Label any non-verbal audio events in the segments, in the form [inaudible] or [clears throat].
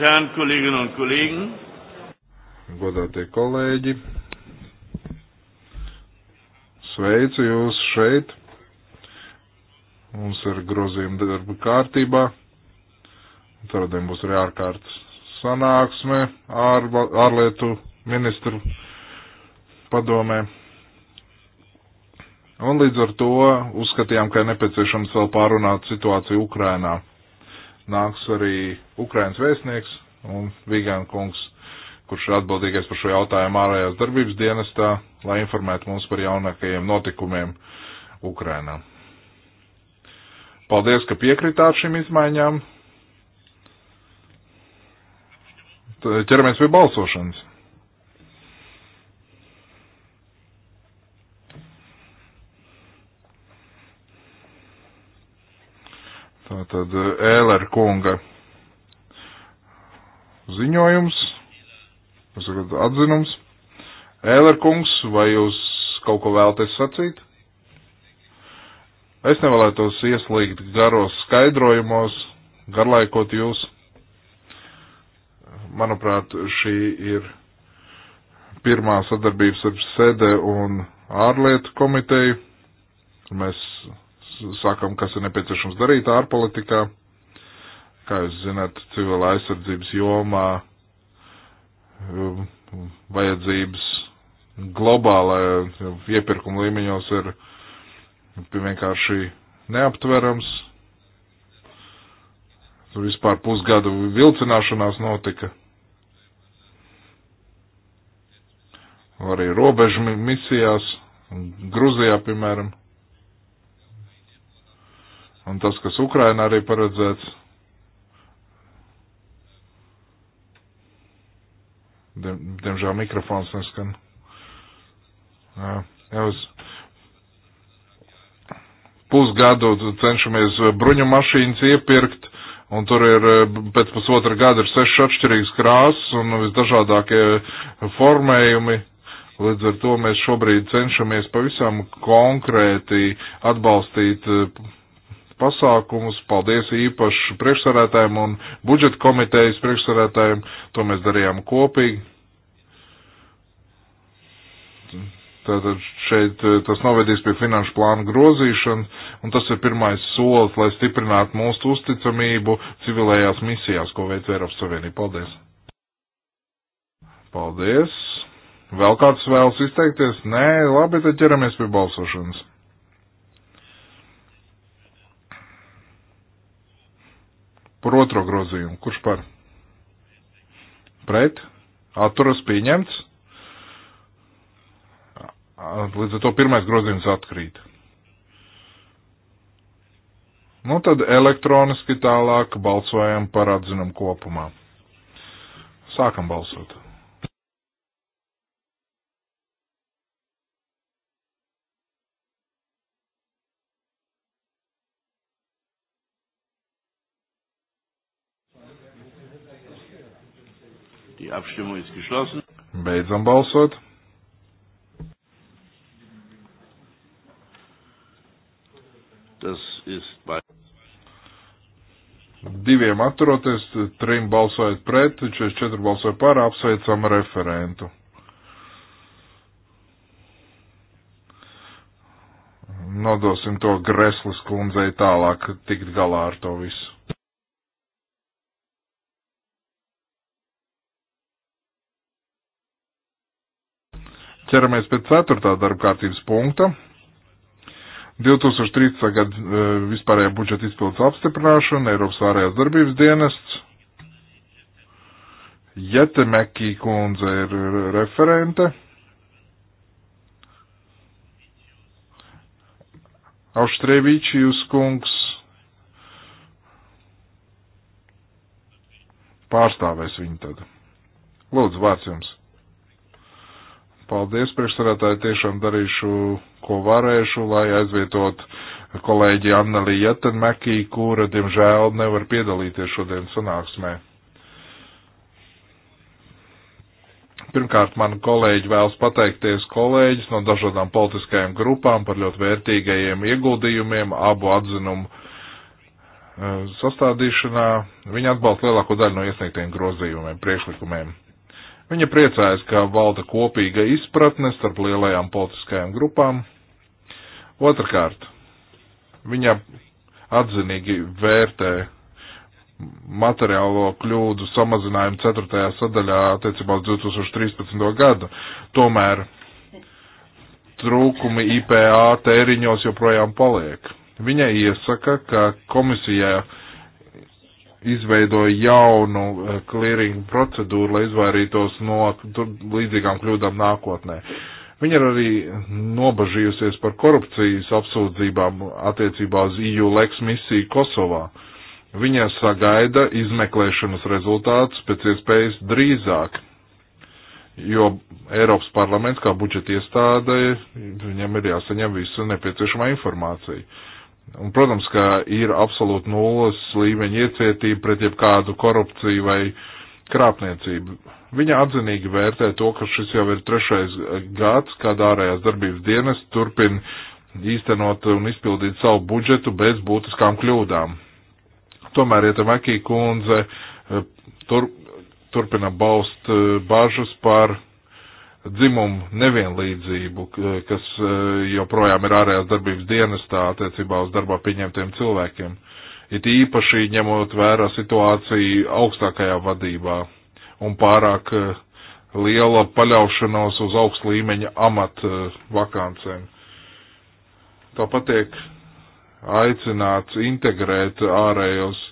und Herren, Kolleginnen un Kollegen. Godātie kolēģi, sveicu jūs šeit. Mums ir grozījuma darba kārtībā. Tādēļ būs arī ārkārtas sanāksme ār, ārlietu ministru padomē. Un līdz ar to uzskatījām, ka ir nepieciešams vēl pārunāt situāciju Ukrainā nāks arī Ukrainas vēstnieks un Vigāna kungs, kurš ir atbildīgais par šo jautājumu ārējās darbības dienestā, lai informētu mums par jaunākajiem notikumiem Ukrainā. Paldies, ka piekritāt šīm izmaiņām. Ķeramies pie balsošanas. Tātad eh, Ēler kunga ziņojums, atzinums. Ēler kungs, vai jūs kaut ko vēlaties sacīt? Es nevēlētos ieslīgt garos skaidrojumos, garlaikot jūs. Manuprāt, šī ir pirmā sadarbības ar sede un ārlietu komiteju. Mēs sakam, kas ir nepieciešams darīt ārpolitikā. Kā jūs zināt, civilā aizsardzības jomā um, vajadzības globālā iepirkuma līmeņos ir vienkārši neaptverams. Tur vispār pusgada vilcināšanās notika. Arī robežu misijās, Gruzijā, piemēram un tas, kas Ukrainā arī paredzēts. Diemžēl mikrofons neskan. Jā, jau uz pusgadu cenšamies bruņu mašīnas iepirkt, un tur ir pēc pusotra gada ir sešas atšķirīgas krāsas un visdažādākie formējumi. Līdz ar to mēs šobrīd cenšamies pavisam konkrēti atbalstīt pasākumus. Paldies īpaši priekšsarētājiem un budžeta komitejas priekšsarētājiem. To mēs darījām kopīgi. Tātad šeit eh, tas novedīs pie finanšu plānu grozīšana, un tas ir pirmais solis, lai stiprinātu mūsu uzticamību civilējās misijās, ko veic Eiropas Savienība. Paldies! Paldies! Vēl kāds vēlas izteikties? Nē, labi, tad ķeramies pie balsošanas. par otro grozījumu. Kurš par? Pret? Atturas pieņemts. Līdz ar to pirmais grozījums atkrīt. Nu tad elektroniski tālāk balsojam par atzinumu kopumā. Sākam balsot. Die Abstimmung ist geschlossen. Beidzam balsot. Tas ist bei. Diviem atturoties, trim balsojot pret, 44 balsoja par, apsveicam referentu. Nodosim to Greslas kundzei tālāk tikt galā ar to visu. Ķeramies pie ceturtā darba kārtības punkta. 2013. gada e, vispārējā budžeta izpildes apstiprināšana, Eiropas ārējās darbības dienests. Jetemekī kundze ir referente. Auštrēvīčijus kungs pārstāvēs viņu tad. Lūdzu, vārds jums. Paldies, priekšsarētāji, tiešām darīšu, ko varēšu, lai aizvietot kolēģi Anneli Jetenmekī, kura, diemžēl, nevar piedalīties šodien sanāksmē. Pirmkārt, man kolēģi vēlas pateikties kolēģis no dažādām politiskajām grupām par ļoti vērtīgajiem ieguldījumiem abu atzinumu eh, sastādīšanā. Viņi atbalsta lielāko daļu no iesniegtiem grozījumiem, priekšlikumiem. Viņa priecājas, ka valda kopīga izpratne starp lielajām politiskajām grupām. Otrakārt, viņa atzinīgi vērtē materiālo kļūdu samazinājumu 4. sadaļā attiecībā uz 2013. gadu. Tomēr trūkumi IPA tēriņos joprojām paliek. Viņa iesaka, ka komisijai izveidoja jaunu eh, clearing procedūru, lai izvairītos no līdzīgām kļūdām nākotnē. Viņa ir arī nobažījusies par korupcijas apsūdzībām attiecībā uz EU Lex misiju Kosovā. Viņa sagaida izmeklēšanas rezultātus pēc iespējas drīzāk, jo Eiropas parlaments kā budžeta iestāde, viņam ir jāsaņem visa nepieciešamā informācija. Uh, Un, protams, ka ir absolūti nulles līmeņa iecietība pret jebkādu korupciju vai krāpniecību. Viņa atzinīgi vērtē to, ka šis jau ir trešais gads, kad ārējās darbības dienas turpina īstenot un izpildīt savu budžetu bez būtiskām kļūdām. Tomēr Ietamekī kundze eh, tur, turpina baust eh, bažas par dzimumu nevienlīdzību, kas e, joprojām ir ārējās darbības dienestā attiecībā uz darbā pieņemtiem cilvēkiem. It īpaši ņemot vērā situāciju augstākajā vadībā un pārāk e, liela paļaušanos uz augstu līmeņa amatu e, vakancēm. Tāpat tiek aicināts integrēt ārējos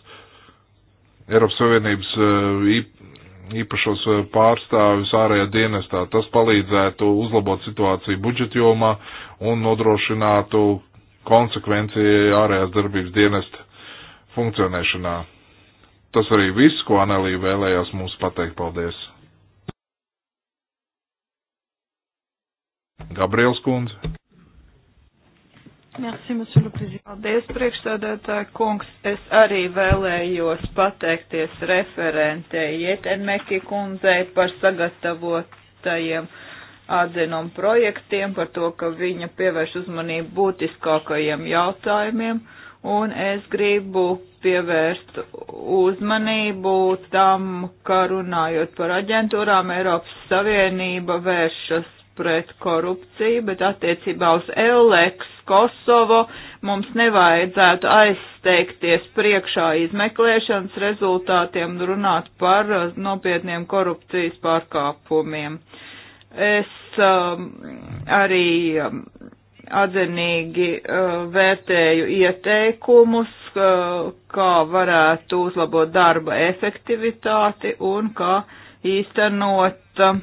Eiropas Savienības īpašos eh, pārstāvjus ārējā dienestā. Tas palīdzētu uzlabot situāciju budžeta jomā un nodrošinātu konsekvenci ārējās darbības dienesta funkcionēšanā. Tas arī viss, ko Anelī vēlējās mums pateikt. Paldies! Gabriels Kundze. Merci, monsieur le président. Paldies, priekšsēdētāji kungs. Es arī vēlējos pateikties referentei Jetenmeki kundzei par sagatavotajiem atzinumu projektiem, par to, ka viņa pievērš uzmanību būtiskākajiem jautājumiem. Un es gribu pievērst uzmanību tam, ka runājot par aģentūrām, Eiropas Savienība vēršas pret korupciju, bet attiecībā uz Eleks Kosovo mums nevajadzētu aizsteigties priekšā izmeklēšanas rezultātiem runāt par uh, nopietniem korupcijas pārkāpumiem. Es um, arī um, atzinīgi uh, vērtēju ieteikumus, uh, kā varētu uzlabot darba efektivitāti un kā īstenot uh,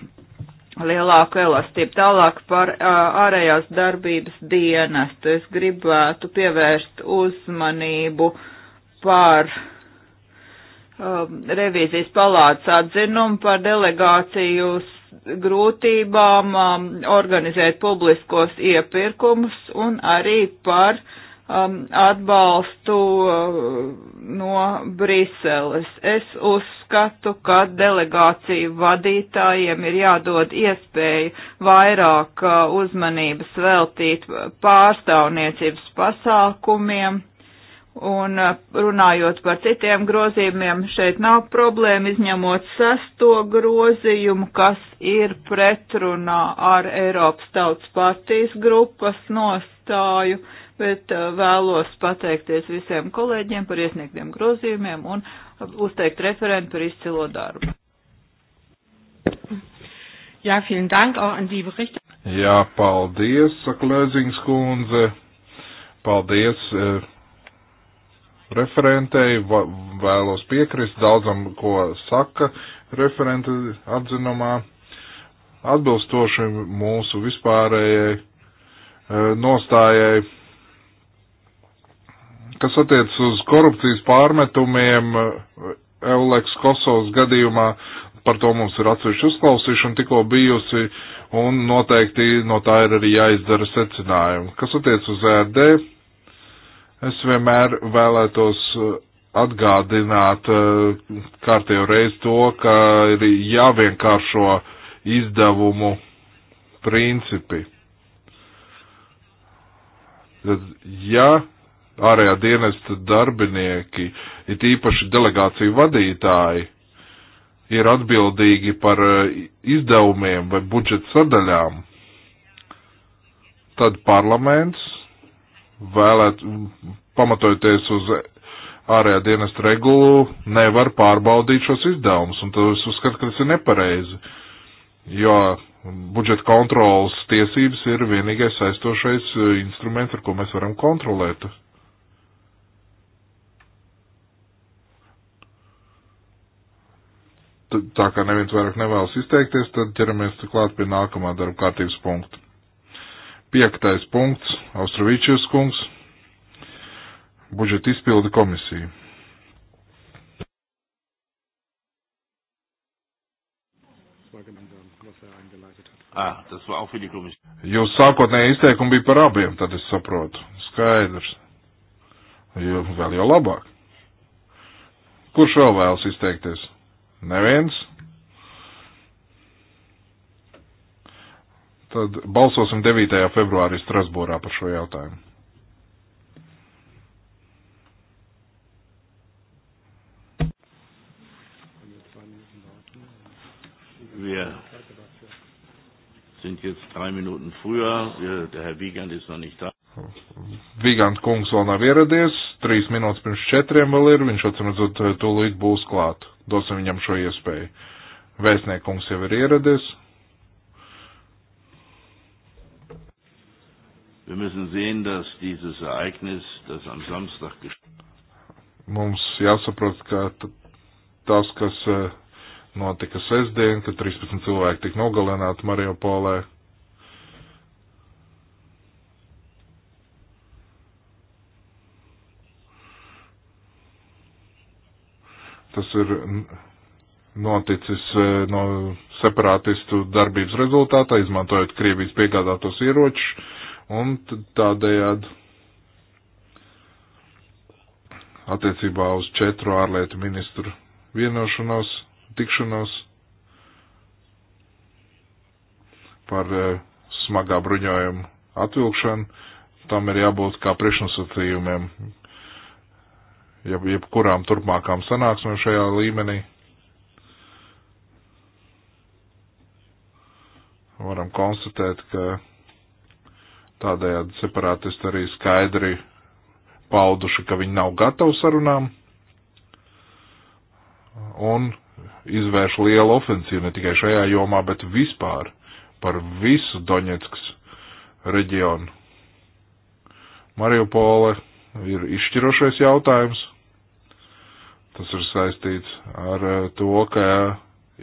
lielāku elastību. Tālāk par ārējās darbības dienestu es gribētu pievērst uzmanību par um, revīzijas palātas atzinumu par delegāciju grūtībām um, organizēt publiskos iepirkumus un arī par uh, um, atbalstu uh, no Briseles. Es uzskatu, ka delegāciju vadītājiem ir jādod iespēju vairāk uh, uzmanības veltīt pārstāvniecības pasākumiem. Un uh, runājot par citiem grozījumiem, šeit nav problēma izņemot sesto grozījumu, kas ir pretrunā ar Eiropas tautas partijas grupas nostāju. Uh, bet uh, vēlos pateikties visiem kolēģiem par iesniegtiem grozījumiem un uzteikt referentu par izcilo darbu. Jā, vielen dank auch an die Berichte. Jā, paldies, saka Lēzings kundze. Paldies eh, referentei, vēlos piekrist daudzam, ko saka referenta atzinumā. Atbilstoši mūsu vispārējai eh, nostājai Kas attiec uz korupcijas pārmetumiem eh, Euleks Kosovas gadījumā, par to mums ir atsevišķa uzklausīšana tikko bijusi, un noteikti no tā ir arī jāizdara secinājumi. Kas attiec uz ERD, es vienmēr vēlētos eh, atgādināt eh, kārtējo reizi to, ka ir jāvienkāršo izdevumu principi. Tad, ja ārējā dienesta darbinieki, it īpaši delegāciju vadītāji, ir atbildīgi par eh, izdevumiem vai budžeta sadaļām, tad parlaments vēlēt, pamatojoties uz ārējā dienesta regulu, nevar pārbaudīt šos izdevumus, un tas uzskat, ka tas ir nepareizi, jo budžeta kontrolas tiesības ir vienīgais saistošais eh, instruments, ar ko mēs varam kontrolēt tā kā neviens vairāk nevēlas izteikties, tad ķeramies klāt pie nākamā darba kārtības punkta. Piektais punkts - Austrovičus kungs - budžeta izpildi komisija. Ah, Jūs sākotnēji izteikumi bija par abiem, tad es saprotu. Skaidrs. Jo, vēl jau labāk. Kurš vēl vēlas izteikties? Neviens? Tad balsosim 9. februārī Strasbūrā par šo jautājumu. Wir sind jetzt drei Minuten früher. Wir, der Herr Wiegand ist noch nicht da. Vigants kungs vēl nav ieradies, trīs minūtes pirms četriem vēl ir, viņš atcīm redzot, tūlīt būs klāt. Dosim viņam šo iespēju. Vēstniekums jau ir ieradies. Wir müssen sehen, dass dieses Ereignis, das am Samstag Mums jāsaprot, ka tas, kas eh, notika sestdien, kad 13 cilvēki tika nogalināti Mariupolē, Tas ir noticis e, no separātistu darbības rezultātā, izmantojot Krievijas piegādātos ieročus, un tādējādi attiecībā uz četru ārlietu ministru vienošanos, tikšanos par e, smagā bruņojuma atvilkšanu. Tam ir jābūt kā priekšnosacījumiem jebkurām turpmākām sanāksmēm šajā līmenī. Varam konstatēt, ka tādējādi separātisti arī skaidri pauduši, ka viņi nav gatavi sarunām un izvērš lielu ofensīvu ne tikai šajā jomā, bet vispār par visu Doņetskas reģionu. Mariupole ir izšķirošais jautājums. Tas ir saistīts ar eh, to, ka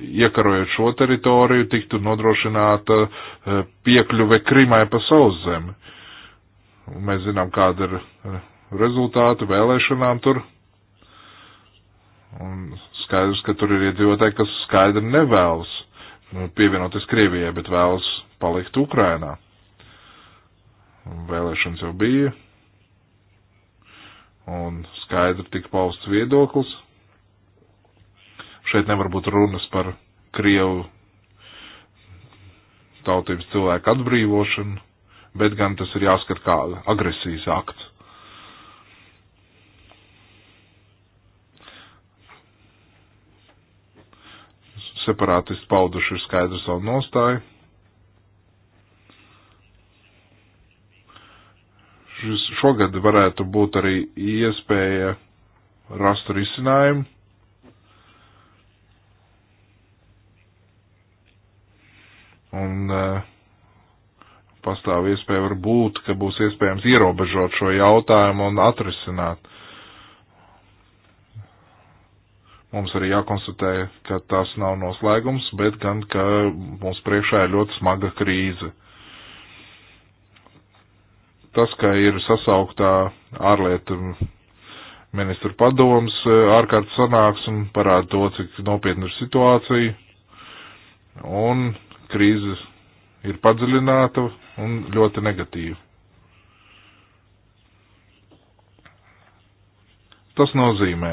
iekarojot šo teritoriju, tiktu nodrošināta eh, piekļuve Krimai pa savu zemi. Mēs zinām, kāda ir eh, rezultāti vēlēšanām tur. Un skaidrs, ka tur ir iedzīvotāji, kas skaidri nevēlas nu, pievienoties Krievijai, bet vēlas palikt Ukrainā. Vēlēšanas jau bija, un skaidri tika pausts viedoklis. Šeit nevar būt runas par Krievu tautības cilvēku atbrīvošanu, bet gan tas ir jāskat kā agresijas akts. Separātisti pauduši ir skaidru savu nostāju. šis, šogad varētu būt arī iespēja rast risinājumu. Un uh, pastāv iespēja var būt, ka būs iespējams ierobežot šo jautājumu un atrisināt. Mums arī jākonstatē, ka tas nav noslēgums, bet gan, ka mums priekšā ir ļoti smaga krīze tas, ka ir sasauktā ārlietu ministru padoms, e, ārkārtas sanāksme parāda to, cik nopietna ir situācija, un krīze ir padziļināta un ļoti negatīva. Tas nozīmē,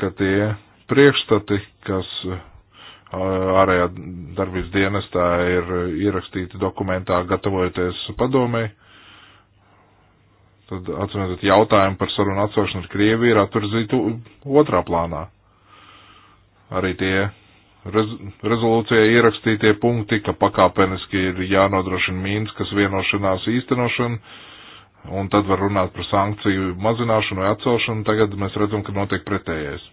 ka tie priekšstati, kas e, ārējā darbības dienestā ir ierakstīti dokumentā, gatavojoties padomēji, Tad, atcīmredzot, jautājumu par sarunu atcelšanu ar Krieviju ir atvirzīti otrā plānā. Arī tie rez rezolūcijā ierakstītie punkti, ka pakāpeniski ir jānodrošina Mīnskas vienošanās īstenošana, un tad var runāt par sankciju mazināšanu vai atcelšanu, tagad mēs redzam, ka notiek pretējais.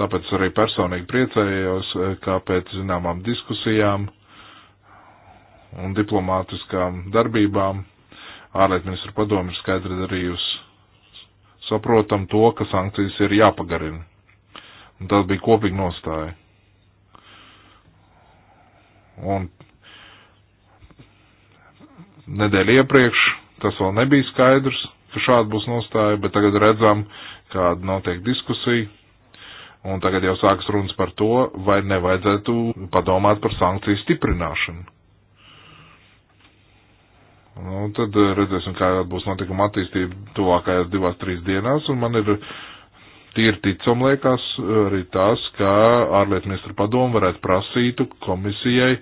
Tāpēc arī personīgi priecējos, kā pēc zināmām diskusijām un diplomātiskām darbībām ārlietu ministru padomu ir skaidri darījusi. Saprotam to, ka sankcijas ir jāpagarina. Un tas bija kopīgi nostāja. Un nedēļa iepriekš tas vēl nebija skaidrs, ka šāda būs nostāja, bet tagad redzam, kāda notiek diskusija. Un tagad jau sākas runas par to, vai nevajadzētu padomāt par sankciju stiprināšanu. Nu, tad eh, redzēsim, kā būs notikuma attīstība tuvākajās divās, trīs dienās, un man ir tīri ticam liekas arī tas, ka ārlietu ministra padomu varētu prasītu komisijai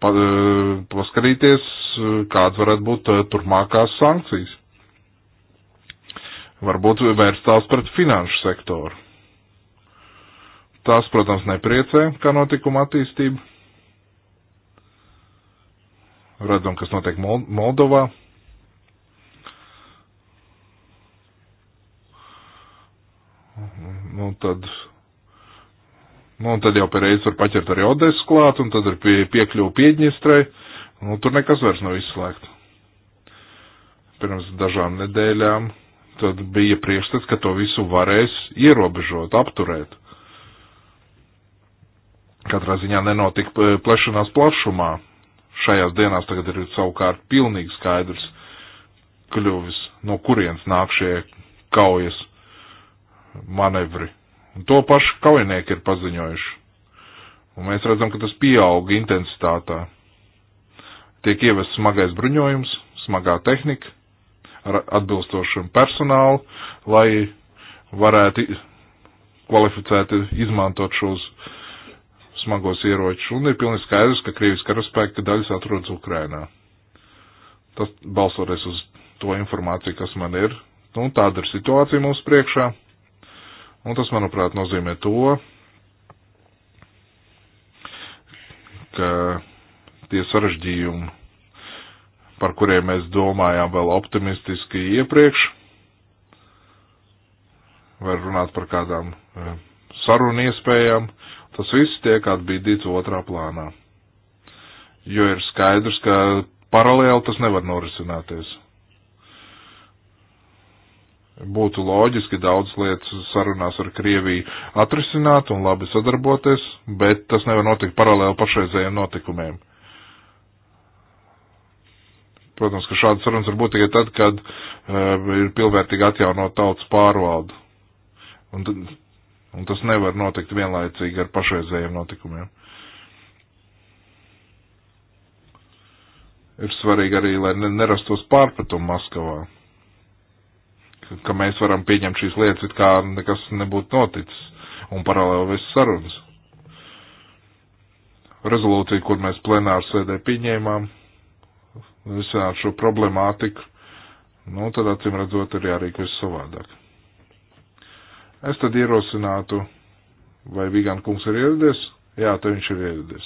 pa, eh, paskarīties, eh, kāds varētu būt turpmākās sankcijas. Varbūt vērstās pret finanšu sektoru. Tas, protams, nepriecē, kā notikuma attīstība redzam, kas notiek Moldovā. Nu, tad, nu, tad jau pēreiz var paķert arī Odesu klāt, un tad ir pie, piekļuva Piedņistrai. Nu, tur nekas vairs nav izslēgts. Pirms dažām nedēļām tad bija priekšstats, ka to visu varēs ierobežot, apturēt katrā ziņā nenotika plešanās plašumā šajās dienās tagad ir savukārt pilnīgi skaidrs kļuvis, no kurienes nāk šie kaujas manevri. Un to pašu kaujinieki ir paziņojuši. Un mēs redzam, ka tas pieauga intensitātā. Tiek ievests smagais bruņojums, smagā tehnika ar atbilstošiem personālu, lai varētu kvalificēti izmantot šos uh, smagos ieročus, un ir pilnīgi skaidrs, ka Krievijas karaspēka daļas atrodas Ukrainā. Tas balsoties uz to informāciju, kas man ir, nu, tāda ir situācija mums priekšā, un tas, manuprāt, nozīmē to, ka tie sarežģījumi, par kuriem mēs domājām vēl optimistiski iepriekš, var runāt par kādām eh, sarunu iespējām, Tas viss tiek atbīdīts otrā plānā. Jo ir skaidrs, ka paralēli tas nevar norisināties. Būtu loģiski daudz lietas sarunās ar Krieviju atrisināt un labi sadarboties, bet tas nevar notikt paralēli pašreizējiem notikumiem. Protams, ka šādas sarunas var būt tikai tad, kad uh, ir pilnvērtīgi atjaunot tautas pārvaldu. Un tad, Un tas nevar notikt vienlaicīgi ar pašreizējiem notikumiem. Ir svarīgi arī, lai nerastos pārpratumu Maskavā, ka mēs varam pieņemt šīs lietas, it kā nekas nebūtu noticis, un paralēli viss sarunas. Rezolūcija, kur mēs plenāru sēdē pieņēmām, visā šo problemātiku, nu, tad acīm redzot, ir jārīkojas savādāk. Es tad ierosinātu, vai Vigant kungs ir ieradies? Jā, tad viņš ir ieradies.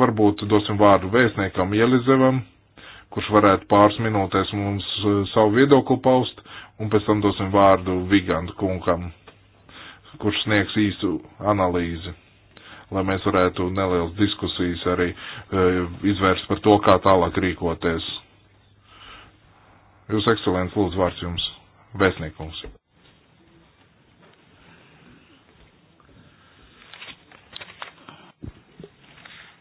Varbūt dosim vārdu vēstniekam Jelizevam, kurš varētu pāris minūtēs mums eh, savu viedokli paust, un pēc tam dosim vārdu Vigant kungam, kurš sniegs īstu analīzi, lai mēs varētu nelielas diskusijas arī e, izvērst par to, kā tālāk rīkoties. Jūs, ekscelents, lūdzu vārds jums. Vēstniekums.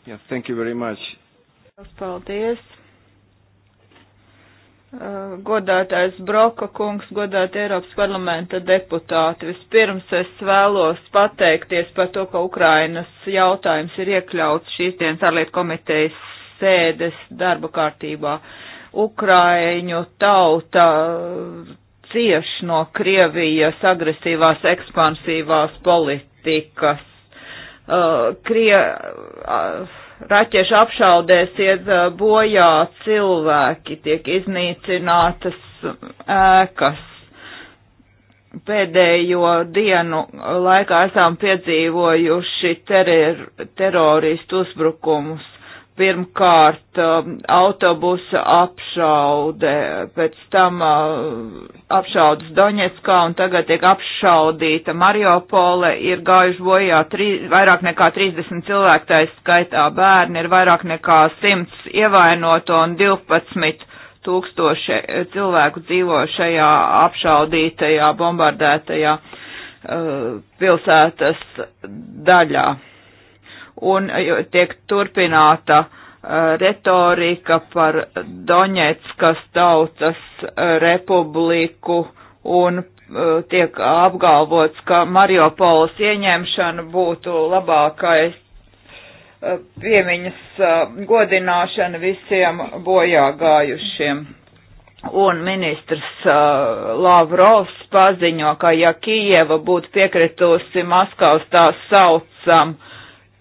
Yeah, thank you very much. Paldies. Uh, godātais Broka kungs, godāti Eiropas parlamenta deputāti, vispirms es vēlos pateikties par to, ka Ukrainas jautājums ir iekļauts šīs dienas ārlietu komitejas sēdes darba kārtībā. Ukraiņu tauta cieš no Krievijas agresīvās ekspansīvās politikas. Uh, Krie, uh, raķešu apšaudēs iet uh, bojā cilvēki, tiek iznīcinātas ēkas. Pēdējo dienu laikā esam piedzīvojuši ter teroristu uzbrukumus pirmkārt um, autobusa apšaude, pēc tam uh, apšaudas Doņetskā un tagad tiek apšaudīta Mariupole, ir gājuši bojā tri, vairāk nekā 30 cilvēku, tā skaitā bērni, ir vairāk nekā 100 ievainoto un 12 tūkstoši eh, cilvēku dzīvo šajā apšaudītajā, bombardētajā uh, pilsētas daļā un eh, tiek turpināta eh, retorika par Doņetskas tautas eh, republiku un tiek apgalvots, ka Mariopolas ieņemšana būtu labākais piemiņas godināšana visiem bojāgājušiem. Un ministrs uh, Lavrovs paziņo, ka ja Kijeva būtu piekritusi Maskavas tā saucam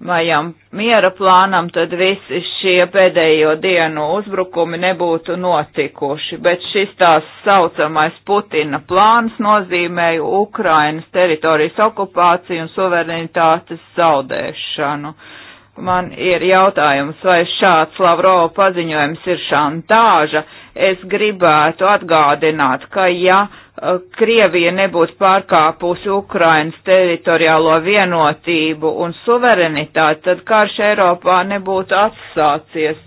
Vajam miera plānam, tad visi šie pēdējo dienu uzbrukumi nebūtu notikuši, bet šis tās saucamais Putina plāns nozīmēja Ukrainas teritorijas okupāciju un suverenitātes zaudēšanu. Man ir jautājums, vai šāds Lavrova paziņojums ir šantāža. Es gribētu atgādināt, ka ja Krievija nebūtu pārkāpusi Ukrainas teritoriālo vienotību un suverenitāti, tad karš Eiropā nebūtu atsācies.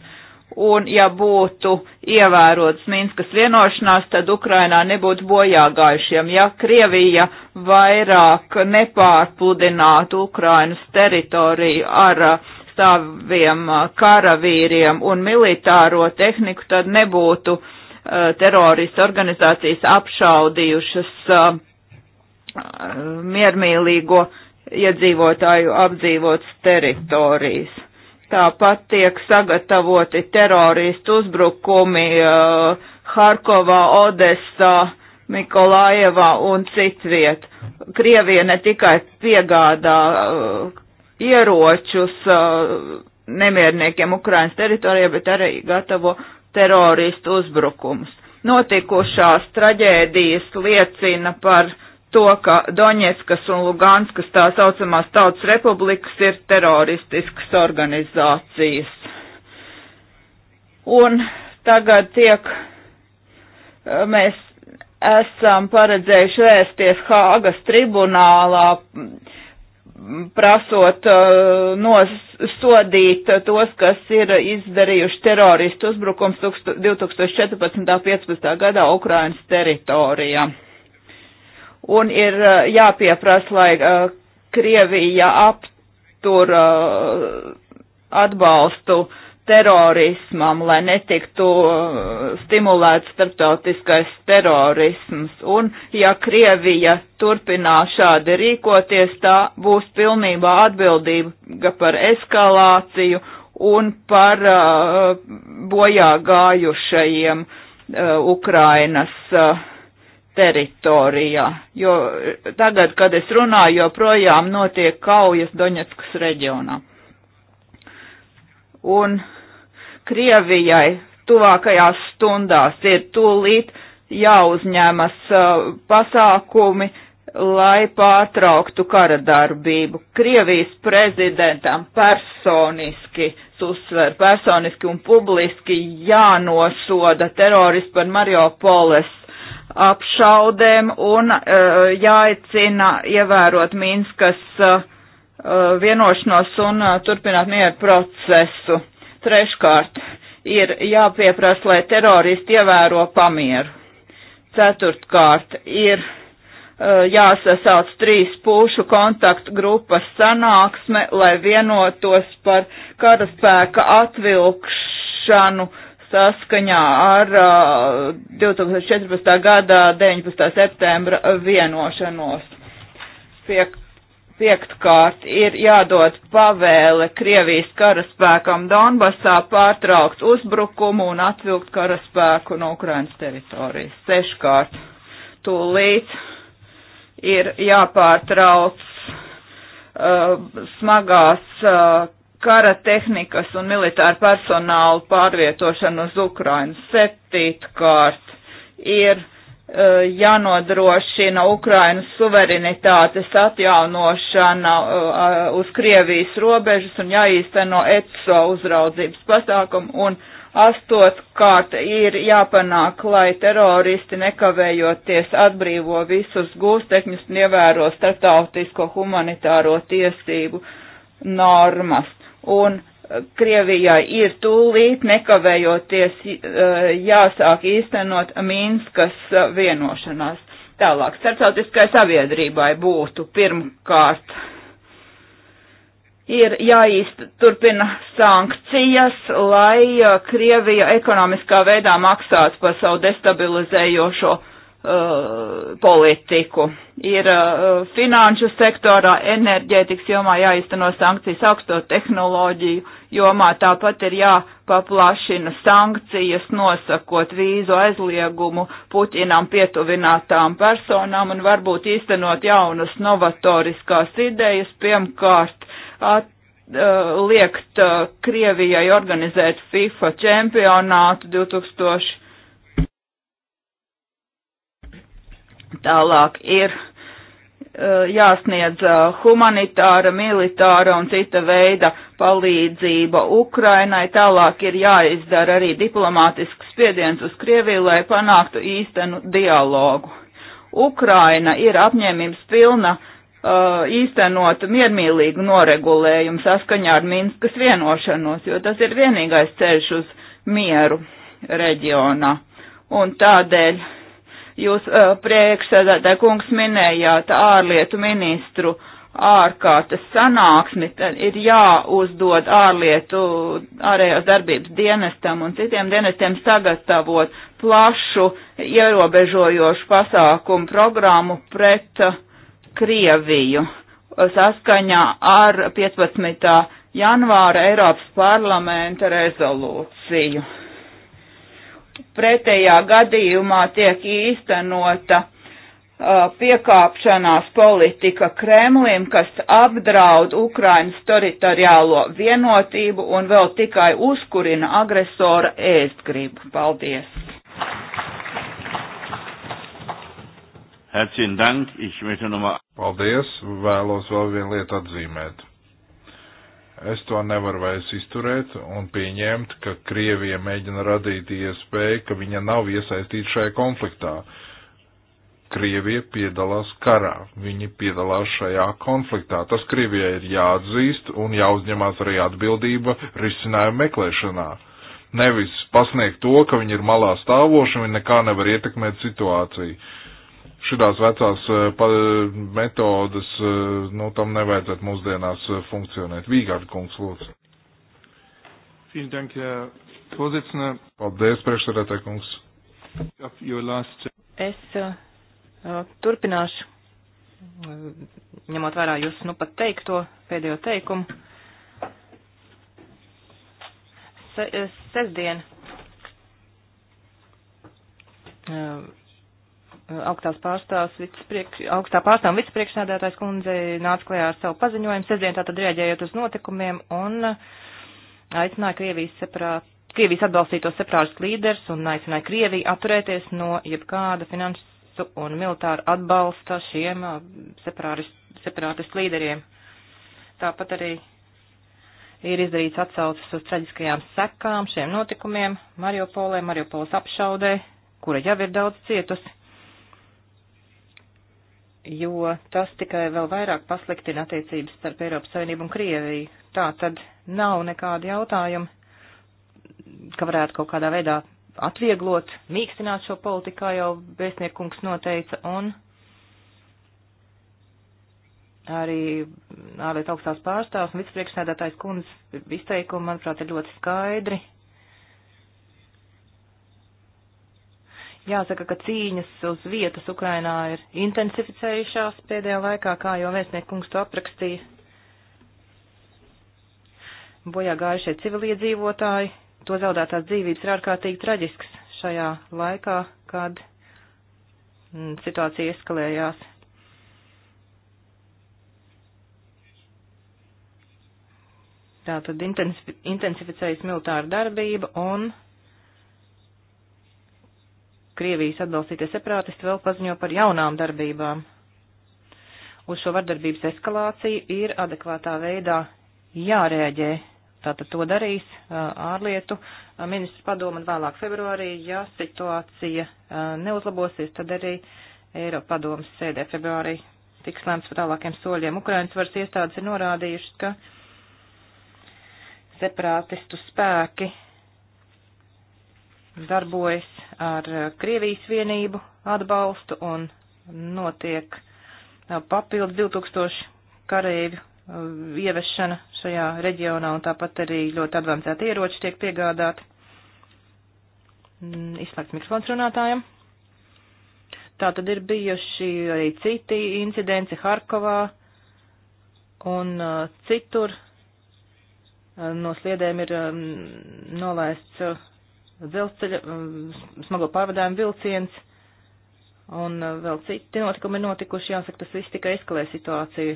Un ja būtu ievērots Minskas vienošanās, tad Ukrainā nebūtu bojāgājušiem. Ja Krievija vairāk nepārpludinātu Ukrainas teritoriju ar uh, saviem uh, karavīriem un militāro tehniku, tad nebūtu uh, Eh, teroristu organizācijas apšaudījušas eh, miermīlīgo iedzīvotāju apdzīvotas teritorijas. Tāpat tiek sagatavoti teroristu uzbrukumi uh, Harkovā, Odessā, Mikolājevā un citviet. Krievija ne tikai piegādā uh, ieročus uh, nemierniekiem Ukrainas teritorijā, bet arī gatavo teroristu uzbrukumus. Notikušās traģēdijas liecina par to, ka Doņetskas un Luganskas tā saucamās tautas republikas ir teroristiskas organizācijas. Un tagad tiek, eh, mēs esam paredzējuši vērsties Hāgas tribunālā prasot uh, nosodīt tos, kas ir izdarījuši teroristu uzbrukums 2014. 15. gadā Ukrainas teritorijā. Un ir uh, jāpieprasa, lai uh, Krievija aptur atbalstu terorismam, lai netiktu uh, stimulēts starptautiskais terorisms. Un, ja Krievija turpinās šādi rīkoties, tā būs pilnībā atbildība par eskalāciju un par uh, bojā gājušajiem uh, Ukrainas uh, teritorijā. Jo tagad, kad es runāju, joprojām notiek kaujas Doņetskas reģionā un Krievijai tuvākajās stundās ir tūlīt jāuzņemas uh, pasākumi, lai pārtrauktu kara darbību. Krievijas prezidentam personiski, uzsver personiski un publiski jānosoda teroristi par Mariopoles apšaudēm un uh, jāicina ievērot Minskas uh, Uh, vienošanos un uh, turpināt mieru procesu. Treškārt, ir jāpieprasa, lai teroristi ievēro pamieru. Ceturtkārt, ir uh, jāsasauc trīs pušu kontaktu grupas sanāksme, lai vienotos par karaspēka atvilkšanu saskaņā ar uh, 2014. gada 19. septembra vienošanos. Piek Piektkārt ir jādod pavēle Krievijas karaspēkam Donbasā pārtraukt uzbrukumu un atvilkt karaspēku no Ukrainas teritorijas. Seškārt tūlīt ir jāpārtrauc uh, smagās uh, kara tehnikas un militāru personālu pārvietošanu uz Ukrainu. Septītkārt ir uh, Eh, jānodrošina Ukrainas suverenitātes atjaunošana eh, uz Krievijas robežas un jāīsteno ECO uzraudzības pasākumu un astotkārt ir jāpanāk, lai teroristi nekavējoties atbrīvo visus gūstekņus un ievēro starptautisko humanitāro tiesību normas. Un Krievijai ir tūlīt nekavējoties eh, jāsāk īstenot Minskas eh, vienošanās. Tālāk, starptautiskai sabiedrībai būtu pirmkārt ir jāīsturpina sankcijas, lai eh, Krievija ekonomiskā veidā maksātu par savu destabilizējošo Uh, politiku. Ir uh, finanšu sektorā, enerģētikas jomā jāizteno sankcijas augsto tehnoloģiju jomā, tāpat ir jāpaplašina sankcijas, nosakot vīzu aizliegumu puķinām pietuvinātām personām un varbūt īstenot jaunas novatoriskās idejas, pirmkārt at, uh, liekt uh, Krievijai organizēt FIFA čempionātu 2000. Tālāk ir eh, jāsniedz eh, humanitāra, militāra un cita veida palīdzība Ukrainai. Tālāk ir jāizdara arī diplomātisks spiediens uz Krieviju, lai panāktu īstenu dialogu. Ukraina ir apņēmības pilna uh, īstenot miermīlīgu noregulējumu saskaņā ar Minskas vienošanos, jo tas ir vienīgais ceļš uz mieru reģionā. Un tādēļ Jūs uh, priekšsēdētāji kungs minējāt ārlietu ministru ārkārtas sanāksmi, tad ir jāuzdod ārlietu ārējās darbības dienestam un citiem dienestiem sagatavot plašu ierobežojošu pasākumu programmu pret Krieviju saskaņā ar 15. janvāra Eiropas parlamenta rezolūciju Pretējā gadījumā tiek īstenota uh, piekāpšanās politika Kremlim, kas apdraud Ukrainas teritoriālo vienotību un vēl tikai uzkurina agresora ēstgribu. Paldies! Herzlichen Dank, ich möchte nochmal. Paldies, vēlos vēl vienu lietu atzīmēt. Es to nevaru vairs izturēt un pieņemt, ka Krievija mēģina radīt iespēju, ka viņa nav iesaistīta šajā konfliktā. Krievija piedalās karā, viņi piedalās šajā konfliktā. Tas Krievijai ir jāatzīst un jāuzņemās arī atbildība risinājuma meklēšanā. Nevis pasniegt to, ka viņi ir malā stāvoši un viņi nekā nevar ietekmēt situāciju. Uh, šādās vecās eh, metodas, eh, nu, tam nevajadzētu mūsdienās eh, funkcionēt. Vīgārd kungs, lūdzu. Paldies, priekšsarētāj kungs. Es uh, turpināšu, ņemot vērā jūs nu pat teikto pēdējo teikumu. Se, sestdien. Uh, Eh, augstās pārstāvs, vicepriekš, augstā pārstāvs vicepriekšnādātājs kundze nāca klajā ar savu paziņojumu, sestdien tātad rēģējot uz notikumiem un eh, aicināja Krievijas, separā, Krievijas atbalstītos separāžas līderus un aicināja Krieviju atturēties no jebkāda finansu un militāru atbalsta šiem eh, separātistu līderiem. Tāpat arī ir izdarīts atsaucas uz traģiskajām sekām šiem notikumiem Mariupolē, Mariupolas apšaudē, kura jau ir daudz cietusi jo tas tikai vēl vairāk pasliktina attiecības starp Eiropas Savienību un Krieviju. Tā tad nav nekāda jautājuma, ka varētu kaut kādā veidā atvieglot, mīkstināt šo politiku, kā jau Bēsniekungs noteica, un arī ārlietu augstās pārstāvs un vicepriekšnēdētājs kundze izteikumi, manuprāt, ir ļoti skaidri Jāsaka, ka cīņas uz vietas Ukrainā ir intensificējušās pēdējā laikā, kā jau vēstniekungs to aprakstīja. Bojā gājušie civiliedzīvotāji, to zaudētās dzīvības ir ārkārtīgi traģisks šajā laikā, kad mm, situācija eskalējās. Tātad intensificējas militāra darbība un Krievijas atbalstītie separātisti vēl paziņo par jaunām darbībām. Uz šo vardarbības eskalāciju ir adekvātā veidā jārēģē. Tātad to darīs ārlietu ministrs padoma un vēlāk februārī, ja situācija neuzlabosies, tad arī Eiropa padomas sēdē februārī tiks lēmts par tālākiem soļiem. Ukrainas varas iestādes ir norādījušas, ka separātistu spēki darbojas ar eh, Krievijas vienību atbalstu un notiek eh, papildus 2000 kareivi eh, ievešana šajā reģionā un tāpat arī ļoti advancēti ieroči tiek piegādāti. Mm, izslēgts mikrofons runātājiem. Tā tad ir bijuši arī citi incidenti Harkovā un citur. No sliedēm ir nolaists dzelzceļa um, smago pārvadājumu vilciens un uh, vēl citi notikumi ir notikuši. Jāsaka, tas viss tikai eskalē situāciju.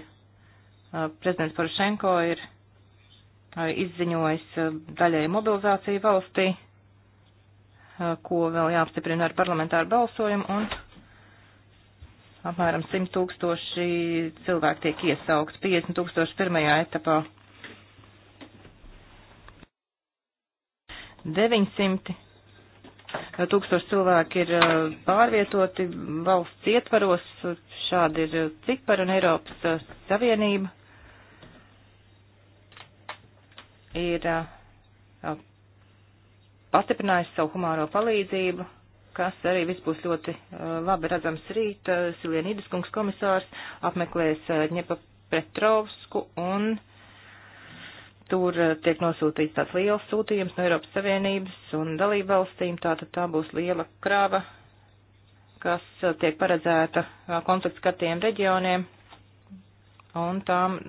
Uh, prezidents Porošenko ir uh, izziņojis daļēju mobilizāciju valstī, ko vēl jāapstiprina ar parlamentāru balsojumu, un apmēram 100 tūkstoši cilvēku tiek iesaukt, 50 tūkstoši pirmajā etapā. 900 tūkstoši cilvēki ir uh, pārvietoti valsts ietvaros, šādi ir uh, cipari un Eiropas uh, Savienība ir pastiprinājusi savu humāro palīdzību, kas arī viss būs ļoti labi redzams rīt. Silien Idiskungs komisārs apmeklēs Ņepa Petrovsku un uh, Tur eh, tiek nosūtīts tāds liels sūtījums no Eiropas Savienības un dalību valstīm, tātad tā būs liela krava, kas eh, tiek paredzēta eh, konflikts skatiem reģioniem un tām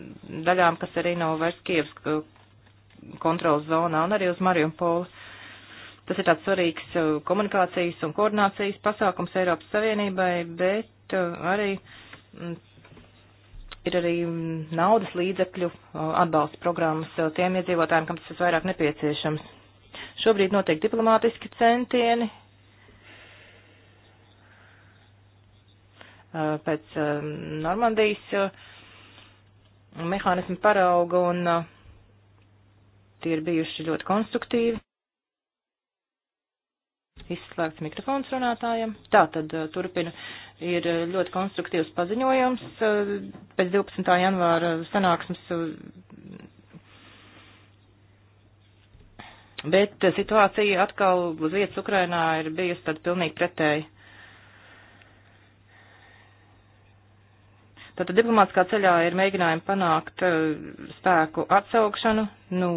daļām, kas arī nav vairs Kievas kontrolas zonā un arī uz Mariupolu. Tas ir tāds svarīgs komunikācijas un koordinācijas pasākums Eiropas Savienībai, bet arī mm, ir arī mm, naudas līdzekļu atbalsta programmas tiem iedzīvotājiem, kam tas ir vairāk nepieciešams. Šobrīd notiek diplomātiski centieni. Pēc Normandijas mehānismu parauga un tie ir bijuši ļoti konstruktīvi. Izslēgts mikrofons runātājiem. Tā tad eh, turpinu. Ir eh, ļoti konstruktīvs paziņojums eh, pēc 12. janvāra sanāksmes. Bet situācija atkal uz vietas Ukrainā ir bijusi tad pilnīgi pretēji. Tātad diplomātskā ceļā ir mēģinājumi panākt spēku atsaukšanu no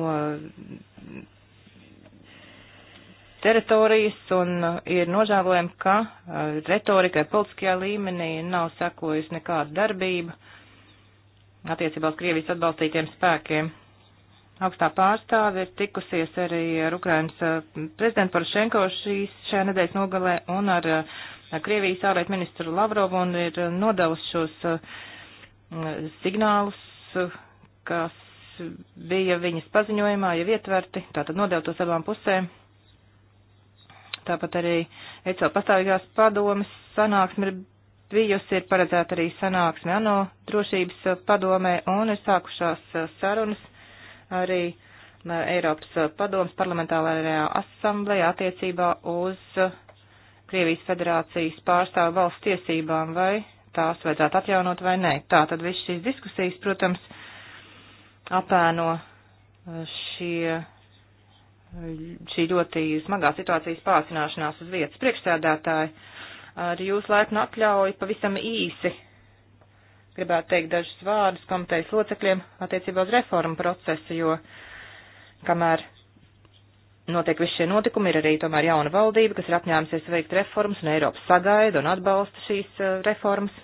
teritorijas, un uh, ir nožēlojami, ka uh, retorikai politiskajā līmenī nav sekojusi nekāda darbība attiecībā uz Krievijas atbalstītiem spēkiem. Augstā pārstāve ir tikusies arī ar Ukrainas uh, prezidentu Porošenko šīs šajā nedēļas nogalē un ar Krievijas ārlietu ministru Lavrovu un ir nodevusi šos signālus, kas bija viņas paziņojumā jau ietverti, tātad nodevu tos abām pusēm. Tāpat arī ECO pastāvīgās padomas sanāksme ir bijusi, ir paredzēta arī sanāksme ANO drošības padomē un ir sākušās sarunas arī Eiropas padomas parlamentārajā asamblējā attiecībā uz Krievijas federācijas pārstāvu valsts tiesībām vai tās vajadzētu atjaunot vai nē. Tā tad viss šīs diskusijas, protams, apēno eh, šie šī ļoti smagā situācijas pārsināšanās uz vietas priekšsēdētāji. Ar jūsu laipnu atļauju pavisam īsi gribētu teikt dažus vārdus komitejas locekļiem attiecībā uz reformu procesu, jo kamēr notiek visi šie notikumi, ir arī tomēr jauna valdība, kas ir apņēmusies veikt reformas, un Eiropa sagaida un atbalsta šīs eh, reformas,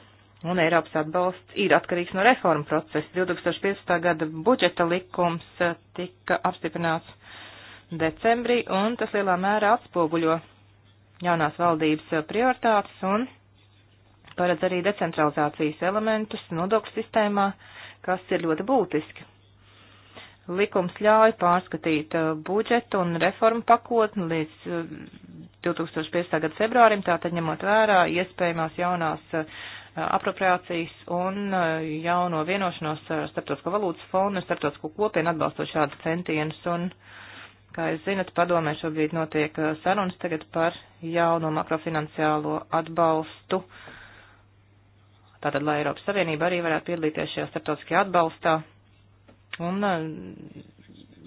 un Eiropas atbalsts ir atkarīgs no reformu procesa. 2015. gada budžeta likums eh, tika apstiprināts decembrī, un tas lielā mērā atspoguļo jaunās valdības eh, prioritātes un paredz arī decentralizācijas elementus nodokļu sistēmā, kas ir ļoti būtiski. Likums ļauj pārskatīt eh, budžetu un reformu pakotni līdz 2015. Eh, gada februārim, tātad ņemot vērā iespējamās jaunās apropriācijas un jauno vienošanos ar Startautisko valūtas fondu un Startautisko kopienu atbalstot šādus centienus. Un, uh, Kā jūs zinat, padomē šobrīd notiek uh, sarunas tagad par jauno makrofinanciālo atbalstu. Tātad, lai Eiropas Savienība arī varētu piedalīties šajā starptautiskajā atbalstā. Un uh,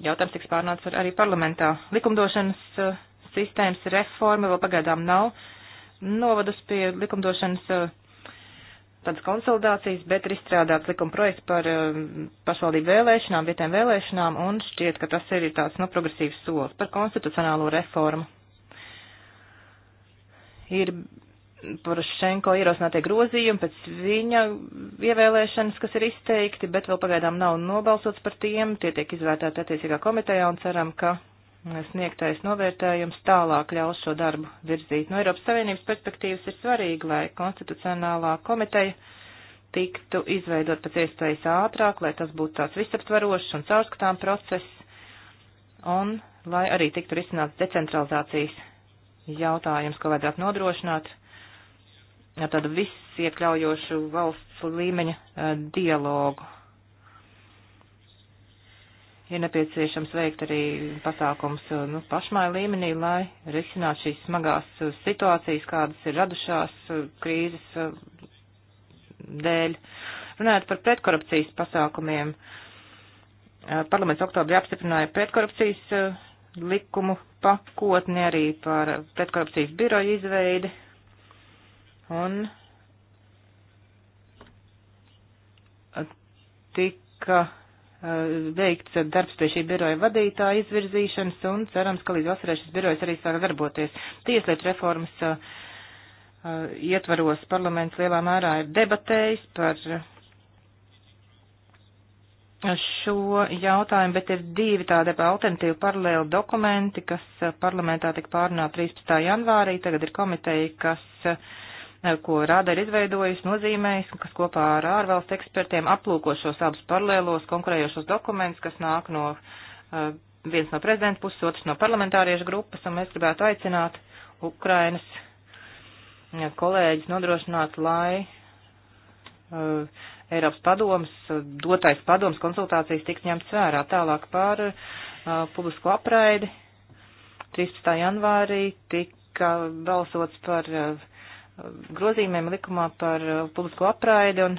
jautājums tiks pārnāts arī parlamentā. Likumdošanas uh, sistēmas reforma vēl pagaidām nav novadusi pie likumdošanas tādas konsolidācijas, bet ir izstrādāts likuma projekts par um, pašvaldību vēlēšanām, vietēm vēlēšanām, un šķiet, ka tas ir tāds, nu, no progresīvs solis par konstitucionālo reformu. Ir Porošenko ierosinātie grozījumi pēc viņa ievēlēšanas, kas ir izteikti, bet vēl pagaidām nav nobalsots par tiem, tie tiek izvērtēti attiecīgā komitejā un ceram, ka sniegtais novērtējums tālāk ļaus šo darbu virzīt. No Eiropas Savienības perspektīvas ir svarīgi, lai konstitucionālā komiteja tiktu izveidot pēc iespējas ātrāk, lai tas būtu tāds visaptvarošs un caurskatām process, un lai arī tiktu risināts decentralizācijas jautājums, ko vajadzētu nodrošināt ar tādu visiekļaujošu valsts līmeņa eh, dialogu ir nepieciešams veikt arī pasākums uh, nu, pašmāju līmenī, lai risinātu šīs smagās uh, situācijas, kādas ir radušās uh, krīzes dēļ. Runājot par pretkorupcijas pasākumiem, parlaments oktobrī apstiprināja pretkorupcijas likumu pakotni arī par pretkorupcijas biroju izveidi. Un tika Eh, veikts darbs pie šī biroja vadītāja izvirzīšanas un cerams, ka līdz vasarai šis birojs arī sāk darboties. Tieslietu reformas eh, ietvaros parlaments lielā mērā ir debatējis par šo jautājumu, bet ir divi tādi alternatīvi paralēli dokumenti, kas parlamentā tika pārunāti 13. janvārī. Tagad ir komiteja, kas Eh, ko rada ir izveidojis, nozīmējis, kas kopā ar ārvalstu ekspertiem aplūko šos abus paralēlos konkurējošos dokumentus, kas nāk no eh, viens no prezidenta puses, otrs no parlamentāriešu grupas, un mēs gribētu aicināt Ukrainas eh, kolēģis nodrošināt, lai Eiropas padoms, dotais padoms konsultācijas tiks ņemts vērā tālāk par uh, publisko apraidi. 13. janvārī tika balsots par uh, grozījumiem likumā par uh, publisko apraidi un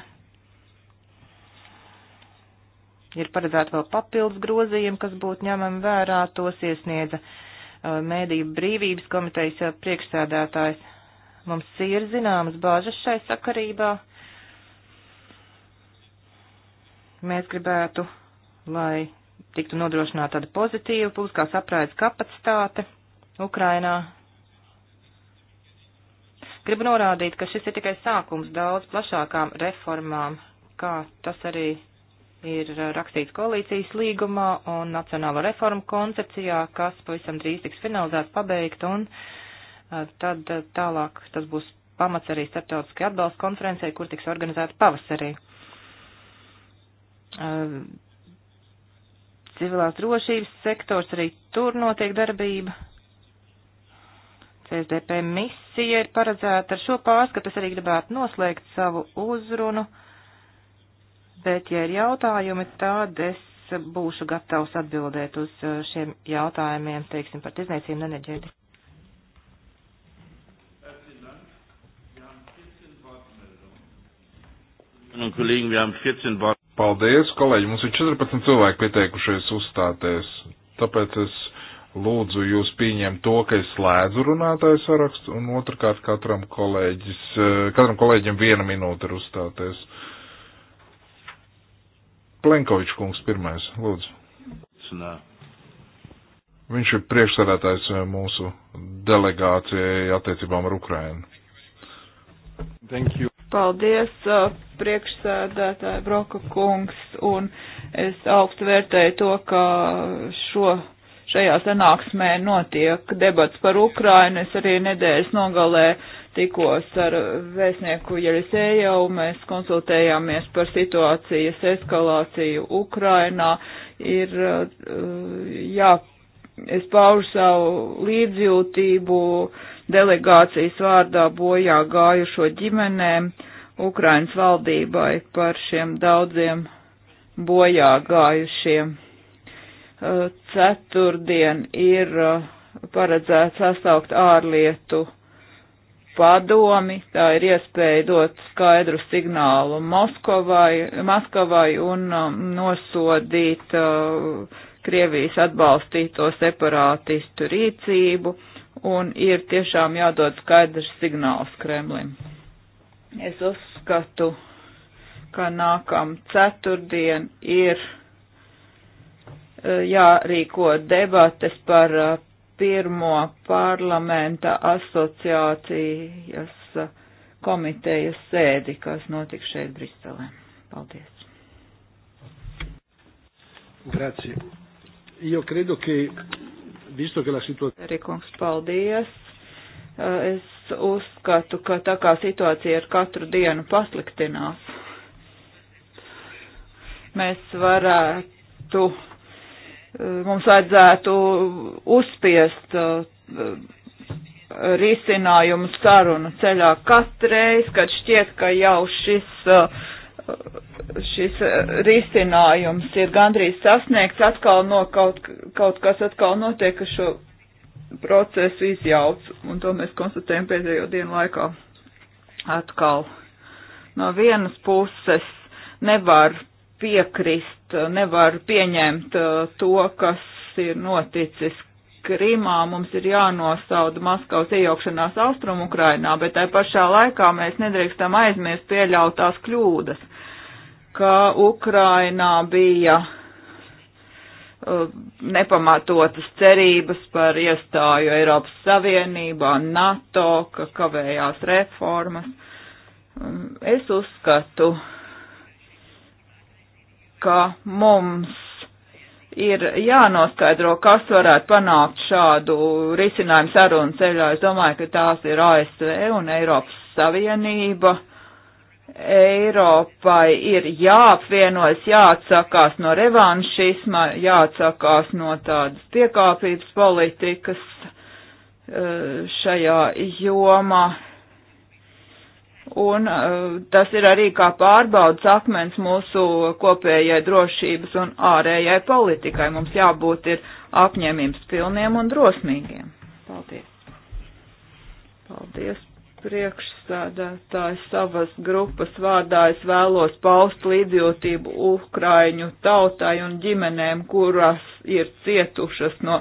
ir paredzēta vēl papildus grozījumi, kas būtu ņemami vērā, tos iesniedza uh, mēdīju brīvības komitejas uh, priekšsēdētājs. Mums ir zināmas bāžas šai sakarībā. Mēs gribētu, lai tiktu nodrošināta tāda pozitīva publiskās apraides kapacitāte Ukrainā, Gribu norādīt, ka šis ir tikai sākums daudz plašākām reformām, kā tas arī ir rakstīts koalīcijas līgumā un Nacionālo reformu koncepcijā, kas pavisam drīz tiks finalizēts, pabeigt, un eh, tad eh, tālāk tas būs pamats arī starptautiskai atbalsta konferencei, kur tiks organizēta pavasarī eh, civilās drošības sektors, arī tur notiek darbība, CSDP misija ir paredzēta. Ar šo pārskatu es arī gribētu noslēgt savu uzrunu, bet, ja ir jautājumi, tad es būšu gatavs atbildēt uz uh, šiem jautājumiem, teiksim, par tirdzniecību un enerģētiku. Nu, Paldies, kolēģi! Mums ir 14 cilvēki pieteikušies uzstāties, tāpēc es lūdzu jūs pieņem to, ka es slēdzu runātāju sarakstu, un otrkārt katram, kolēģis, eh, katram kolēģim viena minūte ir uzstāties. Plenkovičs kungs pirmais, lūdzu. Nā. Viņš ir priekšsēdētājs eh, mūsu delegācijai attiecībām ar Ukrainu. Thank you. Paldies, eh, priekšsēdētāji Broka kungs, un es augstu vērtēju to, ka šo šajā sanāksmē notiek debats par Ukrainu. Es arī nedēļas nogalē tikos ar vēstnieku Jerisēju, mēs konsultējāmies par situācijas eskalāciju Ukrainā. Ir uh, jā, es paužu savu līdzjūtību delegācijas vārdā bojā gājušo ģimenēm Ukrainas valdībai par šiem daudziem bojā gājušiem ceturtdien ir uh, paredzēts sasaukt ārlietu padomi, tā ir iespēja dot skaidru signālu Moskovai, Maskavai un um, nosodīt uh, Krievijas atbalstīto separātistu rīcību, un ir tiešām jādod skaidrs signāls Kremlim. Es uzskatu, ka nākam ceturtdien ir jārīko debates par uh, pirmo parlamenta asociācijas uh, komitejas sēdi, kas notika šeit Briselē. Paldies. Grazie. Io credo che, visto che la situazione... Erikungs, paldies. Uh, es uzskatu, ka tā kā situācija ar katru dienu pasliktinās, mēs varētu Eh, mums vajadzētu uzspiest eh, risinājumu sarunu ceļā katreiz, kad šķiet, ka jau šis, eh, šis risinājums ir gandrīz sasniegts, atkal no kaut, kaut kas atkal notiek, ka šo procesu izjauc, un to mēs konstatējam pēdējo dienu laikā atkal. No vienas puses nevar piekrist Eh, nevar pieņemt eh, to, kas ir noticis Krimā. Mums ir jānosauda Maskavas iejaukšanās austrumu Ukrainā, bet tai pašā laikā mēs nedrīkstam aizmirst pieļautās kļūdas, ka Ukrainā bija eh, nepamatotas cerības par iestāju Eiropas Savienībā, NATO, ka kavējās reformas. Mm, es uzskatu, ka mums ir jānoskaidro, kas varētu panākt šādu risinājumu sarunu ceļā. Es domāju, ka tās ir ASV un Eiropas Savienība. Eiropai ir jāapvienojas, jāatsakās no revanšisma, jāatsakās no tādas piekāpības politikas eh, šajā jomā un uh, tas ir arī kā pārbaudas akmens mūsu kopējai drošības un ārējai politikai. Mums jābūt ir apņēmības pilniem un drosmīgiem. Paldies. Paldies priekšsēdētājs savas grupas vārdā. Es vēlos paust līdzjūtību Ukraiņu tautai un ģimenēm, kuras ir cietušas no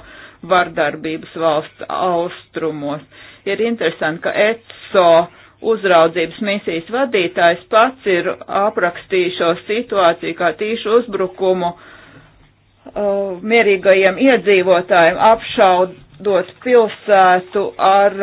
vardarbības valsts austrumos. Ir interesanti, ka ECO uzraudzības misijas vadītājs pats ir aprakstījis šo situāciju kā tīšu uzbrukumu uh, mierīgajiem iedzīvotājiem, apšaudot pilsētu ar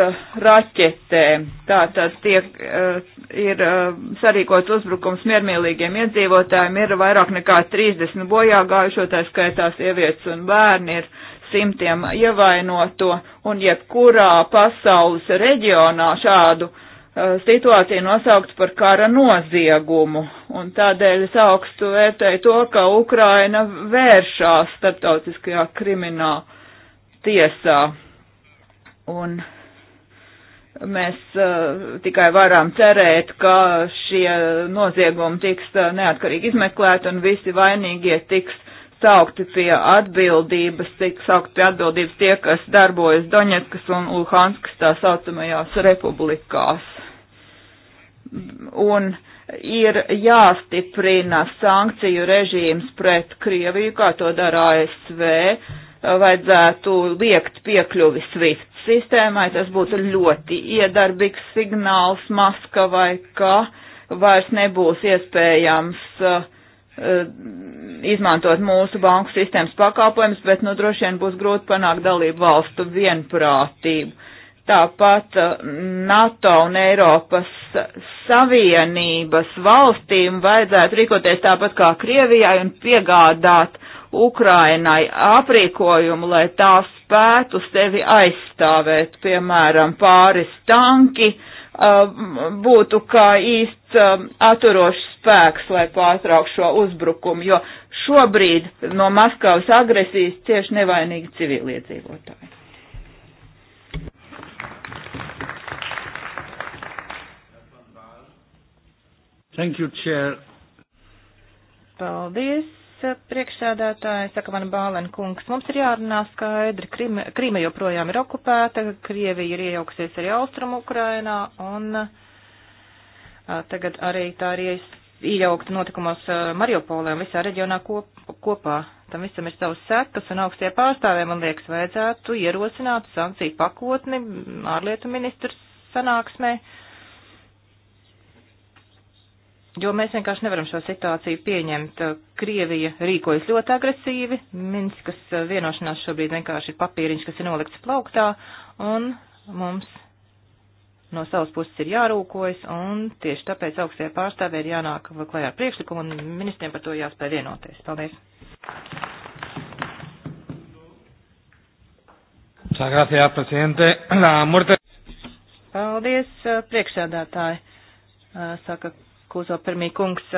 raķetēm. Tātad tiek, uh, ir uh, sarīkots uzbrukums miermīlīgiem iedzīvotājiem, ir vairāk nekā 30 bojā gājušo, tā skaitā sievietes un bērni ir simtiem ievainoto, un jebkurā pasaules reģionā šādu uh, Uh, situāciju nosaukt par kara noziegumu, un tādēļ es augstu vērtēju to, ka Ukraina vēršās starptautiskajā krimināla tiesā, un mēs uh, tikai varam cerēt, ka šie noziegumi tiks uh, neatkarīgi izmeklēti un visi vainīgie tiks saukti pie atbildības, tiks saukti pie atbildības tie, kas darbojas Doņetskas un Luhanskas tā saucamajās republikās un ir jāstiprina sankciju režīms pret Krieviju, kā to dara ASV, vajadzētu liekt piekļuvi SWIFT sistēmai, tas būtu ļoti iedarbīgs signāls Maskavai, ka vairs nebūs iespējams uh, uh izmantot mūsu banku sistēmas pakāpojumus, bet nu droši vien būs grūti panākt dalību valstu vienprātību. Tāpat uh, NATO un Eiropas Savienības valstīm vajadzētu rīkoties tāpat kā Krievijai un piegādāt Ukrainai aprīkojumu, lai tā spētu sevi aizstāvēt, piemēram, pāris tanki uh, būtu kā īsts um, aturošs spēks, lai pārtrauktu šo uzbrukumu, jo šobrīd no Maskavas agresijas cieši nevainīgi civiliedzīvotāji. Thank you, Chair. Paldies, priekšsēdētāji, saka man Bālēna kungs. Mums ir jārunā skaidri, Krīma joprojām ir okupēta, Krievija ir iejauksies arī Austrum Ukrainā un a, tagad arī tā ir iejaukta notikumos Mariupolē un visā reģionā kop, kopā. Tam visam ir savas sekas un augstie pārstāvē, man liekas, vajadzētu ierosināt sankciju pakotni ārlietu ministrs sanāksmē. Uh, jo mēs vienkārši nevaram šo situāciju pieņemt. Eh, Krievija rīkojas ļoti agresīvi, Minskas eh, vienošanās šobrīd vienkārši ir papīriņš, kas ir nolikts plauktā, un mums no savas puses ir jārūkojas, un tieši tāpēc augstajā pārstāvē ir jānāk klajā ar priekšlikumu, un ministriem par to jāspēj vienoties. Paldies! [clears throat] Paldies, eh, priekšsēdētāji, saka Kūzo pirmī kungs,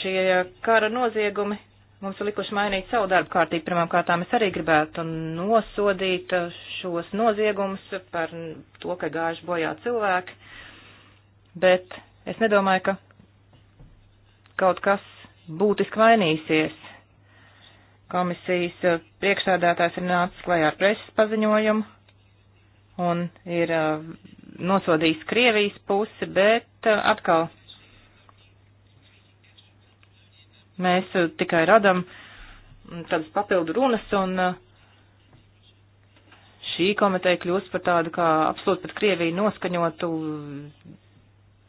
šie kara noziegumi mums ir likuši mainīt savu darbu kārtību. Pirmām kārtām es arī gribētu nosodīt šos noziegumus par to, ka gājuši bojā cilvēki, bet es nedomāju, ka kaut kas būtiski mainīsies. Komisijas priekšsādātājs ir nācis klajā ar preses paziņojumu un ir nosodījis Krievijas pusi, bet bet eh, atkal mēs eh, tikai radam mm, tādas papildu runas un eh, šī komiteja kļūst par tādu kā absolūti pret Krieviju noskaņotu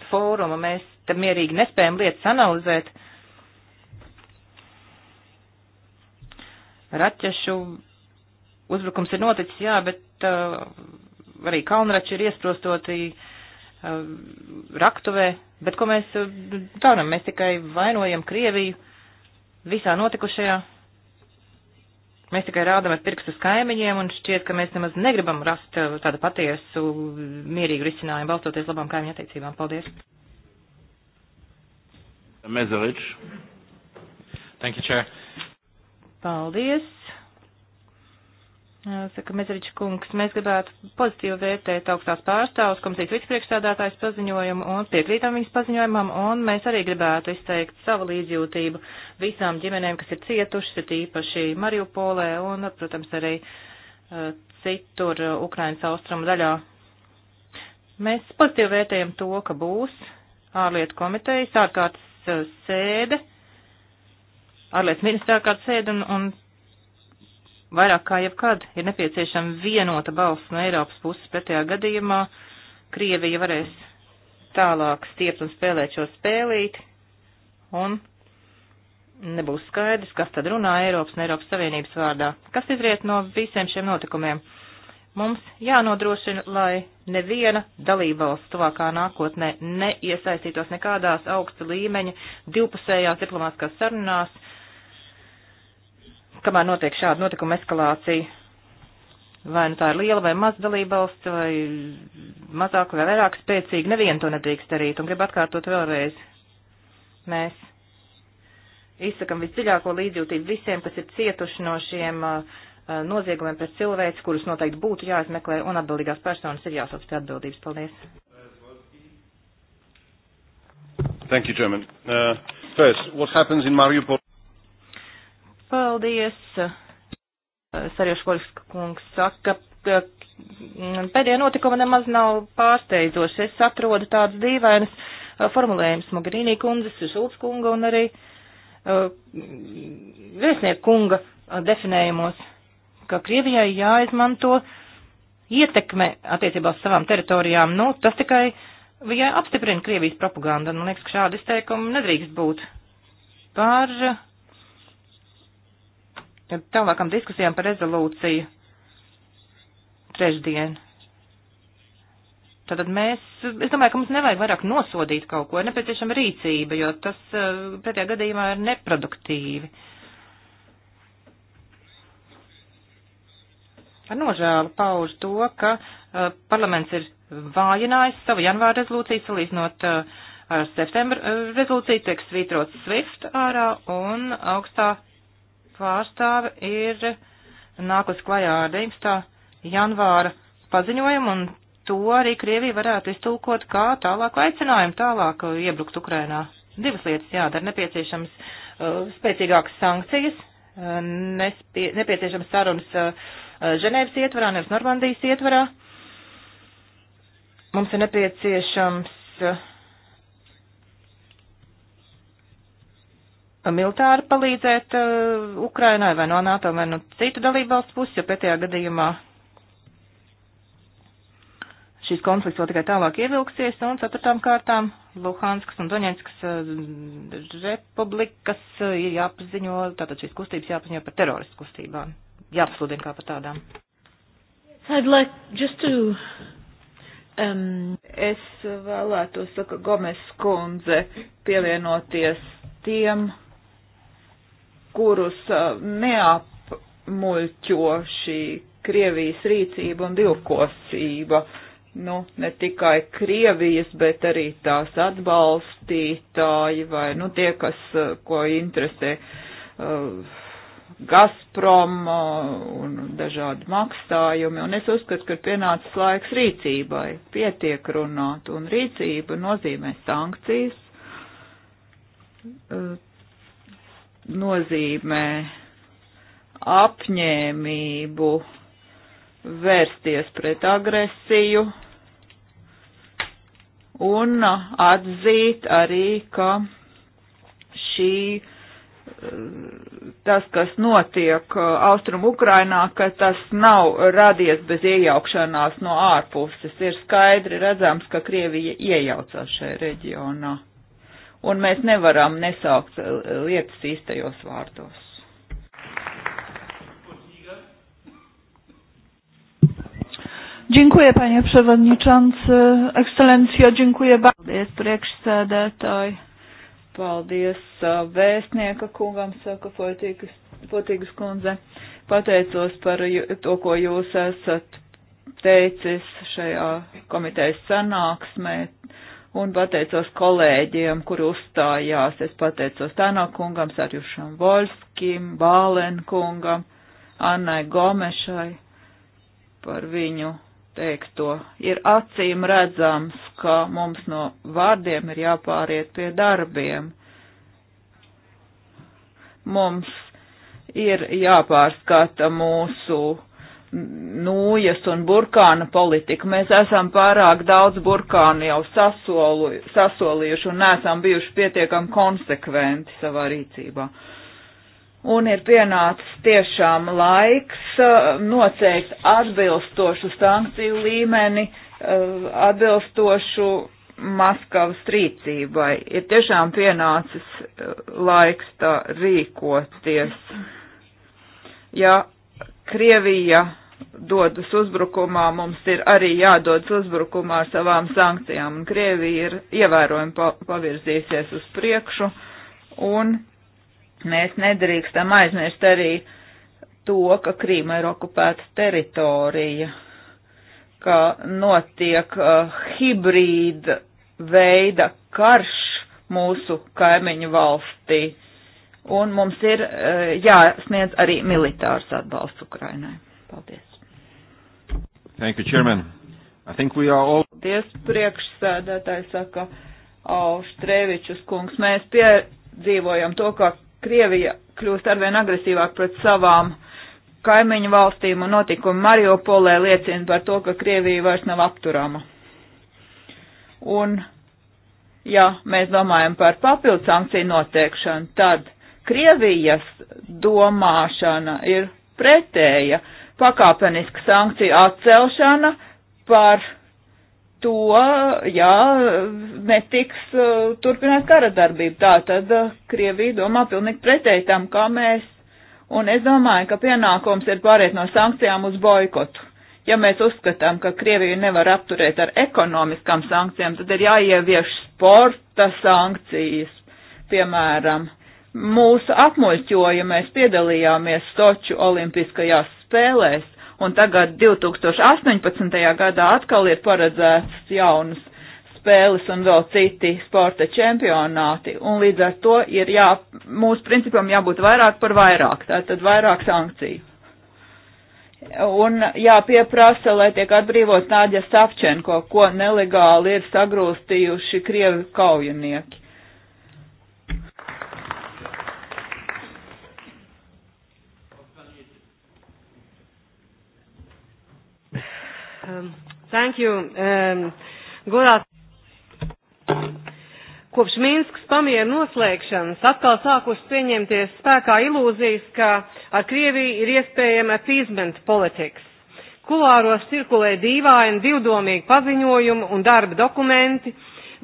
fórumu. Mēs te mierīgi nespējam lietas analizēt. Raķešu uzbrukums ir noticis, jā, bet uh, arī kalnrači ir iesprostoti uh, Um, raktuvē, bet ko mēs darām? Uh, nu, mēs tikai vainojam Krieviju visā notikušajā. Mēs tikai rādam ar pirkstu kaimiņiem un šķiet, ka mēs nemaz negribam rast uh, tādu patiesu mierīgu risinājumu balstoties labām kaimiņu attiecībām. Paldies! Mezerič. Thank you, Chair. Paldies. Saka Mezeriķa kungs, mēs gribētu pozitīvi vērtēt augstās pārstāvus, komisijas vicepriekšstādātājs paziņojumu un piekrītam viņas paziņojumam, un mēs arī gribētu izteikt savu līdzjūtību visām ģimenēm, kas ir cietušas, ir tīpaši Mariupolē un, protams, arī uh, citur uh, Ukrainas austrumu daļā. Mēs pozitīvi vērtējam to, ka būs ārlietu komitejas ārkārtas uh, sēde, ārlietu ministrā ārkārtas sēde un, un Vairāk kā jebkad ir nepieciešama vienota balss no Eiropas puses, pretējā gadījumā Krievija varēs tālāk stiept un spēlēt šo spēlīti, un nebūs skaidrs, kas tad runā Eiropas un Eiropas Savienības vārdā, kas izriet no visiem šiem notikumiem. Mums jānodrošina, lai neviena dalībvalsts tuvākā nākotnē neiesaistītos nekādās augsta līmeņa divpusējās diplomātiskās sarunās, kamēr notiek šāda notikuma eskalācija. Vai nu tā ir liela vai maz dalībvalsts, vai mazāk vai vairāk spēcīga, nevienu to nedrīkst darīt. Un gribu atkārtot vēlreiz. Mēs izsakam visdziļāko līdzjūtību visiem, kas ir cietuši no šiem uh, uh, noziegumiem pret cilvēci, kurus noteikti būtu jāizmeklē, un atbildīgās personas ir jāsauc pie atbildības. Paldies! Thank you, Chairman. Uh, first, what happens in Mariupol? Paldies. Sarjošs Koļs kungs saka, ka mm, pēdējā notikuma nemaz nav pārsteidzoši. Es atrodu tādas dīvainas formulējumus Mogherīnī kundzes, Šulc kunga un arī uh, vēstnieku kunga definējumos, ka Krievijai jāizmanto ietekme attiecībā uz savām teritorijām. Nu, tas tikai viņai apstiprina Krievijas propagandu. Man liekas, ka šādi izteikumi nedrīkst būt. Par uh, tālākam diskusijām par rezolūciju trešdien. Tātad mēs, es domāju, ka mums nevajag vairāk nosodīt kaut ko, ir nepieciešama rīcība, jo tas eh, pretējā gadījumā ir neproduktīvi. Ar nožēlu pauž to, ka uh, parlaments ir vājinājis savu janvāra rezolūciju, salīdzinot uh, ar septembra rezolūciju, tiek svītrots SWIFT ārā un augstā pārstāve ir nākus klajā ar 19. janvāra paziņojumu, un to arī Krievija varētu iztulkot kā tālāku aicinājumu tālāk uh, iebrukt Ukrainā. Divas lietas jādara, nepieciešams uh, spēcīgākas sankcijas, uh, nespie, nepieciešams sarunas uh, uh Ženēvas ietvarā, nevis Normandijas ietvarā. Mums ir nepieciešams uh, militāri palīdzēt uh, Ukrainai vai no NATO vai no citu dalībvalstu puses, jo pētajā gadījumā šīs konflikts vēl tikai tālāk ievilksies, un ceturtām kārtām Luhanskas un Doņenskas uh, republikas uh, ir jāpaziņo, tātad šīs kustības jāpaziņo par teroristu kustībām, jāpasludina kā par tādām. I'd like just to, um, es vēlētos, saka Gomes kundze, pievienoties tiem kurus uh, neapmuļķo šī Krievijas rīcība un divkosība. Nu, ne tikai Krievijas, bet arī tās atbalstītāji vai, nu, tie, kas, uh, ko interesē uh, Gazprom uh, un dažādi makstājumi. Un es uzskatu, ka pienācis laiks rīcībai. Pietiek runāt. Un rīcība nozīmē sankcijas. Uh, nozīmē apņēmību vērsties pret agresiju un atzīt arī, ka šī, tas, kas notiek uh, Austrum Ukrainā, ka tas nav radies bez iejaukšanās no ārpuses. Ir skaidri redzams, ka Krievija iejaucās šajā reģionā un mēs nevaram nesaukt lietas īstajos vārdos. Dziękuję panie przewodniczący, ekscelencjo, dziękuję bardzo. Paldies priekšsēdētāji, paldies uh, vēstnieka kungam, saka Fotīgas, Fotīgas kundze. Pateicos par to, ko jūs esat teicis šajā komitejas sanāksmē un pateicos kolēģiem, kur uzstājās. Es pateicos Tānā kungam, Sarjušam Volskim, Bālen kungam, Annai Gomešai par viņu teikto. Ir acīm redzams, ka mums no vārdiem ir jāpāriet pie darbiem. Mums ir jāpārskata mūsu nūjas un burkāna politika. Mēs esam pārāk daudz burkānu jau sasolu, sasolījuši un neesam bijuši pietiekami konsekventi savā rīcībā. Un ir pienācis tiešām laiks uh, noteikt atbilstošu sankciju līmeni, uh, atbilstošu Maskavas rīcībai. Ir tiešām pienācis uh, laiks tā rīkoties. Ja Krievija dodas uzbrukumā, mums ir arī jādodas uzbrukumā ar savām sankcijām, un Krievija ir ievērojami pa pavirzīsies uz priekšu, un mēs nedrīkstam aizmirst arī to, ka Krīma ir okupēta teritorija, ka notiek uh, hibrīda veida karš mūsu kaimiņu valstī, un mums ir uh, jāsniedz arī militārs atbalsts Ukrainai. Paldies. Thank you, Chairman. I think we are all. Paldies, priekšsēdētāji saka Auštrevičus kungs. Mēs piedzīvojam to, ka Krievija kļūst arvien agresīvāk pret savām kaimiņu valstīm un notikumi Mariupolē liecina par to, ka Krievija vairs nav apturama. Un, ja mēs domājam par papildu sankciju noteikšanu, tad Krievijas domāšana ir pretēja pakāpeniska sankcija atcelšana par to, ja netiks uh, turpināt kara darbību. Tā tad uh, Krievija domā pilnīgi pretēji tam, kā mēs. Un es domāju, ka pienākums ir pāriet no sankcijām uz boikotu. Ja mēs uzskatām, ka Krieviju nevar apturēt ar ekonomiskām sankcijām, tad ir jāievieš sporta sankcijas, piemēram mūsu apmuļķoja, mēs piedalījāmies Soču olimpiskajās spēlēs. Un tagad 2018. gadā atkal ir paredzēts jaunas spēles un vēl citi sporta čempionāti. Un līdz ar to ir jā, mūsu principam jābūt vairāk par vairāk, tātad vairāk sankciju. Un jāpieprasa, lai tiek atbrīvot Nāģa Savčenko, ko nelegāli ir sagrūstījuši krievi kaujinieki. Um, thank you. Um, Godāt. Kopš Minskas pamiera noslēgšanas atkal sākus pieņemties spēkā ilūzijas, ka ar Krieviju ir iespējama appeasement politics. Kulāros cirkulē dīvaini, divdomīgi paziņojumi un darba dokumenti,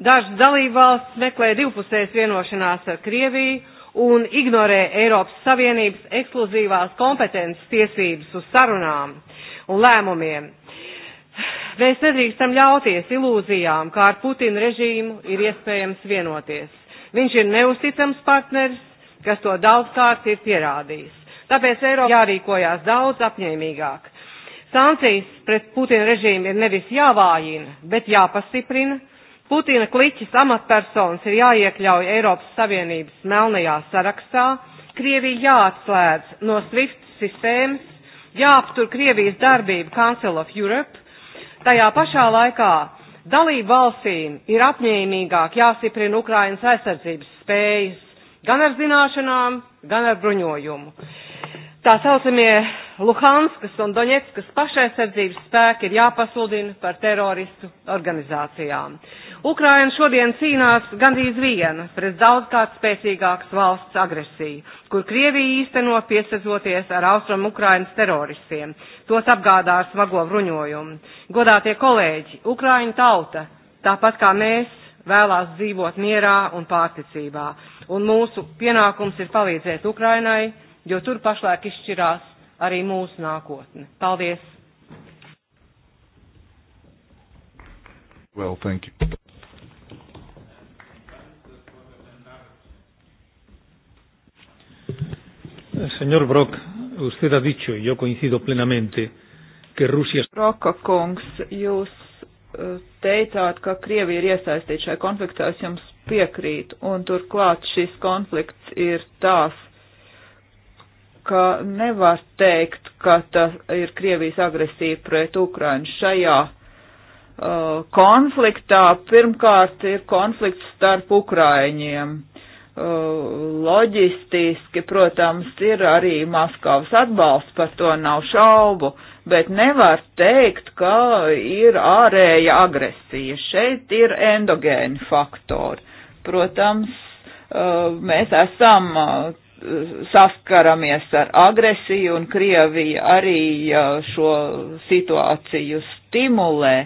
dažas dalībvalsts meklē divpusējas vienošanās ar Krieviju un ignorē Eiropas Savienības ekskluzīvās kompetences tiesības uz sarunām un lēmumiem. Mēs nedrīkstam ļauties ilūzijām, kā ar Putina režīmu ir iespējams vienoties. Viņš ir neusticams partners, kas to daudzkārt ir pierādījis. Tāpēc Eiropa jārīkojās daudz apņēmīgāk. Sankcijas pret Putina režīmu ir nevis jāvājina, bet jāpastiprina. Putina kliķis amatpersonas ir jāiekļauj Eiropas Savienības melnajā sarakstā, Krievija jāatslēdz no SWIFT sistēmas, jāaptur Krievijas darbība Council of Europe, Tajā pašā laikā dalību valstīm ir apņēmīgāk jāstiprina Ukrainas aizsardzības spējas gan ar zināšanām, gan ar bruņojumu. Tā saucamie Luhanskas un Doņetskas pašaizsardzības spēki ir jāpasludina par teroristu organizācijām. Ukraina šodien cīnās gandrīz viena pret daudzkārt spēcīgākas valsts agresiju, kur Krievija īsteno piesazoties ar Austrum Ukrainas teroristiem. Tos apgādā ar smago bruņojumu. Godātie kolēģi, Ukraina tauta, tāpat kā mēs, vēlās dzīvot mierā un pārticībā. Un mūsu pienākums ir palīdzēt Ukrainai, jo tur pašlaik izšķirās arī mūsu nākotni. Paldies! Well, thank you. Señor Brock, usted ha dicho, y yo coincido plenamente, ka Rusija. Roka kungs, jūs eh, teicāt, ka Krievija ir iesaistīta šajā konfliktā, es jums piekrītu, un turklāt šis konflikts ir tās ka nevar teikt, ka tas ir Krievijas agresija pret Ukrainu šajā uh, konfliktā. Pirmkārt ir konflikts starp Ukraiņiem. Uh, loģistiski, protams, ir arī Maskavas atbalsts, par to nav šaubu, bet nevar teikt, ka ir ārēja agresija. Šeit ir endogēni faktori. Protams, uh, mēs esam uh, saskaramies ar agresiju, un Krievija arī šo situāciju stimulē,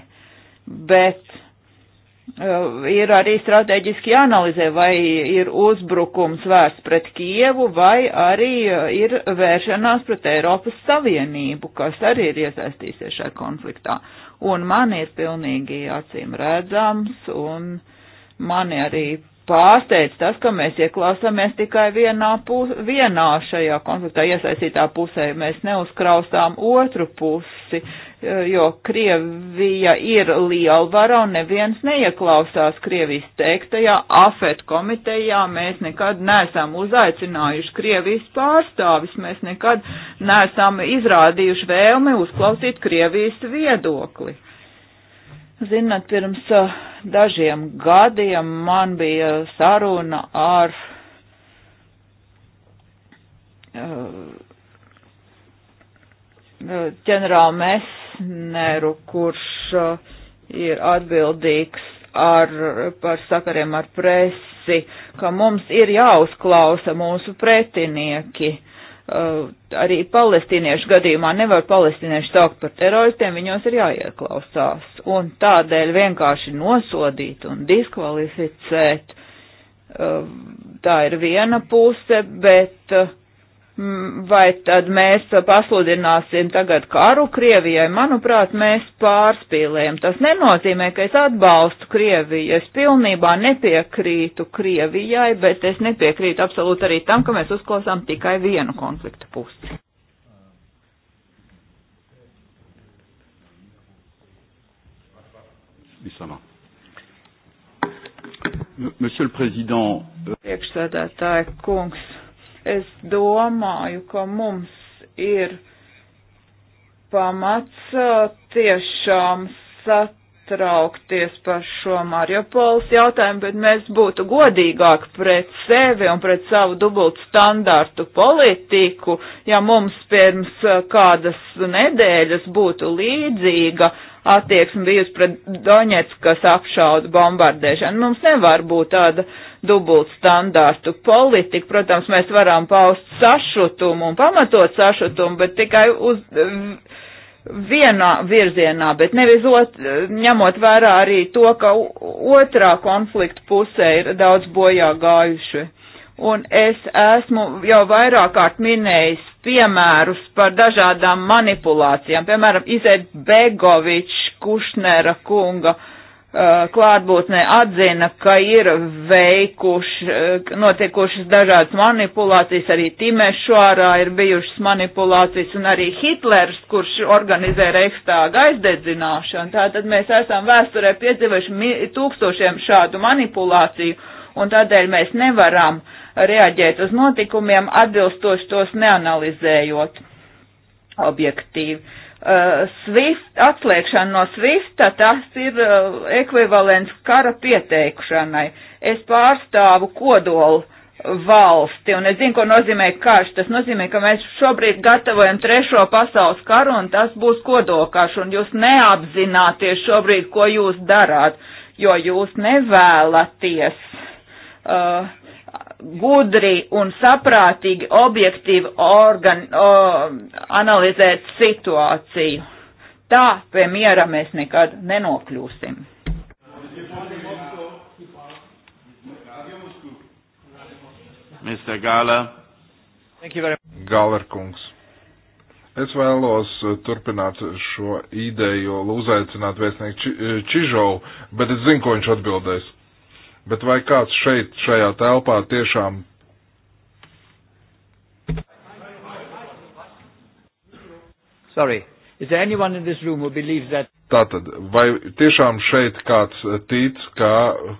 bet ir arī strateģiski jāanalizē, vai ir uzbrukums vērsts pret Kievu, vai arī ir vēršanās pret Eiropas Savienību, kas arī ir iesaistīsies šajā konfliktā. Un man ir pilnīgi acīm redzams, un mani arī pārsteidz tas, ka mēs ieklausāmies tikai vienā, pus, vienā šajā konfliktā iesaistītā pusē. Mēs neuzkraustām otru pusi, jo Krievija ir lielvara un neviens neieklausās Krievijas teiktajā. AFET komitejā mēs nekad neesam uzaicinājuši Krievijas pārstāvis, mēs nekad neesam izrādījuši vēlmi uzklausīt Krievijas viedokli. Zinat, pirms uh, dažiem gadiem man bija saruna ar uh, ģenerālu Mesneru, kurš uh, ir atbildīgs ar, par sakariem ar presi, ka mums ir jāuzklausa mūsu pretinieki. Uh, arī palestīniešu gadījumā nevar palestīniešu saukt par teroristiem, viņos ir jāieklausās. Un tādēļ vienkārši nosodīt un diskvalificēt, uh, tā ir viena puse, bet uh, Mm, vai tad mēs pasludināsim tagad karu Krievijai? Manuprāt, mēs pārspīlējam. Tas nenozīmē, ka es atbalstu Krieviju. Es pilnībā nepiekrītu Krievijai, bet es nepiekrītu absolūti arī tam, ka mēs uzklausām tikai vienu konflikta pusi. Visama. Monsieur le Président. Euh, Priekšsēdētāji kungs. Es domāju, ka mums ir pamats uh, tiešām satraukties par šo Mariupols jautājumu, bet mēs būtu godīgāk pret sevi un pret savu dubultu standārtu politiku, ja mums pirms uh, kādas nedēļas būtu līdzīga attieksme bijusi pret Doņetskas apšaudu bombardēšanu. Mums nevar būt tāda dubult standārtu politiku. Protams, mēs varam paust sašutumu un pamatot sašutumu, bet tikai uz vienā virzienā, bet nevis ot, ņemot vērā arī to, ka otrā konflikta pusē ir daudz bojā gājuši. Un es esmu jau vairāk kārt minējis piemērus par dažādām manipulācijām, piemēram, Izet Begovičs, Kušnera kunga uh, Eh, klātbūtnē atzina, ka ir veikuši, eh, notiekušas dažādas manipulācijas, arī Timešvārā ir bijušas manipulācijas, un arī Hitlers, kurš organizē Reichstāga aizdedzināšanu. Tātad mēs esam vēsturē piedzīvojuši tūkstošiem šādu manipulāciju, un tādēļ mēs nevaram reaģēt uz notikumiem atbilstoši tos neanalizējot objektīvi. Eh, Swift, atslēgšana no Swifta, tas ir uh, ekvivalents kara pieteikšanai. Es pārstāvu kodolu valsti, un es zinu, ko nozīmē karš. Tas nozīmē, ka mēs šobrīd gatavojam trešo pasaules karu, un tas būs kodolkarš, un jūs neapzināties šobrīd, ko jūs darāt, jo jūs nevēlaties. Uh, gudri un saprātīgi objektīvi organ, o, analizēt situāciju. Tā pie miera mēs nekad nenokļūsim. Mr. Gala. Galerkungs. Es vēlos uh, turpināt šo ideju, uzaicināt vēstnieku Čižovu, bet es zinu, ko viņš atbildēs. Bet vai kāds šeit, šajā telpā tiešām. Sorry. Is there anyone in this room who believes that? Tātad, vai tiešām šeit kāds eh, tic, ka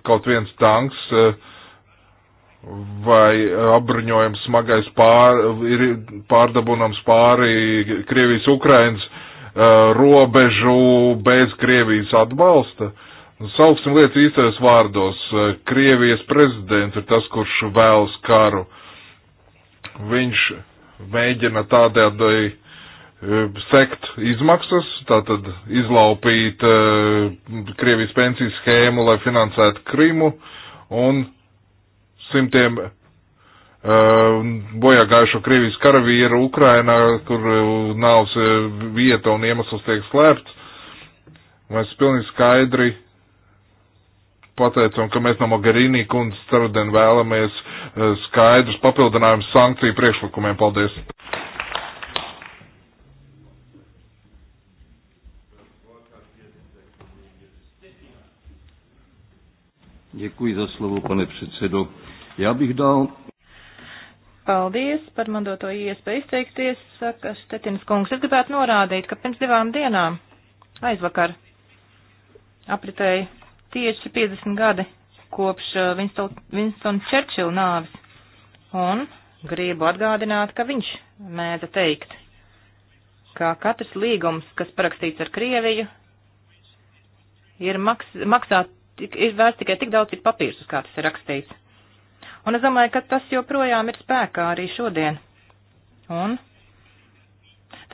kaut viens tanks eh, vai apbruņojums smagais pār, ir pārdabunams pāri Krievijas-Ukrainas eh, robežu bez Krievijas atbalsta? Uh, Sauksim lietu īstajos vārdos. Krievijas prezidents ir tas, kurš vēlas karu. Viņš mēģina tādēļ eh, sekt izmaksas, tātad izlaupīt eh, Krievijas pensijas schēmu, lai finansētu Krimu un simtiem eh, bojā gājušo Krievijas karavīru Ukrainā, kur nāvs vieta un iemesls tiek slēpts. Mēs pilnīgi skaidri pateicām, ka mēs no Mogherini kundzes ceradien vēlamies eh, skaidrs papildinājums sankciju priekšlikumiem. Paldies! Děkuji za slovo, pane předsedo. Já bych dal. Paldies par man doto iespēju izteikties, saka Štetins kungs. Es gribētu norādīt, ka pirms divām dienām aizvakar apritēja tieši 50 gadi kopš eh, Winston, Winston Churchill nāvis, un gribu atgādināt, ka viņš mēdza teikt, ka katrs līgums, kas parakstīts ar Krieviju, ir maks, maksā, ir vērts tikai tik daudz, cik papīrs, uz kā tas ir rakstīts. Un es domāju, ka tas joprojām ir spēkā arī šodien. Un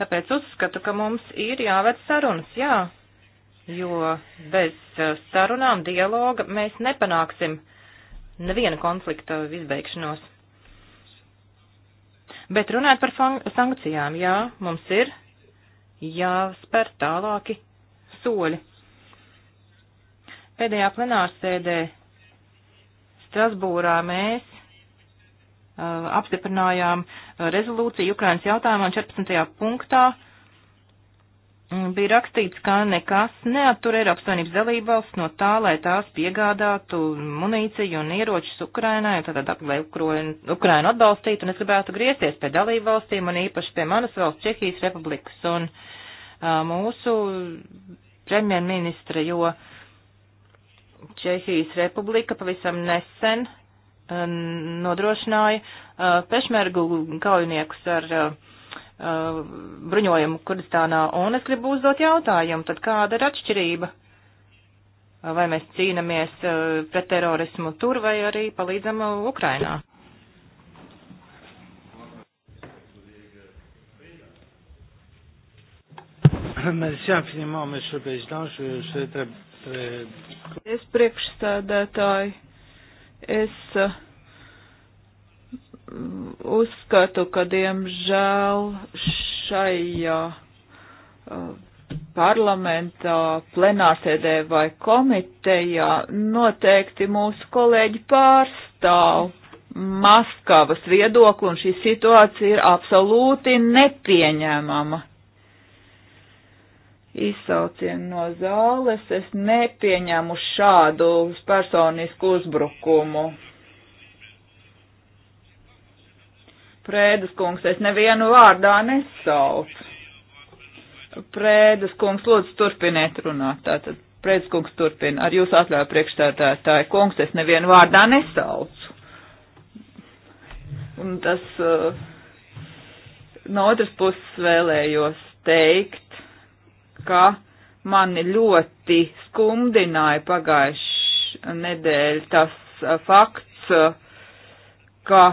tāpēc uzskatu, ka mums ir jāved sarunas, jā jo bez eh, sarunām, dialoga mēs nepanāksim neviena konflikta izbeigšanos. Bet runājot par sankcijām, jā, mums ir jāspēr tālāki soļi. Pēdējā plenārsēdē Strasbūrā mēs uh, apstiprinājām eh, rezolūciju Ukrainas jautājumā 14. punktā uh, Mm, bija rakstīts, ka nekas neatur Eiropas Savienības dalībvalsts no tā, lai tās piegādātu munīciju un ieročus Ukrainai, un tad lai Ukrainu, Ukrainu atbalstītu, un es gribētu griezties pie dalībvalstīm, un īpaši pie manas valsts Čehijas republikas un uh, mūsu premjerministra, jo Čehijas republika pavisam nesen uh, nodrošināja uh, pešmergu kaujiniekus ar uh, Uh, bruņojumu Kurdistānā, un es gribu uzdot jautājumu, tad kāda ir atšķirība? Vai mēs cīnamies uh, pret terorismu tur vai arī palīdzam uh, Ukrainā? Merci infiniment, monsieur le président. Je souhaite très... Es priekšstādētāji, es uh, uzskatu, ka diemžēl šajā uh, parlamentā, plenārsēdē vai komitejā noteikti mūsu kolēģi pārstāv Maskavas viedokli, un šī situācija ir absolūti nepieņēmama. Izsaucienu no zāles, es nepieņemu šādu personisku uzbrukumu. Prēdas kungs, es nevienu vārdā nesaucu. Prēdas kungs, lūdzu, turpiniet runāt. Tātad, Prēdas kungs turpina. Ar jūsu atļauju priekšstādātāju kungs, es nevienu vārdā nesaucu. Un tas uh, no otras puses vēlējos teikt, ka mani ļoti skumdināja pagājuši nedēļ tas uh, fakts, uh, ka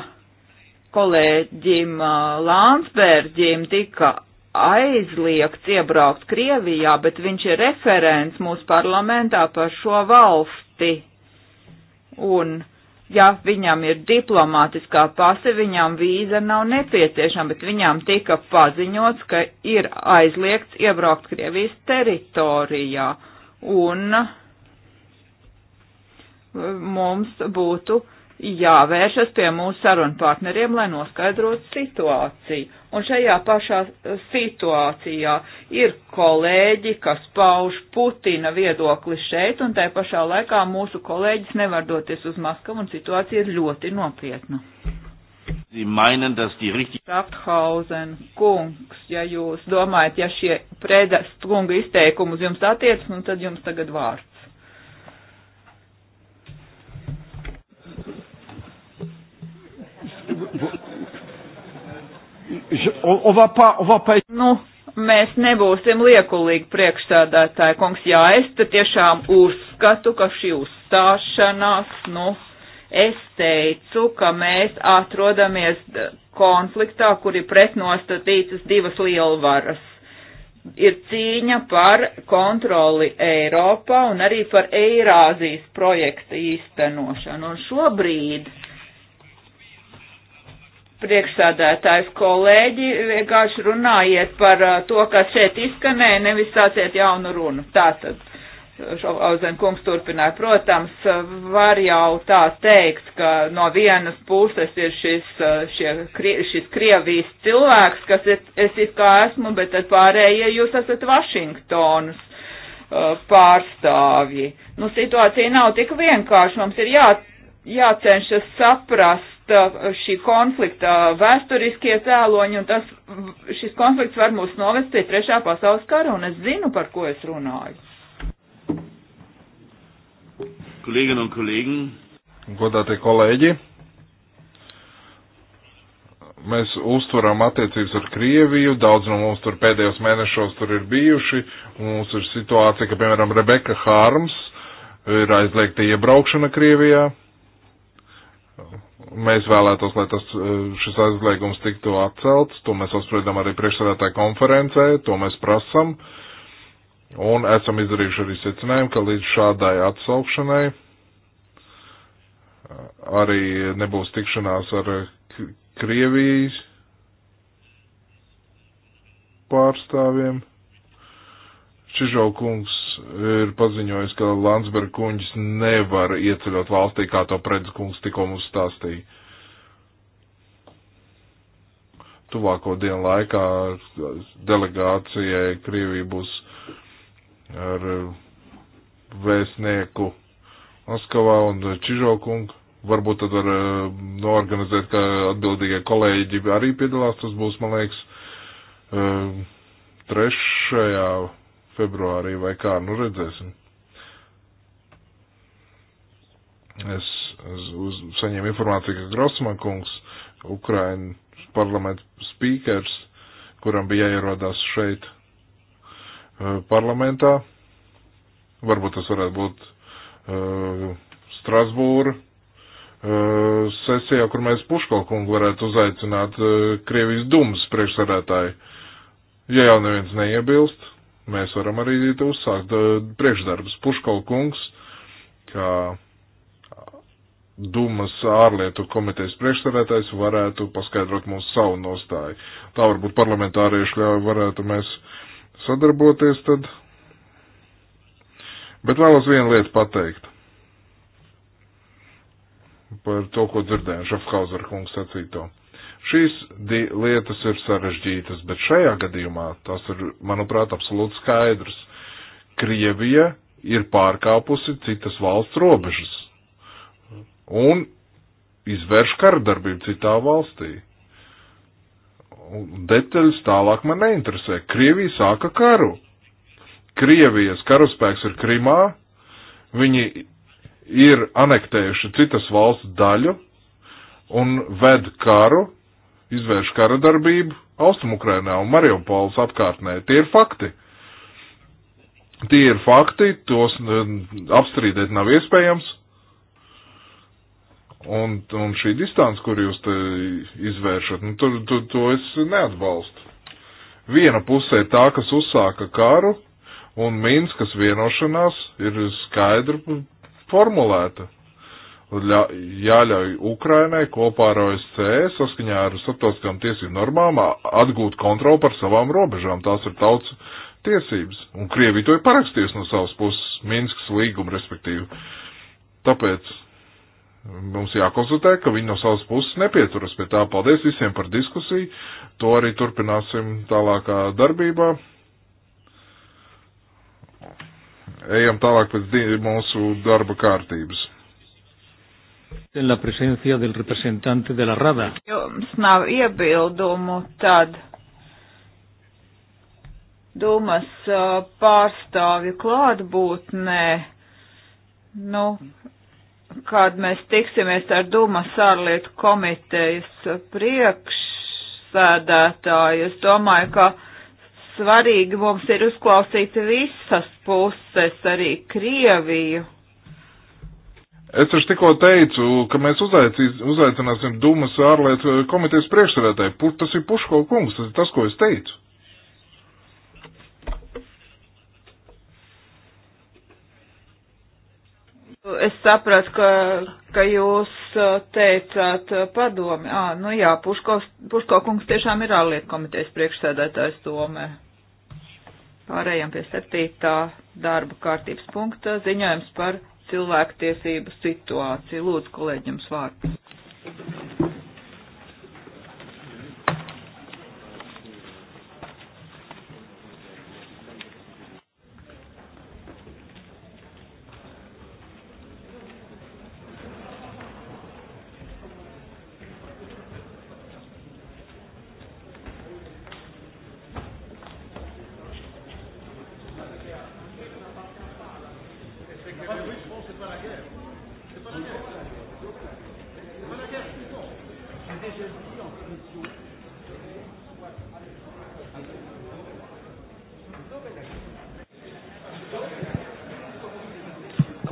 kolēģim Lānsbērģim tika aizliegts iebraukt Krievijā, bet viņš ir referents mūsu parlamentā par šo valsti. Un, ja viņam ir diplomātiskā pase, viņam vīza nav nepieciešama, bet viņam tika paziņots, ka ir aizliegts iebraukt Krievijas teritorijā. Un mums būtu uh, jāvēršas pie mūsu sarunu partneriem, lai noskaidrotu situāciju. Un šajā pašā eh, situācijā ir kolēģi, kas pauž Putina viedokli šeit, un tai pašā laikā mūsu kolēģis nevar doties uz Maskavu, un situācija ir ļoti nopietna. Sie meinen, dass die richtige. Krafthausen kungs, ja jūs domājat, ja šie predas kunga izteikumus jums attiec, nu tad jums tagad vārds. Je, on, on va pas, on va pas... Nu, mēs nebūsim liekulīgi priekšsādātāji, kungs, jā, es te tiešām uzskatu, ka šī uzstāšanās, nu, es teicu, ka mēs atrodamies konfliktā, kur ir pretnostatītas divas lielvaras. Ir cīņa par kontroli Eiropā un arī par Eirāzijas projekta īstenošanu. Un šobrīd uh, priekšsādētājs kolēģi, vienkārši runājiet par uh, to, kas šeit izskanēja, nevis sāciet jaunu runu. Tātad, uh, Auzen kungs turpināja, protams, uh, var jau tā teikt, ka no vienas puses ir šis, šie, šis Krievijas cilvēks, kas ir, es it kā esmu, bet tad pārējie jūs esat Vašingtonas pārstāvji. Nu, situācija nav tik vienkārša, mums ir jā, jācenšas saprast, Uh, šī konflikta vēsturiskie cēloņi, un tas, šis konflikts var mūs novest pie trešā pasaules kara, un es zinu, par ko es runāju. Kolēģi un kolēģi. Godātie kolēģi, mēs uztveram attiecības ar Krieviju, daudz no mums tur pēdējos mēnešos tur ir bijuši, un mums ir situācija, ka, piemēram, Rebeka Hārms ir aizliegta iebraukšana Krievijā, mēs vēlētos, lai tas, eh, šis aizliegums tiktu atcelts, to mēs apspriedām arī priekšsēdētāju konferencē, to mēs prasam, un esam izdarījuši arī secinājumu, ka līdz šādai atsaukšanai eh, arī nebūs tikšanās ar Krievijas pārstāvjiem. Čižaukungs ir paziņojis, ka Landsberg kuņģis nevar ieceļot valstī, kā to predz kungs tikko mums stāstīja. Tuvāko dienu laikā delegācijai Krievija būs ar vēstnieku Maskavā un Čižokungu. Varbūt tad var eh, noorganizēt, ka atbildīgie kolēģi arī piedalās. Tas būs, man liekas, eh, trešajā februārī vai kā, nu redzēsim. Es uz, saņēmu informāciju, ka Grossman kungs, Ukraiņu parlamenta spīkers, kuram bija jāierodās šeit eh, parlamentā, varbūt tas varētu būt uh, Strasbūra uh, sesijā, kur mēs Puško kungu varētu uzaicināt uh, Krievijas dumas priekšsarētāju, ja jau neviens neiebilst. Mēs varam arī uzsākt priekšdarbus. Puškal kungs, kā Dumas ārlietu komitejas priekšsēdētājs, varētu paskaidrot mūsu savu nostāju. Tā varbūt parlamentārieši ļauj, varētu mēs sadarboties tad. Bet vēlos vienu lietu pateikt par to, ko dzirdējām Šafhauser kungs sacīto. Šīs lietas ir sarežģītas, bet šajā gadījumā tas ir, manuprāt, absolūti skaidrs. Krievija ir pārkāpusi citas valsts robežas un izvērš kardarbību citā valstī. Detaļas tālāk man neinteresē. Krievija sāka karu. Krievijas karaspēks ir Krimā, viņi ir anektējuši citas valsts daļu un ved karu izvērš kara darbību Austrumukrainā un Mariupols apkārtnē. Tie ir fakti. Tie ir fakti, tos apstrīdēt nav iespējams. Un, un šī distance, kur jūs te izvēršat, nu, tur, tur, to es neatbalstu. Viena pusē tā, kas uzsāka karu, un Minskas vienošanās ir skaidri formulēta jāļauj Ukrainai kopā ar OSCE saskaņā ar starptautiskām tiesību normām atgūt kontroli par savām robežām. Tās ir tautas tiesības. Un Krievija to ir parakstījusi no savas puses Minskas līguma respektīvi. Tāpēc mums jākonsultē, ka viņi no savas puses nepieturas pie tā. Paldies visiem par diskusiju. To arī turpināsim tālākā darbībā. Ejam tālāk pēc mūsu darba kārtības. En la presencia del representante de la Rada. Jums nav iebildumu tad. Dumas pārstāvju klātbūtnē, nu, kad mēs tiksimies ar Dumas ārlietu komitejas priekšsēdētāju, es domāju, ka svarīgi mums ir uzklausīt visas puses, arī Krieviju. Es taču tikko teicu, ka mēs uzaicīs, uzaicināsim Dumas ārlietu komitejas priekšsēdētāju. Tas ir Puško kungs, tas ir tas, ko es teicu. Es sapratu, ka, ka jūs uh, teicāt uh, padomi. Ā, nu jā, Puško, Puško kungs tiešām ir ārlietu komitejas priekšsēdētājs domē. Pārējām pie septītā darba kārtības punkta ziņojums par cilvēktiesību situāciju. Lūdzu, kolēģi, jums vārds.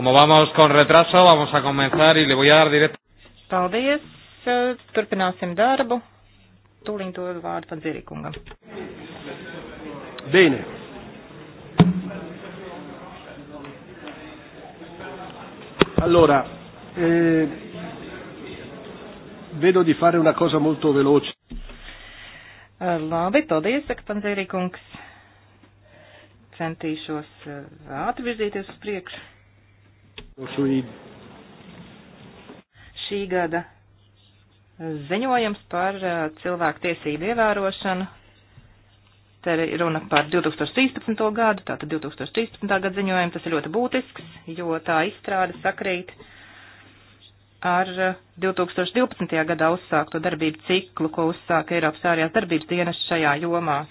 Como vamos con retraso, vamos a comenzar y le voy a dar directo. Paldies. Turpināsim darbu. Tūlīt dod vārdu pat Zirikungam. Bine. Allora, eh, vedo di fare una cosa molto veloce. Eh, labi, paldies, saka Panzērīkungs. Centīšos ātri eh, virzīties uz priekšu. Šī gada ziņojums par uh, cilvēku tiesību ievērošanu. Te ir runa par 2013. gadu, tātad 2013. gadu ziņojumu. Tas ir ļoti būtisks, jo tā izstrāde sakrīt ar 2012. Uh, gadā uzsākto darbību ciklu, ko uzsāka Eiropas ārējās darbības dienas šajā jomā.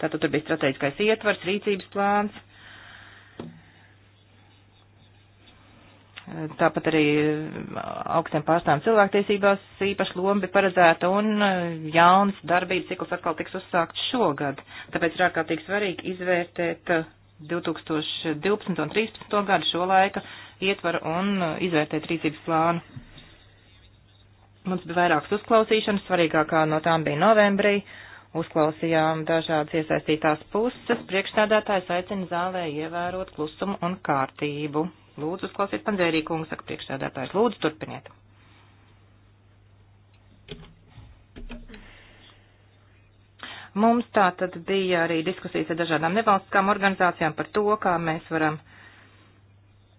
Tātad tur bija strateģiskais ietvars, rīcības plāns Tāpat arī augstiem pārstāvjiem cilvēktiesībās īpaši loma bija paredzēta un e, jauns darbības cikls atkal tiks uzsākts šogad. Tāpēc ir ārkārtīgi svarīgi izvērtēt 2012 e, un 2013 gadu šo laika ietvaru un e, izvērtēt rīcības plānu. Mums bija vairākas uzklausīšanas, svarīgākā no tām bija novembrī. Uzklausījām dažādas iesaistītās puses. Priekšstādātājs aicina zālē ievērot klusumu un kārtību. Lūdzu, uzklausiet Pandērī kungu, saka priekšsēdētājs. Lūdzu, turpiniet. Mums tā tad bija arī diskusijas ar dažādām nevalstiskām organizācijām par to, kā mēs varam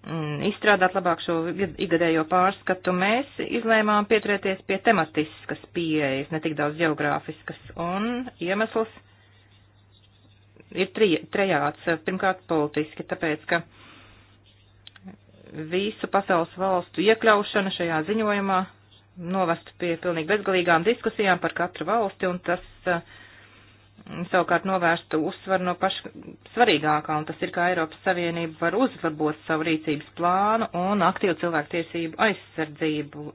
mm, izstrādāt labāk šo igadējo pārskatu, mēs izlēmām pieturēties pie tematiskas pieejas, ne tik daudz geogrāfiskas, un iemesls ir tri, trejāts, pirmkārt politiski, tāpēc, ka visu pasaules valstu iekļaušana šajā ziņojumā novestu pie pilnīgi bezgalīgām diskusijām par katru valsti, un tas eh, savukārt novērstu uzsvaru no paša svarīgākā, un tas ir, kā Eiropas Savienība var uzlabot savu rīcības plānu un aktīvu cilvēktiesību aizsardzību,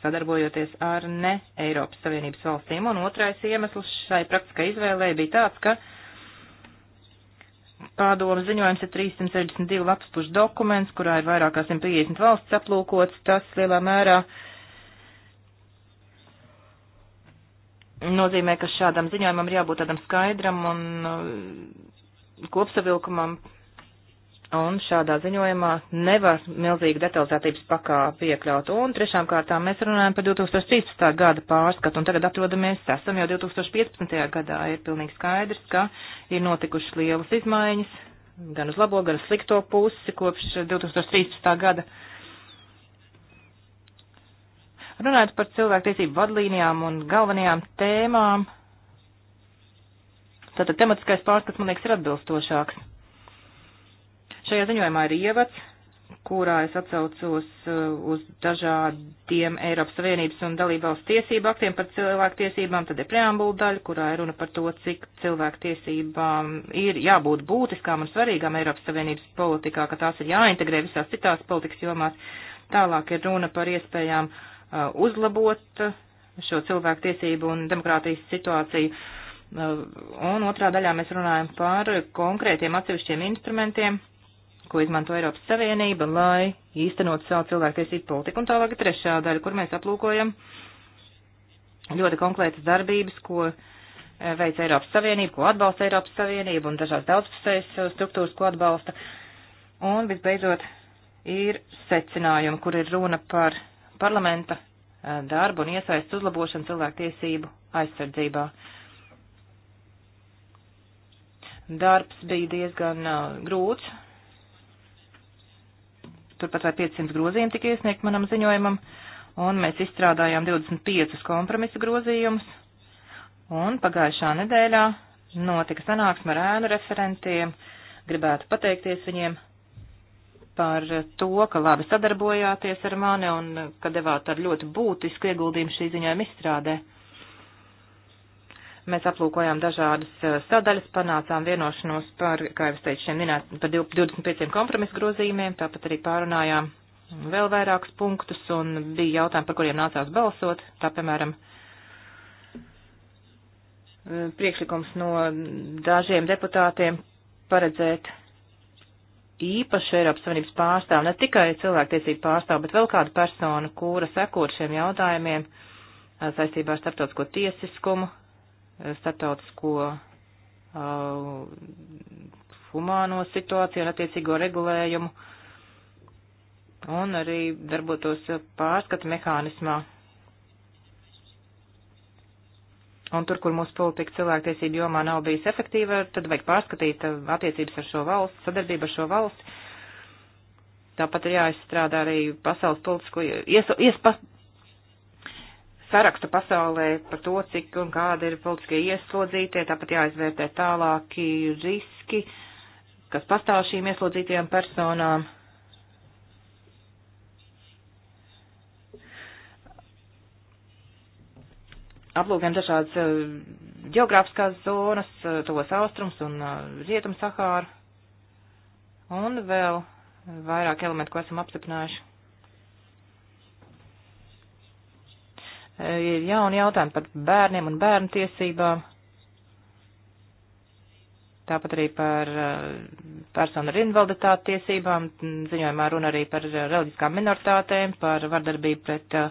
sadarbojoties ar ne Eiropas Savienības valstīm. Un otrais iemesls šai praktiskai izvēlē bija tāds, ka Pārdomu ziņojums ir 362 lapspušu dokuments, kurā ir vairāk kā 150 valsts aplūkots. Tas lielā mērā nozīmē, ka šādam ziņojumam ir jābūt tādam skaidram un uh, kopsavilkumam Un šādā ziņojumā nevar milzīgu detalizētības pakāpi iekļaut. Un trešām kārtām mēs runājam par 2013. gada pārskatu, un tagad atrodamies, esam jau 2015. gadā, ir pilnīgi skaidrs, ka ir notikušas lielas izmaiņas, gan uz labo, gan uz slikto pusi kopš 2013. gada. Runājot par cilvēktiesību vadlīnijām un galvenajām tēmām, tātad tematiskais pārskats, man liekas, ir atbilstošāks. Šajā ziņojumā ir ievads, kurā es atsaucos uh, uz dažādiem Eiropas Savienības un dalībvalsts tiesību aktiem par cilvēktiesībām, tad ir preambula daļa, kurā ir runa par to, cik cilvēktiesībām ir jābūt būtiskām un svarīgām Eiropas Savienības politikā, ka tās ir jāintegrē visās citās politikas jomās. Tālāk ir runa par iespējām uh, uzlabot uh, šo cilvēktiesību un demokrātijas situāciju. Un otrā daļā mēs runājam par konkrētiem atsevišķiem instrumentiem, ko izmanto Eiropas Savienība, lai īstenot savu cilvēktiesību politiku. Un tālāk ir trešā daļa, kur mēs aplūkojam ļoti konkrētas darbības, ko eh, veic Eiropas Savienība, ko atbalsta Eiropas Savienība un dažās daudzpusējas eh, struktūras, ko atbalsta. Un visbeidzot ir secinājumi, kur ir runa par parlamenta eh, darbu un iesaistu uzlabošanu cilvēktiesību aizsardzībā. Darbs bija diezgan grūts, turpat vai 500 grozījumi tika iesniegt manam ziņojumam, un mēs izstrādājām 25 kompromisu grozījumus, un pagājušā nedēļā notika sanāksme ar ēnu referentiem, gribētu pateikties viņiem par to, ka labi sadarbojāties ar mani un ka devāt ar ļoti būtisku ieguldījumu šī ziņojuma izstrādē. Mēs aplūkojām dažādas eh, sadaļas, panācām vienošanos par, kā jau es teicu, šiem minēt, par 25 kompromisu grozījumiem, tāpat arī pārunājām vēl vairākus punktus un bija jautājumi, par kuriem nācās balsot. Tā, piemēram, eh, priekšlikums no dažiem deputātiem paredzēt īpaši Eiropas Savienības pārstāvu, ne tikai cilvēktiesību pārstāvu, bet vēl kādu personu, kura sekot šiem jautājumiem eh, saistībā ar starptautisko tiesiskumu, statautisko uh, humāno situāciju un attiecīgo regulējumu un arī darbotos pārskata mehānismā. Un tur, kur mūsu politika cilvēktiesību jomā nav bijis efektīva, tad vajag pārskatīt uh, attiecības ar šo valstu, sadarbību ar šo valstu. Tāpat ir jāizstrādā arī pasaules politisko, ies, ies, pas, sarakstu pasaulē par to, cik un kāda ir politiskie ieslodzītie, tāpat jāizvērtē tālāki riski, kas pastāv šīm ieslodzītajām personām. Aplūkojam dažādas eh, geogrāfiskās zonas, eh, tos austrums un eh, rietum Sahāru. Un vēl vairāk elementu, ko esam apstiprinājuši. E, ir jauni jautājumi par bērniem un bērnu tiesībām, tāpat arī par e, personu ar invaliditāti tiesībām, ziņojumā runa arī par reliģiskām minoritātēm, par vardarbību pret e,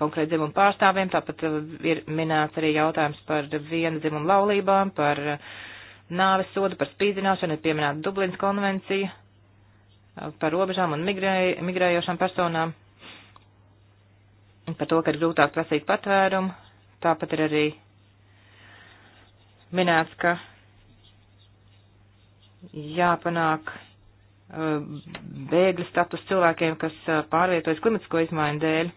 konkrēti dzimumu pārstāvjiem, tāpat ir minēts arī jautājums par vienu dzimumu laulībām, par nāves sodu, par spīdzināšanu, ir pieminēta Dublins konvencija, par robežām un migrē, migrējošām personām par to, ka ir grūtāk prasīt patvērumu. Tāpat ir arī minēts, ka jāpanāk uh, bēgļu status cilvēkiem, kas uh, pārvietojas klimatisko izmaiņu dēļ.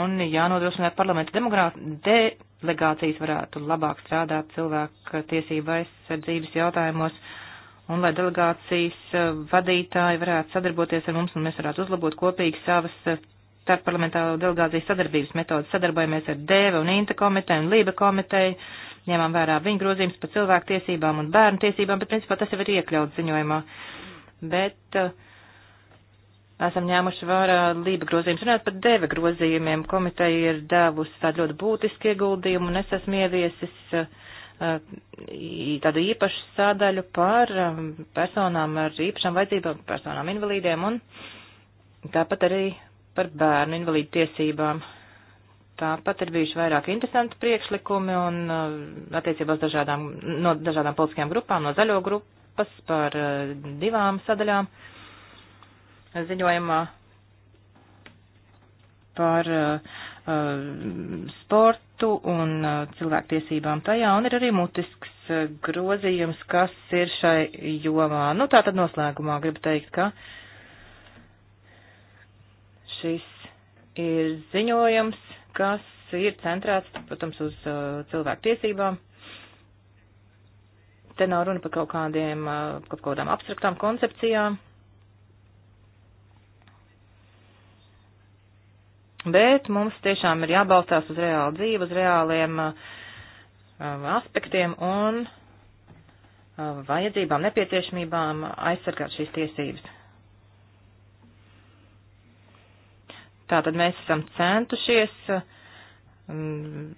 Un jānodrošina, lai parlamenta delegācijas varētu labāk strādāt cilvēku tiesību aizsardzības jautājumos. Uh, un lai delegācijas e, vadītāji varētu sadarboties ar mums un mēs varētu uzlabot kopīgi savas e, starpparlamentāro delegācijas sadarbības metodas. Sadarbojamies ar DEVA un INTA komiteju un LIBA komiteju, ņemam vērā viņu grozījums par cilvēku tiesībām un bērnu tiesībām, bet principā tas jau ir iekļauts ziņojumā. Bet uh, esam ņēmuši vērā LIBA grozījumus. Runājot par DEVA grozījumiem, komiteja ir devusi tādu ļoti būtisku ieguldījumu un es esmu ieviesis. Uh, Uh, tādu īpašu sādaļu par um, personām ar īpašām vajadzībām, personām invalīdiem un tāpat arī par bērnu invalīdu tiesībām. Tāpat ir bijuši vairāk interesanti priekšlikumi un uh, attiecībās dažādām, no dažādām politiskajām grupām, no zaļo grupas par uh, divām sadaļām ziņojumā par uh, Uh, sportu un uh, cilvēktiesībām tajā, un ir arī mutisks uh, grozījums, kas ir šai jomā. Nu, tā tad noslēgumā gribu teikt, ka šis ir ziņojums, kas ir centrēts, protams, uz cilvēktiesībām. Te nav runa par kaut kādiem, kaut kādām abstraktām koncepcijām. bet mums tiešām ir jābalstās uz reālu dzīvi, uz reāliem uh, aspektiem un uh, vajadzībām, nepieciešamībām aizsargāt šīs tiesības. Tātad mēs esam centušies uh, Mm,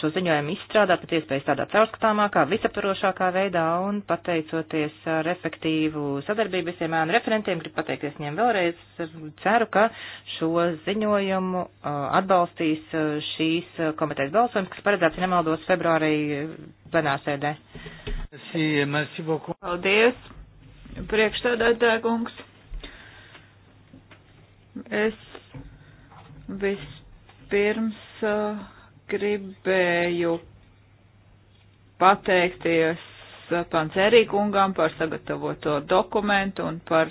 šo ziņojumu izstrādā pat iespējas tādā caurskatāmākā, visaptvarošākā veidā un pateicoties ar efektīvu sadarbību visiem ēnu referentiem, gribu pateikties viņiem vēlreiz, ceru, ka šo ziņojumu uh, atbalstīs uh, šīs uh, komitejas balsojums, kas paredzēts, ja nemaldos, februārī plenārsēdē. Paldies, priekšstādātāja kungs. Es vispirms uh, gribēju pateikties Pancerī kungam par sagatavoto dokumentu un par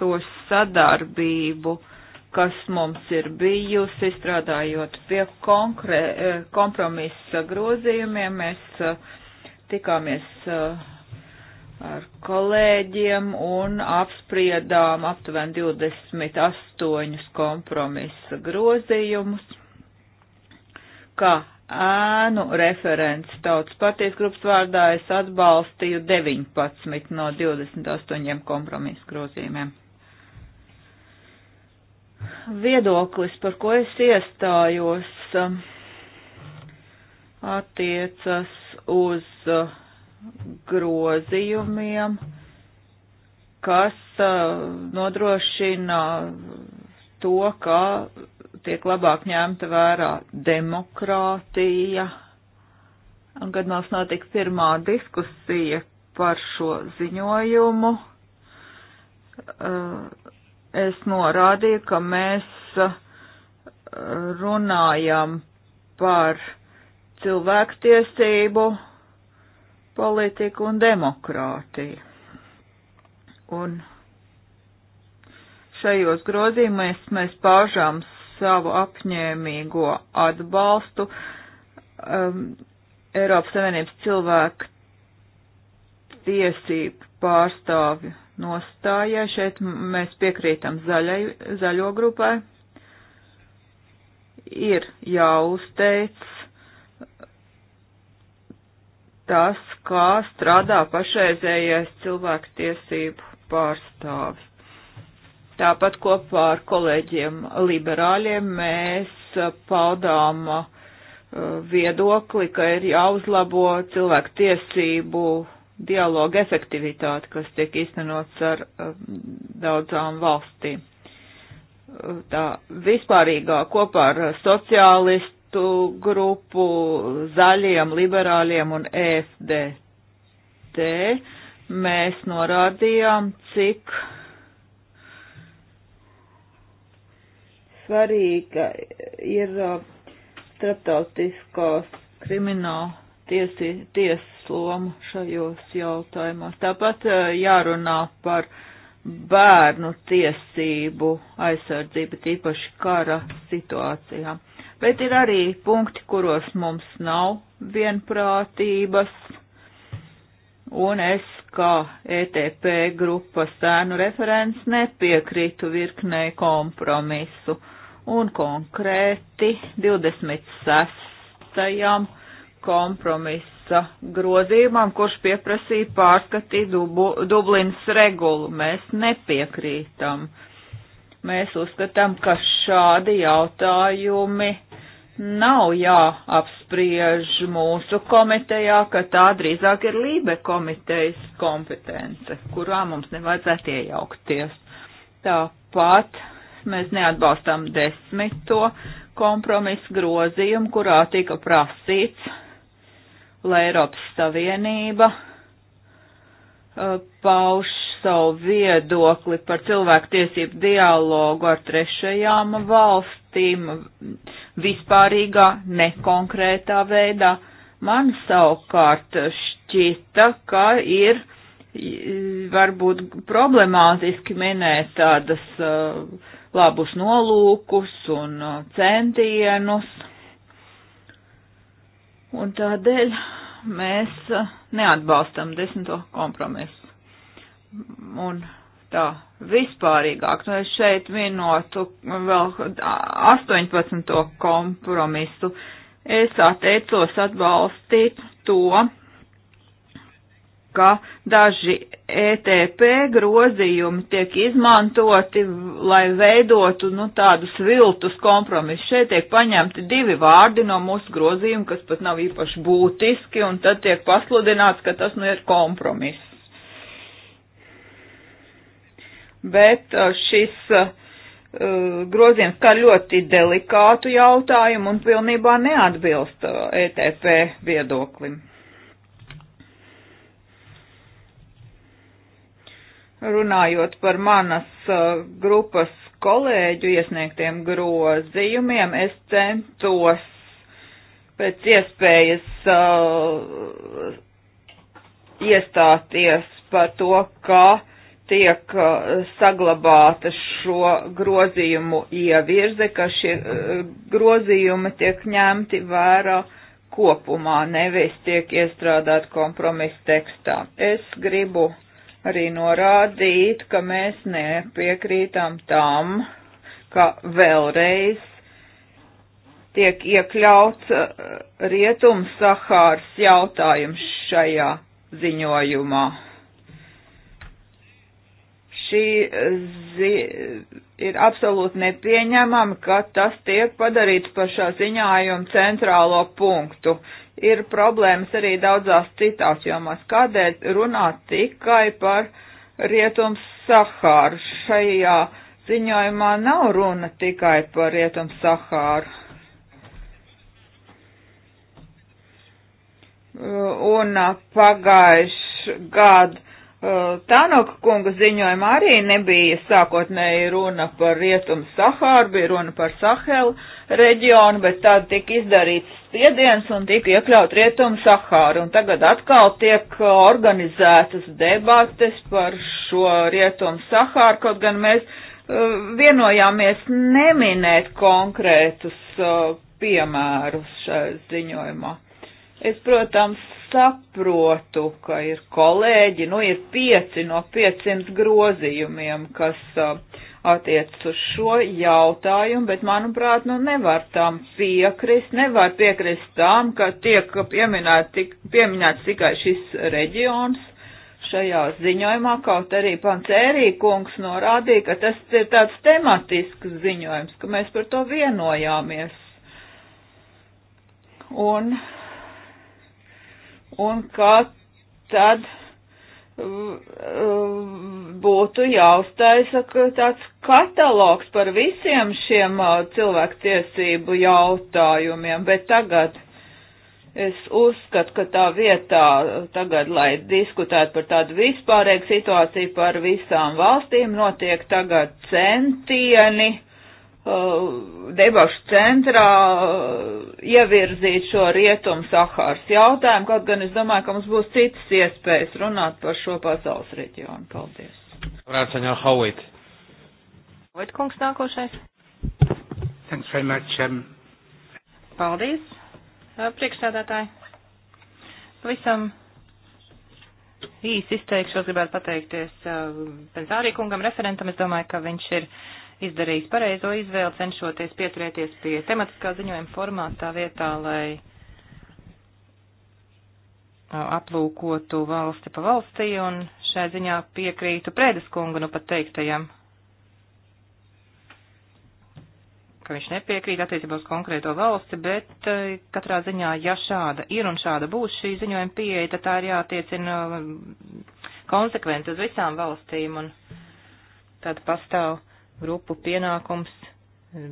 to sadarbību, kas mums ir bijusi, strādājot pie konkrē, eh, kompromisa grozījumiem. Mēs eh, tikāmies eh, ar kolēģiem un apspriedām aptuveni 28 kompromisa grozījumus ka ēnu referents tautas partijas grupas vārdā es atbalstīju 19 no 28 kompromisu grozījumiem. Viedoklis, par ko es iestājos, um, attiecas uz uh, grozījumiem, kas uh, nodrošina to, ka tiek labāk ņemta vērā demokrātija. Un, kad mums notika pirmā diskusija par šo ziņojumu, eh, es norādīju, ka mēs eh, runājam par cilvēktiesību, politiku un demokrātiju. Un šajos grozījumos mēs paužām savu apņēmīgo atbalstu um, Eiropas Savienības cilvēku tiesību pārstāvju nostājai. Šeit mēs piekrītam zaļai, zaļo grupai. Ir jāuzteic tas, kā strādā pašreizējais cilvēku tiesību pārstāvis. Tāpat kopā ar kolēģiem liberāļiem mēs paudām uh, viedokli, ka ir jāuzlabo cilvēku tiesību dialogu efektivitāti, kas tiek īstenots ar um, daudzām valstīm. Uh, tā vispārīgā kopā ar sociālistu grupu, zaļiem, liberāļiem un EFDT mēs norādījām, cik svarīga ir uh, starptautiskās krimināla tiesi, tiesas loma šajos jautājumos. Tāpat uh, jārunā par bērnu tiesību aizsardzību, tīpaši kara situācijā. Bet ir arī punkti, kuros mums nav vienprātības, un es kā ETP grupas sēnu referents nepiekrītu virknei kompromisu un konkrēti 26. kompromisa grozījumam, kurš pieprasīja pārskatīt Dubu, Dublinas regulu. Mēs nepiekrītam. Mēs uzskatām, ka šādi jautājumi nav jāapspriež mūsu komitejā, ka tā drīzāk ir Lībe komitejas kompetence, kurā mums nevajadzētu iejaukties. Tāpat Mēs neatbalstam desmito kompromisu grozījumu, kurā tika prasīts, lai Eiropas Savienība uh, pauž savu viedokli par cilvēktiesību dialogu ar trešajām valstīm vispārīgā, nekonkrētā veidā. Man savukārt šķita, ka ir varbūt problemātiski minēt tādas uh, labus nolūkus un uh, centienus. Un tādēļ mēs uh, neatbalstam desmito kompromisu. Un tā vispārīgāk, nu es šeit vienotu vēl 18. kompromisu, es atteicos atbalstīt to, ka daži ETP grozījumi tiek izmantoti, lai veidotu nu, tādus viltus kompromisus. Šeit tiek paņemti divi vārdi no mūsu grozījuma, kas pat nav īpaši būtiski, un tad tiek pasludināts, ka tas nu ir kompromiss. Bet uh, šis uh, grozījums kā ļoti delikātu jautājumu un pilnībā neatbilst uh, ETP viedoklim. runājot par manas uh, grupas kolēģu iesniegtiem grozījumiem, es centos pēc iespējas uh, iestāties par to, kā tiek uh, saglabāta šo grozījumu ievirze, ka šie uh, grozījumi tiek ņemti vērā kopumā, nevis tiek iestrādāt kompromisu tekstā. Es gribu arī norādīt, ka mēs nepiekrītam tam, ka vēlreiz tiek iekļauts eh, rietums Sahāras jautājums šajā ziņojumā. Šī eh, zi ir absolūti nepieņemama, ka tas tiek padarīts par šā ziņājuma centrālo punktu ir problēmas arī daudzās citās jomās. Kādēļ runāt tikai par Rietumu Sahāru? Šajā ziņojumā nav runa tikai par Rietumu Sahāru. Un pagājuši gadu Eh, Tānoka kunga ziņojumā arī nebija sākotnēji runa par rietumu Sahāru, bija runa par Sahelu reģionu, bet tad tika izdarīts spiediens un tika iekļaut rietumu Sahāru. Un tagad atkal tiek eh, organizētas debates par šo rietumu Sahāru, kaut gan mēs eh, vienojāmies neminēt konkrētus piemērus šajā ziņojumā. Es, protams, saprotu, ka ir kolēģi, nu ir pieci no 500 grozījumiem, kas attiec uz šo jautājumu, bet manuprāt, nu nevar tam piekrist, nevar piekrist tam, ka tiek pieminēt tik, pieminēts tikai šis reģions. Šajā ziņojumā kaut arī pancērī kungs norādīja, ka tas ir tāds tematisks ziņojums, ka mēs par to vienojāmies. Un un kā tad būtu jāuztaisa tāds katalogs par visiem šiem cilvēktiesību jautājumiem, bet tagad es uzskatu, ka tā vietā tagad, lai diskutētu par tādu vispārēju situāciju par visām valstīm, notiek tagad centieni Uh, debašu centrā uh, ievirzīt šo rietumu Sahāras jautājumu, kaut gan es domāju, ka mums būs citas iespējas runāt par šo pasaules reģionu. Paldies. Rācaņā Hauit. Hauit kungs nākošais. Thanks very much. Um... Paldies, uh, priekšstādātāji. Visam īsi izteikšos, gribētu pateikties Penzārī kungam, referentam. Es domāju, ka viņš ir uh, izdarījis pareizo izvēli, cenšoties pieturēties pie tematiskā ziņojuma formātā vietā, lai aplūkotu valsti pa valstī, un šai ziņā piekrītu Prēdes kungu, nu pat teiktajam, ka viņš nepiekrīt attiecībā uz konkrēto valsti, bet katrā ziņā, ja šāda ir un šāda būs šī ziņojuma pieeja, tad tā ir jātiecina konsekventi uz visām valstīm, un tad pastāv grupu pienākums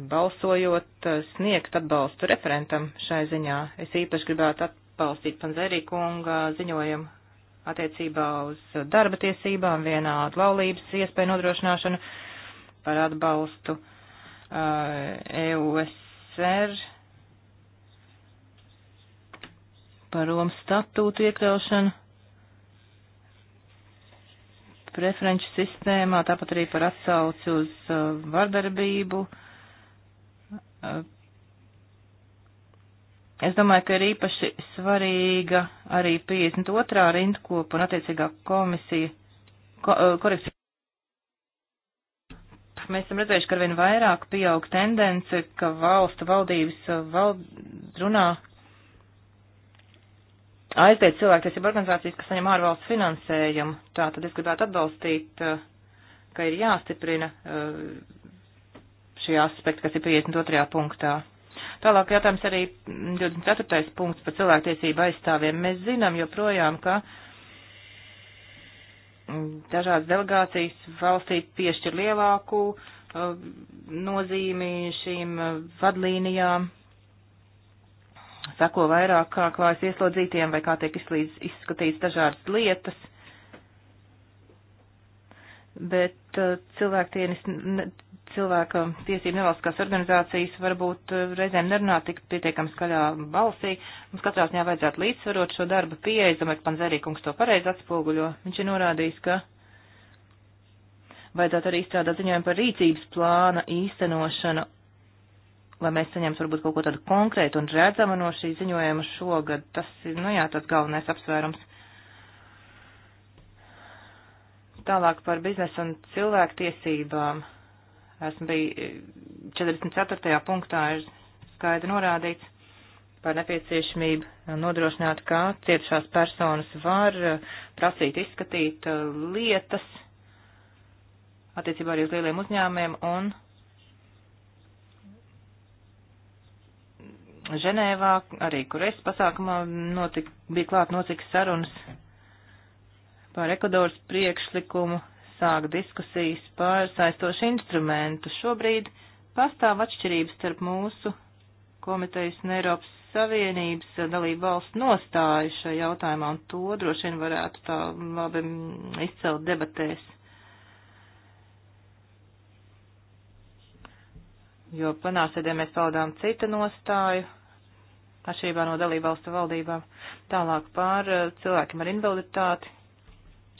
balsojot eh, sniegt atbalstu referentam šai ziņā. Es īpaši gribētu atbalstīt Panzerī kunga ziņojumu attiecībā uz darba tiesībām, vienādu laulības iespēju nodrošināšanu par atbalstu uh, eh, EUSR, par Romas statūtu iekļaušanu preferenču sistēmā, tāpat arī par atsauci uz uh, vardarbību. Uh, es domāju, ka ir īpaši svarīga arī 52. rindkopa un attiecīgā komisija ko, uh, korekcija. Mēs esam redzējuši, ka arvien vairāk pieaug tendence, ka valstu valdības vald, runā aizliedz cilvēktiesību organizācijas, kas saņem ārvalstu finansējumu. Tā tad es gribētu atbalstīt, eh, ka ir jāstiprina eh, šie aspekti, kas ir 52. punktā. Tālāk jautājums arī 24. Mm, punkts par cilvēktiesību aizstāvjiem. Mēs zinām joprojām, ka mm, dažādas delegācijas valstī piešķir lielāku eh, nozīmi šīm vadlīnijām seko vairāk kā klājas ieslodzītiem vai kā tiek izslīdz, izskatīts dažādas lietas. Bet uh, cilvēktienis, cilvēka tiesība nevalstiskās organizācijas varbūt uh, reizēm nerunā tik pietiekam skaļā balsī. Mums katrā ziņā vajadzētu līdzsvarot šo darba pieeju, domāju, ka Panzerīkungs to pareizi atspoguļo. Viņš ir norādījis, ka vajadzētu arī izstrādāt ziņojumu par rīcības plāna īstenošanu lai mēs saņemtu varbūt kaut ko tādu konkrētu un redzamu no šī ziņojuma šogad. Tas ir, nu jā, tas galvenais apsvērums. Tālāk par biznesu un cilvēku tiesībām. Esmu bija e, 44. punktā ir skaidri norādīts par nepieciešamību nodrošināt, kā cietušās personas var e, prasīt izskatīt e, lietas attiecībā arī uz lieliem uzņēmumiem un Ženēvā, arī kur es pasākumā notik, bija klāt notiks sarunas par Ekvadoras priekšlikumu, sāk diskusijas par saistošu instrumentu. Šobrīd pastāv atšķirības starp mūsu komitejas un Eiropas Savienības dalību valsts nostāju šajā jautājumā, un to droši vien varētu tā labi izcelt debatēs. jo plenārsēdē mēs paudām citu nostāju, atšķirībā no dalībvalstu valdībām. Tālāk pār eh, cilvēkiem ar invaliditāti.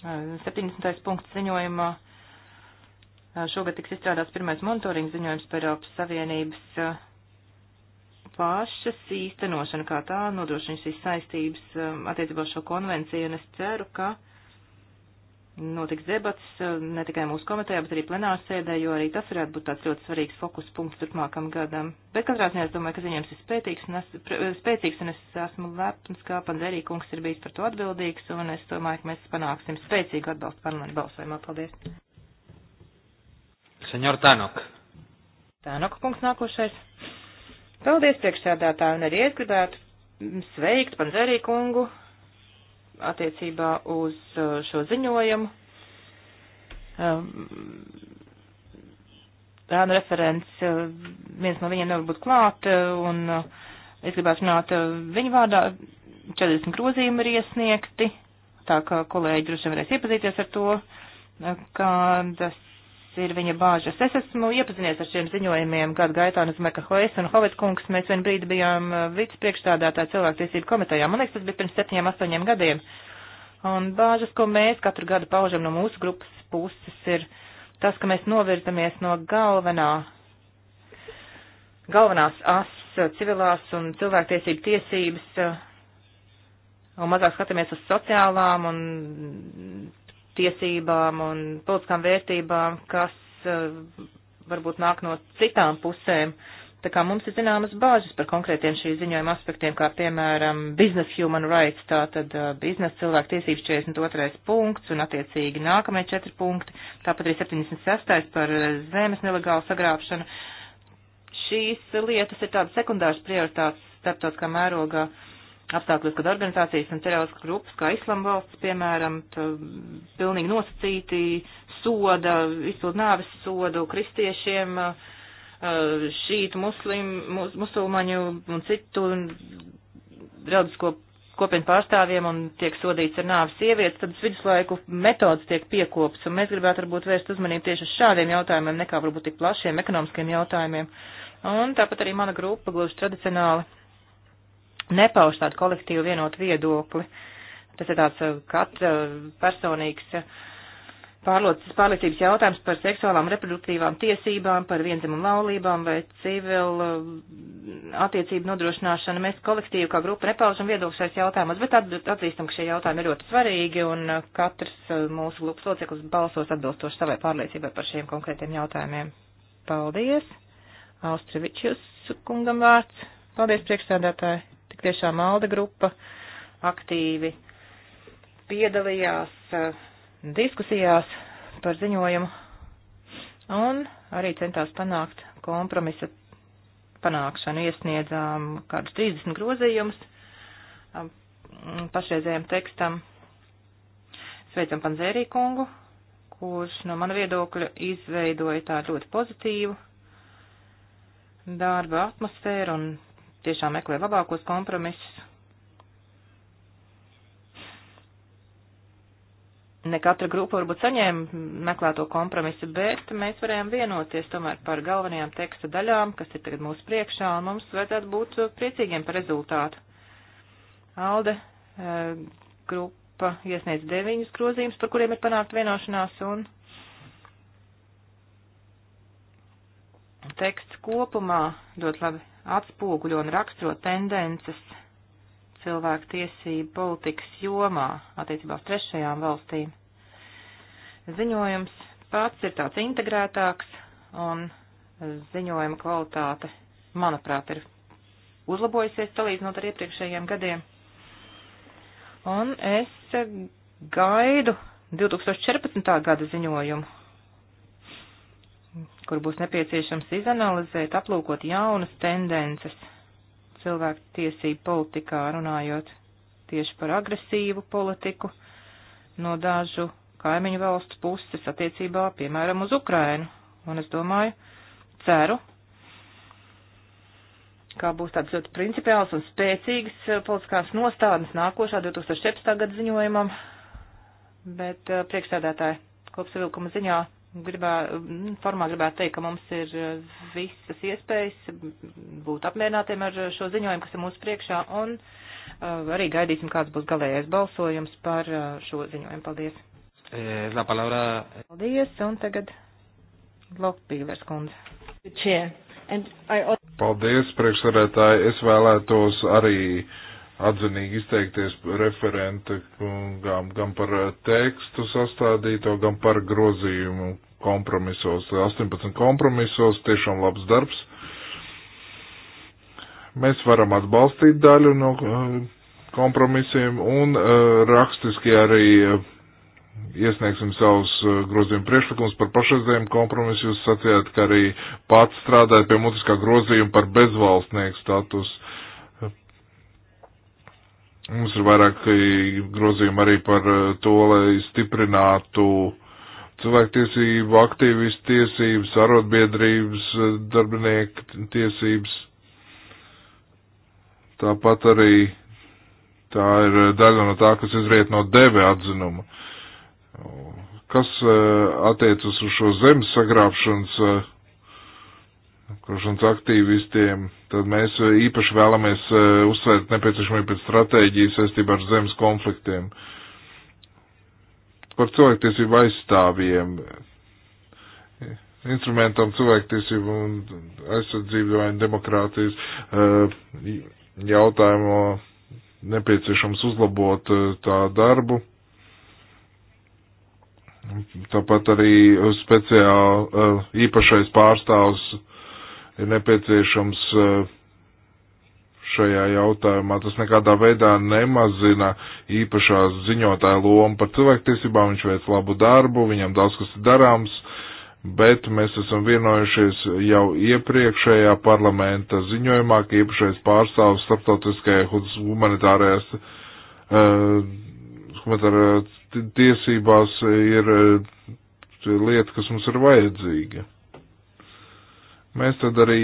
70. Eh, punkts ziņojumā. Eh, šogad tiks izstrādāts pirmais monitoringa ziņojums par Eiropas Savienības pašas īstenošanu kā tā, nodrošina šīs saistības attiecībā uz šo konvenciju, un es ceru, ka notiks debats eh, ne tikai mūsu komitejā, bet arī plenāru sēdē, jo arī tas varētu būt tāds ļoti svarīgs fokus punkts turpmākam gadam. Bet katrā ziņā es domāju, ka ziņojums ir spēcīgs un, es, eh, spēcīgs, un es esmu lepns, kā Panderī kungs ir bijis par to atbildīgs, un es domāju, ka mēs panāksim spēcīgu atbalstu parlamentu balsojumā. Paldies! Senjor Tānok. Tānok kungs nākošais. Paldies priekšsēdētāju un arī es gribētu mm, sveikt Panderī kungu attiecībā uz uh, šo ziņojumu. Um, Ēnu referents, uh, viens no viņiem nevar būt klāt, uh, un es gribētu runāt viņu vārdā. 40 grozījumi ir iesniegti, tā kā kolēģi droši vien varēs iepazīties ar to, kādas ir viņa bāžas. Es esmu iepazinies ar šiem ziņojumiem gadu gaitā, un es domāju, ka Hoes un Hovet kungs, mēs vienu brīdi bijām uh, vicepriekšstādātā cilvēktiesību komitejā. Man liekas, tas bija pirms septiņiem, astoņiem gadiem. Un bāžas, ko mēs katru gadu paužam no mūsu grupas puses, ir tas, ka mēs novirzamies no galvenā, galvenās as uh, civilās un cilvēktiesību tiesības uh, un mazāk skatāmies uz sociālām un tiesībām un politiskām vērtībām, kas eh, varbūt nāk no citām pusēm. Tā kā mums ir zināmas bāžas par konkrētiem šī ziņojuma aspektiem, kā piemēram business human rights, tātad eh, biznesa cilvēku tiesības 42. punkts un attiecīgi nākamie četri punkti, tāpat arī 76. par eh, zemes nelegālu sagrābšanu. Šīs lietas ir tādas sekundāras prioritātes starptautiskā mērogā. Uh, apstākļos, kad organizācijas un teroristu grupas, kā Islama valsts, piemēram, tā, pilnīgi nosacīti soda, izpild nāves sodu kristiešiem, šītu muslimu, musulmaņu un citu draudisko kopienu pārstāvjiem un tiek sodīts ar nāvis sievietes, tad viduslaiku metodas tiek piekops, un mēs gribētu varbūt vērst uzmanību tieši uz šādiem jautājumiem, nekā varbūt tik plašiem ekonomiskiem jautājumiem. Un tāpat arī mana grupa gluži tradicionāli nepauž tādu kolektīvu vienotu viedokli. Tas ir tāds uh, katra personīgs uh, pārliecības jautājums par seksuālām reproduktīvām tiesībām, par vienzimumu laulībām vai civilu uh, attiecību nodrošināšanu. Mēs kolektīvi kā grupa nepaužam viedokli šais jautājumos, bet atzīstam, ka šie jautājumi ir ļoti svarīgi un katrs mūsu grupas loceklis balsos atbilstoši savai pārliecībai par šiem konkrētiem jautājumiem. Paldies! Austrivičus kungam vārds. Paldies, priekšstādātāji! tiešām Alda grupa aktīvi piedalījās eh, diskusijās par ziņojumu un arī centās panākt kompromisa panākšanu. Iesniedzām kādus 30 grozījumus pašreizējiem tekstam. Sveicam Panzērī kungu, kurš no mana viedokļa izveidoja tā ļoti pozitīvu darba atmosfēru un tiešām meklē labākos kompromisus. Ne katra grupa varbūt saņēma meklēto kompromisu, bet mēs varējām vienoties tomēr par galvenajām teksta daļām, kas ir tagad mūsu priekšā, un mums vajadzētu būt priecīgiem par rezultātu. Alde eh, grupa iesniedz deviņus grozījumus, par kuriem ir panākt vienošanās, un teksts kopumā ļoti labi atspoguļo un raksturo tendences cilvēku tiesību politikas jomā attiecībā uz trešajām valstīm. Ziņojums pats ir tāds integrētāks un ziņojuma kvalitāte, manuprāt, ir uzlabojusies salīdzinot ar iepriekšējiem gadiem. Un es gaidu 2014. gada ziņojumu kur būs nepieciešams izanalizēt, aplūkot jaunas tendences cilvēku tiesību politikā, runājot tieši par agresīvu politiku no dažu kaimiņu valstu puses attiecībā, piemēram, uz Ukrainu. Un es domāju, ceru, kā būs tāds ļoti principiāls un spēcīgs eh, politiskās nostādnes nākošā 2017. gada ziņojumam, bet eh, priekšstādātāji kopsavilkuma ziņā gribā, formā gribētu teikt, ka mums ir e, visas iespējas būt apmierinātiem ar šo ziņojumu, kas ir mūsu priekšā, un e, arī gaidīsim, kāds būs galējais balsojums par e, šo ziņojumu. Paldies! Eh, la palabra. Paldies, un tagad Lokpīlers kundze. Paldies, priekšsarētāji. Es vēlētos arī uh, atzinīgi izteikties referenta kungām gan par eh, tekstu sastādīto, gan par grozījumu kompromisos. 18 kompromisos tiešām labs darbs. Mēs varam atbalstīt daļu no eh, kompromisiem un eh, rakstiski arī iesniegsim savus grozījumu priekšlikumus par pašreizējiem kompromisu. Jūs sacījāt, ka arī pats strādājat pie mutiskā grozījuma par bezvalstnieku statusu Mums ir vairāk grozījumi arī par eh, to, lai stiprinātu cilvēktiesību, aktīvistu tiesības, arotbiedrības, eh, darbinieku tiesības. Tāpat arī tā ir eh, daļa no tā, kas izriet no deve atzinuma. Kas attiecas uz šo zemes sagrābšanas, kuršanas aktīvistiem? Tad mēs eh, īpaši vēlamies eh, uzsvērt nepieciešamību pēc stratēģijas saistībā ar zemes konfliktiem. Par cilvēktiesību aizstāvjiem. Instrumentam cilvēktiesību un aizsardzību vai demokrātijas eh, jautājumu nepieciešams uzlabot tā darbu. Tāpat arī speciāli īpašais pārstāvs uh, ir nepieciešams eh, šajā jautājumā. Tas nekādā veidā nemazina īpašās ziņotāja lomu par cilvēktiesībām, viņš veic labu darbu, viņam daudz kas ir darāms, bet mēs esam vienojušies jau iepriekšējā parlamenta ziņojumā, ka īpašais pārstāvs starptautiskajai humanitārajās uh, humanitārajās tiesībās ir eh, lieta, kas mums ir vajadzīga. Mēs tad arī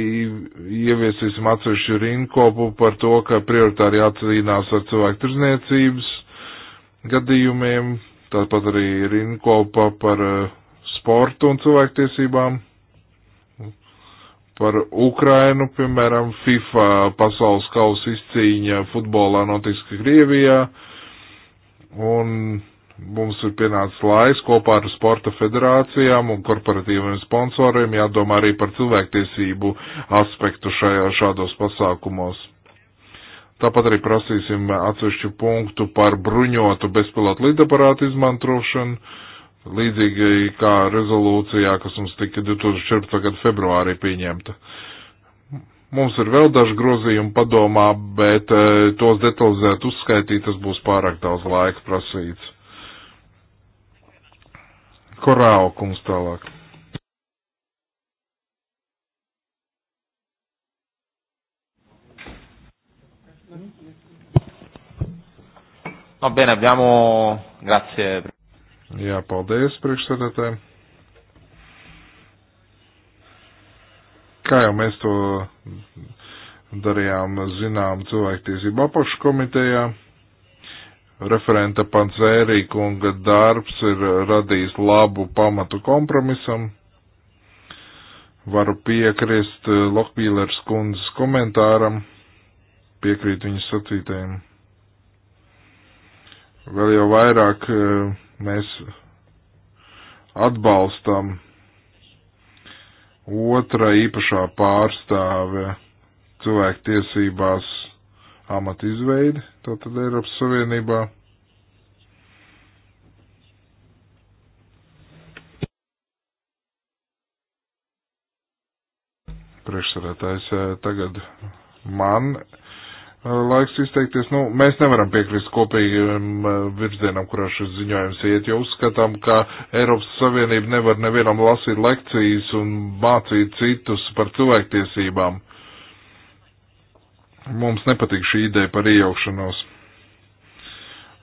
ieviesīsim atsevišķu rinkopu par to, ka prioritāri jācīnās ar cilvēku tirzniecības gadījumiem, tāpat arī rinkopa par eh, sportu un cilvēktiesībām, par Ukrainu, piemēram, FIFA pasaules kausa izcīņa futbolā notiks Krievijā, un Mums ir pienācis laiks kopā ar sporta federācijām un korporatīviem sponsoriem jādomā arī par cilvēktiesību aspektu šajā, šādos pasākumos. Tāpat arī prasīsim atsevišķu punktu par bruņotu bezpilotu lidaparātu izmantošanu, līdzīgi kā rezolūcijā, kas mums tika 2014. gada februārī pieņemta. Mums ir vēl daži grozījumi padomā, bet eh, tos detalizēt uzskaitīt, tas būs pārāk daudz laika prasīts. Korāla kungs tālāk. No, bene, abbiamo... Grazie. Jā, paldies priekšsēdētājiem. Kā jau mēs to darījām, zinām, cilvēktiesību apakškomitejā. komitejā referenta Pancērī kunga darbs ir radījis labu pamatu kompromisam. Varu piekrist eh, Lokbīlers kundzes komentāram, piekrīt viņas sacītajiem. Vēl jau vairāk eh, mēs atbalstam otra īpašā pārstāve cilvēktiesībās amatu izveidi, tātad Eiropas Savienībā. Priekšsarētājs eh, tagad man eh, laiks izteikties. Nu, mēs nevaram piekrist kopīgiem eh, virzienam, kurā šis ziņojums iet, jo uzskatām, ka Eiropas Savienība nevar nevienam lasīt lekcijas un mācīt citus par cilvēktiesībām. Mums nepatīk šī ideja par iejaukšanos.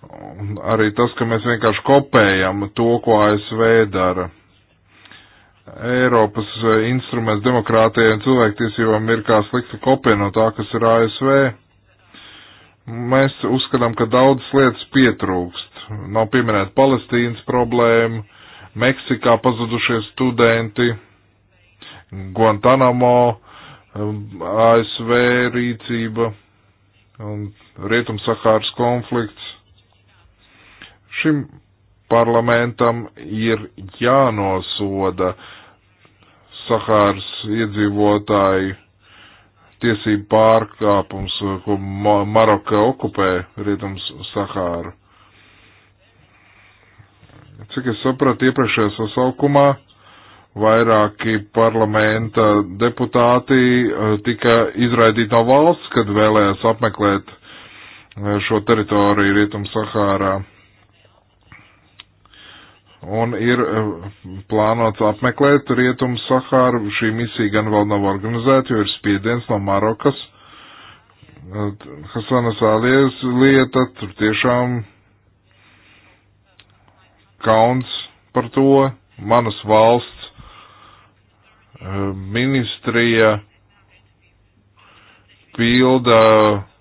Un arī tas, ka mēs vienkārši kopējam to, ko ASV dara. Eiropas eh, instruments demokrātijai un cilvēktiesībām ir kā slikta kopija no tā, kas ir ASV. Mēs uzskatām, ka daudzas lietas pietrūkst. Nav pieminēta Palestīnas problēma, Meksikā pazudušie studenti, Guantanamo, Um, ASV rīcība un um, Rietumsahāras konflikts. Šim parlamentam ir jānosoda Sahāras iedzīvotāju tiesību pārkāpums, ko Maroka okupē Rietums Sahāru. Cik es sapratu, iepriekšējā sasaukumā vairāki parlamenta deputāti eh, tika izraidīti no valsts, kad vēlējās apmeklēt eh, šo teritoriju Rietum Sahārā. Un ir eh, plānots apmeklēt Rietum Sahāru. Šī misija gan vēl nav organizēta, jo ir spiediens no Marokas. Hasanas Alievs lieta, tur tiešām kauns par to. Manas valsts ministrija pilda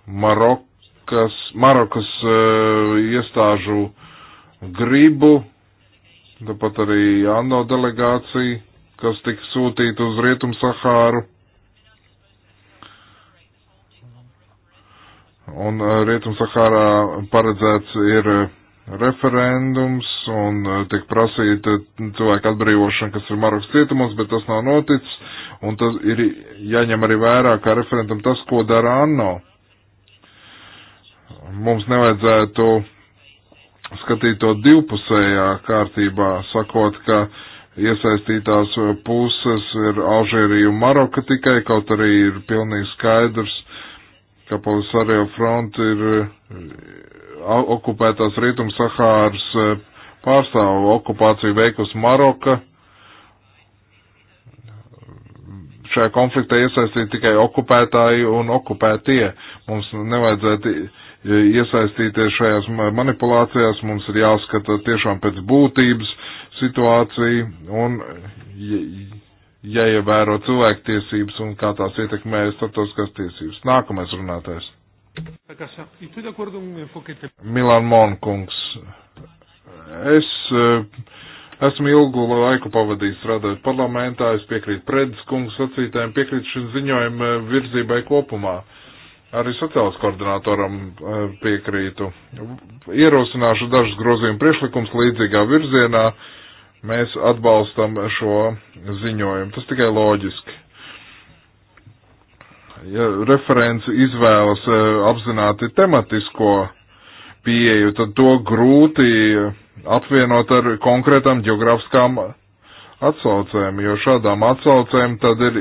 Marokas, Marokas eh, iestāžu gribu, tāpat arī ANO delegācija, kas tika sūtīta uz Rietumu Sahāru. Un eh, Rietum Sahārā paredzēts ir eh, referendums un eh, tiek prasīta cilvēka atbrīvošana, kas ir Marokas cietumos, bet tas nav noticis. Un tas ir jāņem arī vērā, kā referendum tas, ko dara Anno. Mums nevajadzētu skatīt to divpusējā kārtībā, sakot, ka iesaistītās puses ir Alžērija un Maroka tikai, kaut arī ir pilnīgi skaidrs, ka Polisārio front ir okupētās Rietum Sahāras eh, pārstāvu okupāciju veikus Maroka. Šajā konfliktā iesaistīti tikai okupētāji un okupētie. Mums nevajadzētu eh, iesaistīties šajās manipulācijās, mums ir jāskata tiešām pēc būtības situācija un jāievēro cilvēktiesības un kā tās ietekmē starptautiskās tiesības. Nākamais runātājs. Milan Monkungs. Es eh, esmu ilgu laiku pavadījis strādājot parlamentā, es piekrītu Predis kungs sacītājiem, piekrītu šim ziņojuma eh, virzībai kopumā. Arī sociāls koordinatoram eh, piekrītu. Ierosināšu dažus grozījumu priešlikums līdzīgā virzienā. Mēs atbalstam šo ziņojumu. Tas tikai loģiski ja referents izvēlas eh, apzināti tematisko pieeju, tad to grūti apvienot ar konkrētām geogrāfiskām atsaucēm, jo šādām atsaucēm tad ir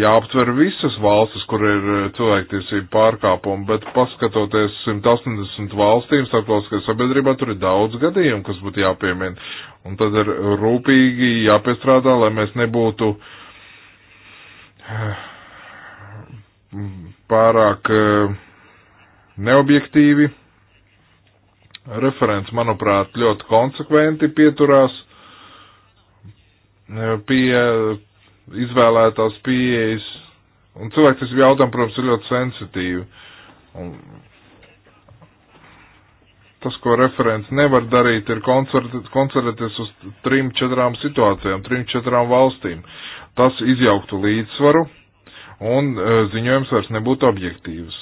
jāaptver visas valstis, kur ir eh, cilvēktiesība pārkāpumi, bet paskatoties 180 valstīm, starptautiskajā sabiedrībā tur ir daudz gadījumu, kas būtu jāpiemina. Un tad ir rūpīgi jāpiestrādā, lai mēs nebūtu eh, pārāk eh, neobjektīvi. Referents, manuprāt, ļoti konsekventi pieturās eh, pie izvēlētās pieejas, un cilvēktiesību jautājumu, protams, ir ļoti sensitīvi. Un tas, ko referents nevar darīt, ir koncentrēties uz trim, četrām situācijām, trim, četrām valstīm. Tas izjauktu līdzsvaru, un e, ziņojums vairs nebūtu objektīvs.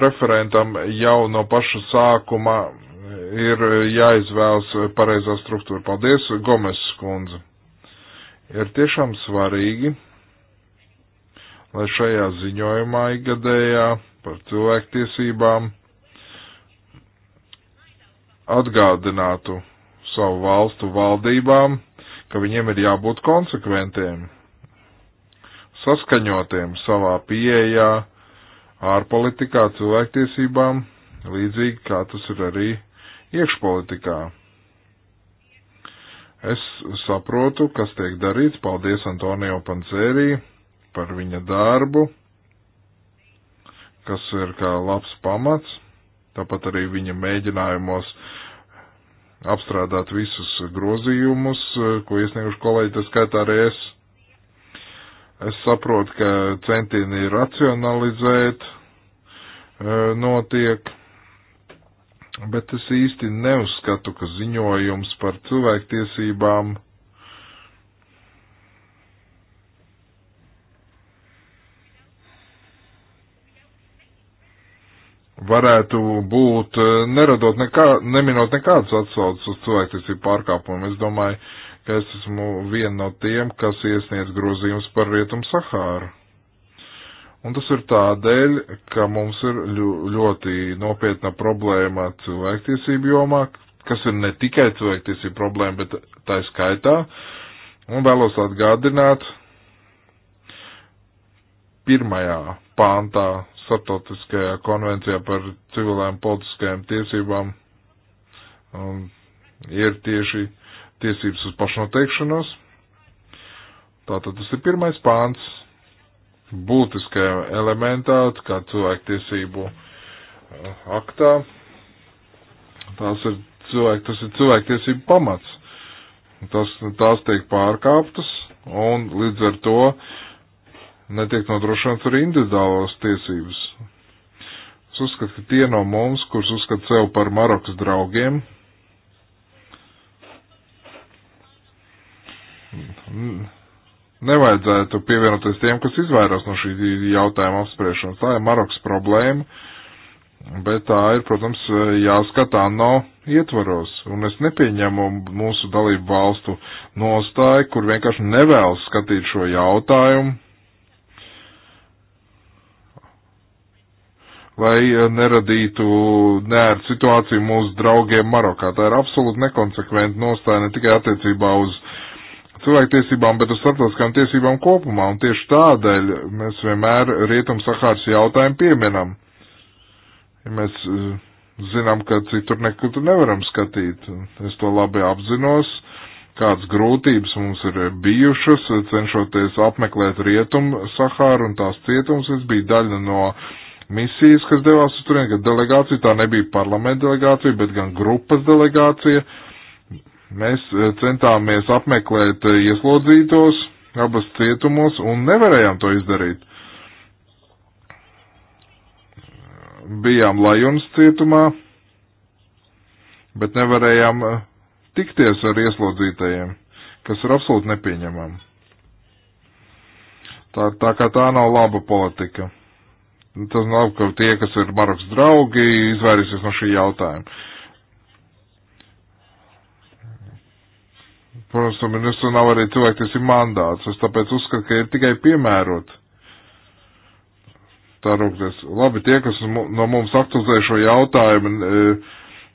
Referentam jau no paša sākuma ir jāizvēlas pareizā struktūra. Paldies, Gomes skundze. Ir tiešām svarīgi, lai šajā ziņojumā ikgadējā par cilvēktiesībām atgādinātu savu valstu valdībām, ka viņiem ir jābūt konsekventiem saskaņotiem savā pieejā ārpolitikā, cilvēktiesībām, līdzīgi kā tas ir arī iekšpolitikā. Es saprotu, kas tiek darīts. Paldies Antonio Pancērī par viņa darbu, kas ir kā labs pamats. Tāpat arī viņa mēģinājumos apstrādāt visus grozījumus, ko iesnieguši kolēģi, tas skaitā arī es Es saprotu, ka centieni racionalizēt e, notiek, bet es īsti neuzskatu, ka ziņojums par cilvēktiesībām varētu būt, e, neradot nekā, neminot nekādas atsauces uz cilvēktiesību pārkāpumu. Es domāju, uh, ka es esmu viena no tiem, kas iesniedz grozījums par Rietumu Sahāru. Un tas ir tādēļ, ka mums ir ļoti nopietna problēma cilvēktiesību jomā, kas ir ne tikai cilvēktiesību problēma, bet tā skaitā. Un vēlos atgādināt pirmajā pāntā startautiskajā konvencijā par civilēm politiskajām tiesībām. Un um, ir tieši uh, tiesības uz pašnoteikšanos. Tātad tas ir pirmais pāns būtiskajā elementā, kā cilvēktiesību eh, aktā. Tās ir cilvēki, tas ir cilvēktiesību pamats. Tas, tās tiek pārkāptas un līdz ar to netiek nodrošināts arī individuālās tiesības. Es uzskatu, ka tie no mums, kurus uzskata sev par Marokas draugiem, nevajadzētu pievienoties tiem, kas izvairās no šī jautājuma apspriešanas. Tā ir Maroks problēma, bet tā ir, protams, jāskatā no ietvaros. Un es nepieņemu mūsu dalību valstu nostāju, kur vienkārši nevēlas skatīt šo jautājumu, lai neradītu neērtu situāciju mūsu draugiem Marokā. Tā ir absolūti nekonsekventa nostāja ne tikai attiecībā uz uh, cilvēktiesībām, bet uz starptautiskām tiesībām kopumā, un tieši tādēļ mēs vienmēr Rietum-Sahāras jautājumu pieminam. Ja mēs eh, zinām, ka citur nekur tur nevaram skatīt, es to labi apzinos, kādas grūtības mums ir bijušas, cenšoties apmeklēt Rietum-Sahāru un tās cietums, es biju daļa no misijas, kas devās uz turien, ka delegācija tā nebija parlamenta delegācija, bet gan grupas delegācija, uh, Mēs eh, centāmies apmeklēt eh, ieslodzītos abas cietumos un nevarējām to izdarīt. Bijām Lajunas cietumā, bet nevarējām eh, tikties ar ieslodzītajiem, kas ir absolūti nepieņemami. Tā, tā kā tā nav laba politika. Tas nav, ka tie, kas ir Maroks draugi, izvairīsies no šī jautājuma. Protams, tam ministru nav arī cilvēktiesība mandāts. Es tāpēc uzskatu, ka ir tikai piemērot. Tā rūkties. Labi, tie, kas no mums aktualizē šo jautājumu, e,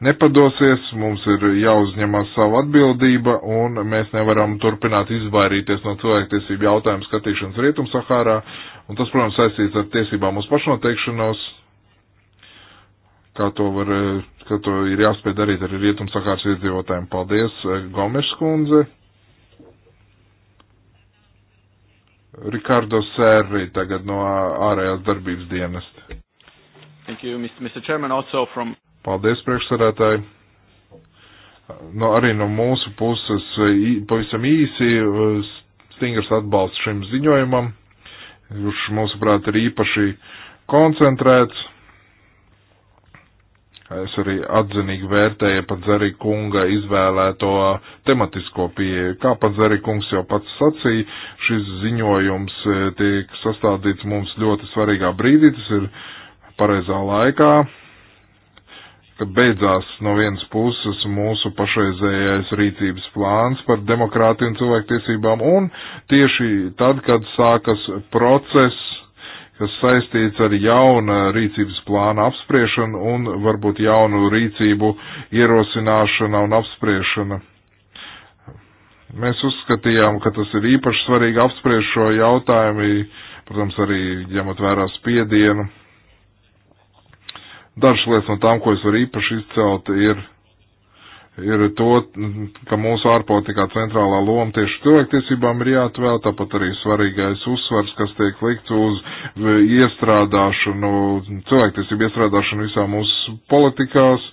nepadosies, mums ir jāuzņemas savu atbildība, un mēs nevaram turpināt izvairīties no cilvēktiesību jautājumu skatīšanas Rietum Sahārā, un tas, protams, saistīts ar tiesībām uz pašnoteikšanos kā to, var, eh, kā to ir jāspēj darīt arī Rietumsakāras iedzīvotājiem. Paldies, eh, Gomes kundze. Rikardo Sērri tagad no ārējās darbības dienesta. Thank you, Mr. Chairman, also from... Paldies, priekšsarētāji. No, arī no mūsu puses eh, pavisam īsi stingrs atbalsts šim ziņojumam, kurš, mūsuprāt, ir īpaši koncentrēts Es arī atzinīgi vērtēju pat Zari kunga izvēlēto tematisko pieeju. Kā pat Zari kungs jau pats sacīja, šis ziņojums e, tiek sastādīts mums ļoti svarīgā brīdī, tas ir pareizā laikā, kad beidzās no vienas puses mūsu pašreizējais rīcības plāns par demokrātiju un cilvēktiesībām, un tieši tad, kad sākas process kas saistīts ar jauna rīcības plāna apspriešanu un varbūt jaunu rīcību ierosināšana un apspriešana. Mēs uzskatījām, ka tas ir īpaši svarīgi apspriest šo jautājumu, protams, arī ņemot vērā spiedienu. Dažas lietas no tām, ko es varu īpaši izcelt, ir ir to, ka mūsu ārpolitikā centrālā loma tieši cilvēktiesībām ir jāatvēl, tāpat arī svarīgais uzsvars, kas tiek likts uz e, iestrādāšanu, cilvēktiesību iestrādāšanu visā mūsu politikās e,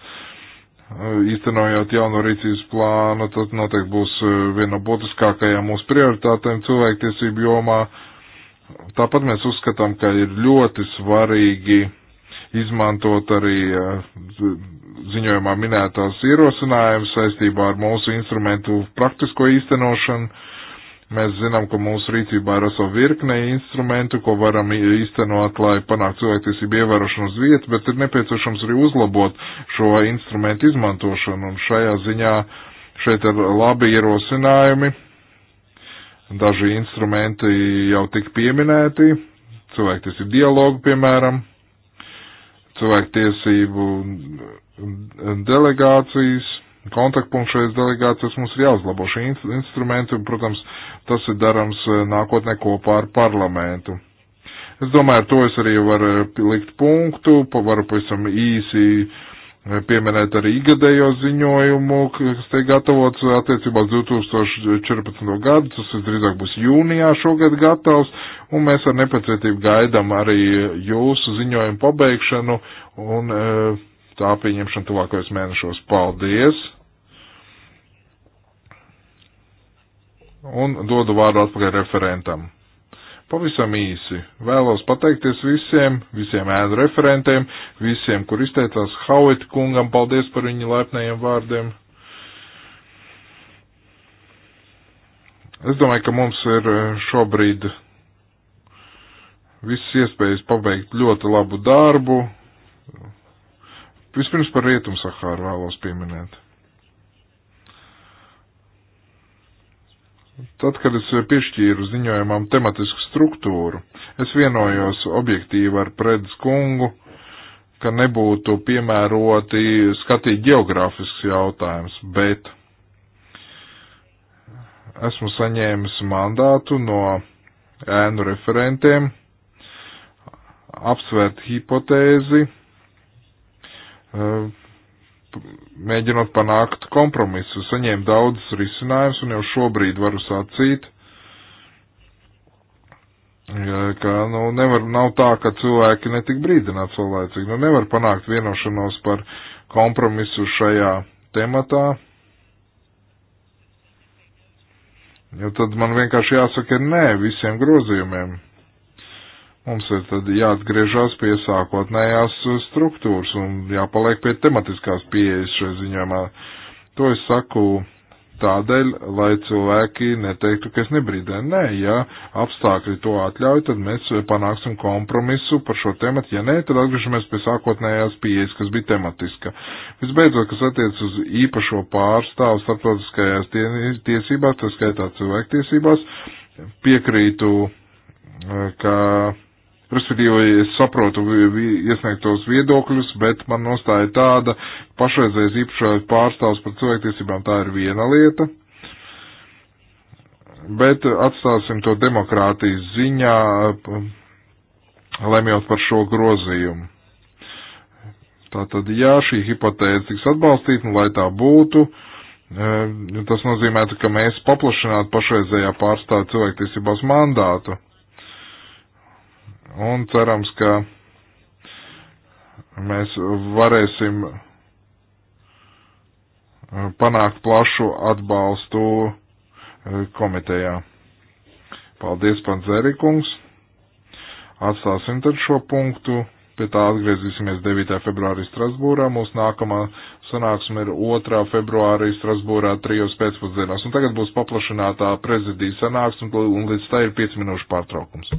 īstenojot jauno rīcības plānu, tad noteikti būs e, viena no būtiskākajām mūsu prioritātēm cilvēktiesību jomā. Tāpat mēs uzskatām, ka ir ļoti svarīgi izmantot arī ziņojumā minētos ierosinājumus saistībā ar mūsu instrumentu praktisko īstenošanu. Mēs zinām, ka mūsu rīcībā ir esot virkne instrumentu, ko varam īstenot, lai panāktu cilvēktiesību ievērošanu uz vietas, bet ir nepieciešams arī uzlabot šo instrumentu izmantošanu. Un šajā ziņā šeit ir labi ierosinājumi. Daži instrumenti jau tik pieminēti, cilvēktiesību dialogu, piemēram, cilvēktiesību delegācijas, kontaktpunkts šajās delegācijās mums ir jāuzlabo šie in instrumenti, un, protams, tas ir darams eh, nākotnē kopā ar parlamentu. Es domāju, ar to es arī varu eh, likt punktu, varu pavisam īsi eh, pieminēt arī igadējo ziņojumu, kas tiek gatavots attiecībā uz 2014. gadu, tas drīzāk būs jūnijā šogad gatavs, un mēs ar nepacietību gaidam arī jūsu ziņojumu pabeigšanu un uh, tā pieņemšana tuvākajos mēnešos. Paldies! Un dodu vārdu atpakaļ referentam. Pavisam īsi. Vēlos pateikties visiem, visiem ēnu referentiem, visiem, kur izteicās Hauit kungam, paldies par viņa laipnējiem vārdiem. Es domāju, ka mums ir eh, šobrīd visas iespējas pabeigt ļoti labu darbu, Vispirms par Rietumu Sahāru vēlos pieminēt. Tad, kad es piešķīru ziņojumam tematisku struktūru, es vienojos objektīvi ar Predz kungu, ka nebūtu piemēroti skatīt geogrāfisks jautājums, bet esmu saņēmis mandātu no ēnu referentiem apsvērt hipotēzi, Eh, mēģinot panākt kompromisu. Saņēmu daudzus risinājumus un jau šobrīd varu sacīt, eh, ka nu, nevar, nav tā, ka cilvēki netik brīdināti cilvēcīgi. Nu, nevar panākt vienošanos par kompromisu šajā tematā. Jo tad man vienkārši jāsaka nē visiem grozījumiem. Mums ir tad jāatgriežas pie sākotnējās struktūras un jāpaliek pie tematiskās pieejas šajā ziņojumā. To es saku tādēļ, lai cilvēki neteiktu, ka es nebrīdēju. Nē, ja apstākļi to atļauj, tad mēs panāksim kompromisu par šo tematu. Ja nē, tad atgriežamies pie sākotnējās pieejas, kas bija tematiska. Visbeidzot, kas attiec uz īpašo pārstāvu starptautiskajās tiesībās, tā skaitā cilvēktiesībās, piekrītu, ka Respektīvi, es saprotu iesniegtos viedokļus, bet man nostāja tāda, pašreizējais īpašais pārstāvs par cilvēktiesībām tā ir viena lieta, bet atstāsim to demokrātijas ziņā, lemjot par šo grozījumu. Tātad, jā, šī hipotēze tiks atbalstīta, un nu, lai tā būtu, e, tas nozīmētu, ka mēs paplašinātu pašreizējā pārstāvja cilvēktiesībās mandātu Un cerams, ka mēs varēsim panākt plašu atbalstu eh, komitejā. Paldies, Panzerikungs. Atstāsim tad šo punktu. Pie tā atgriezīsimies 9. februārī Strasbūrā. Mūsu nākamā sanāksme ir 2. februārī Strasbūrā 3. pēcpusdienās. Un tagad būs paplašinātā prezidija sanāksme, un līdz tā ir 5 minūšu pārtraukums.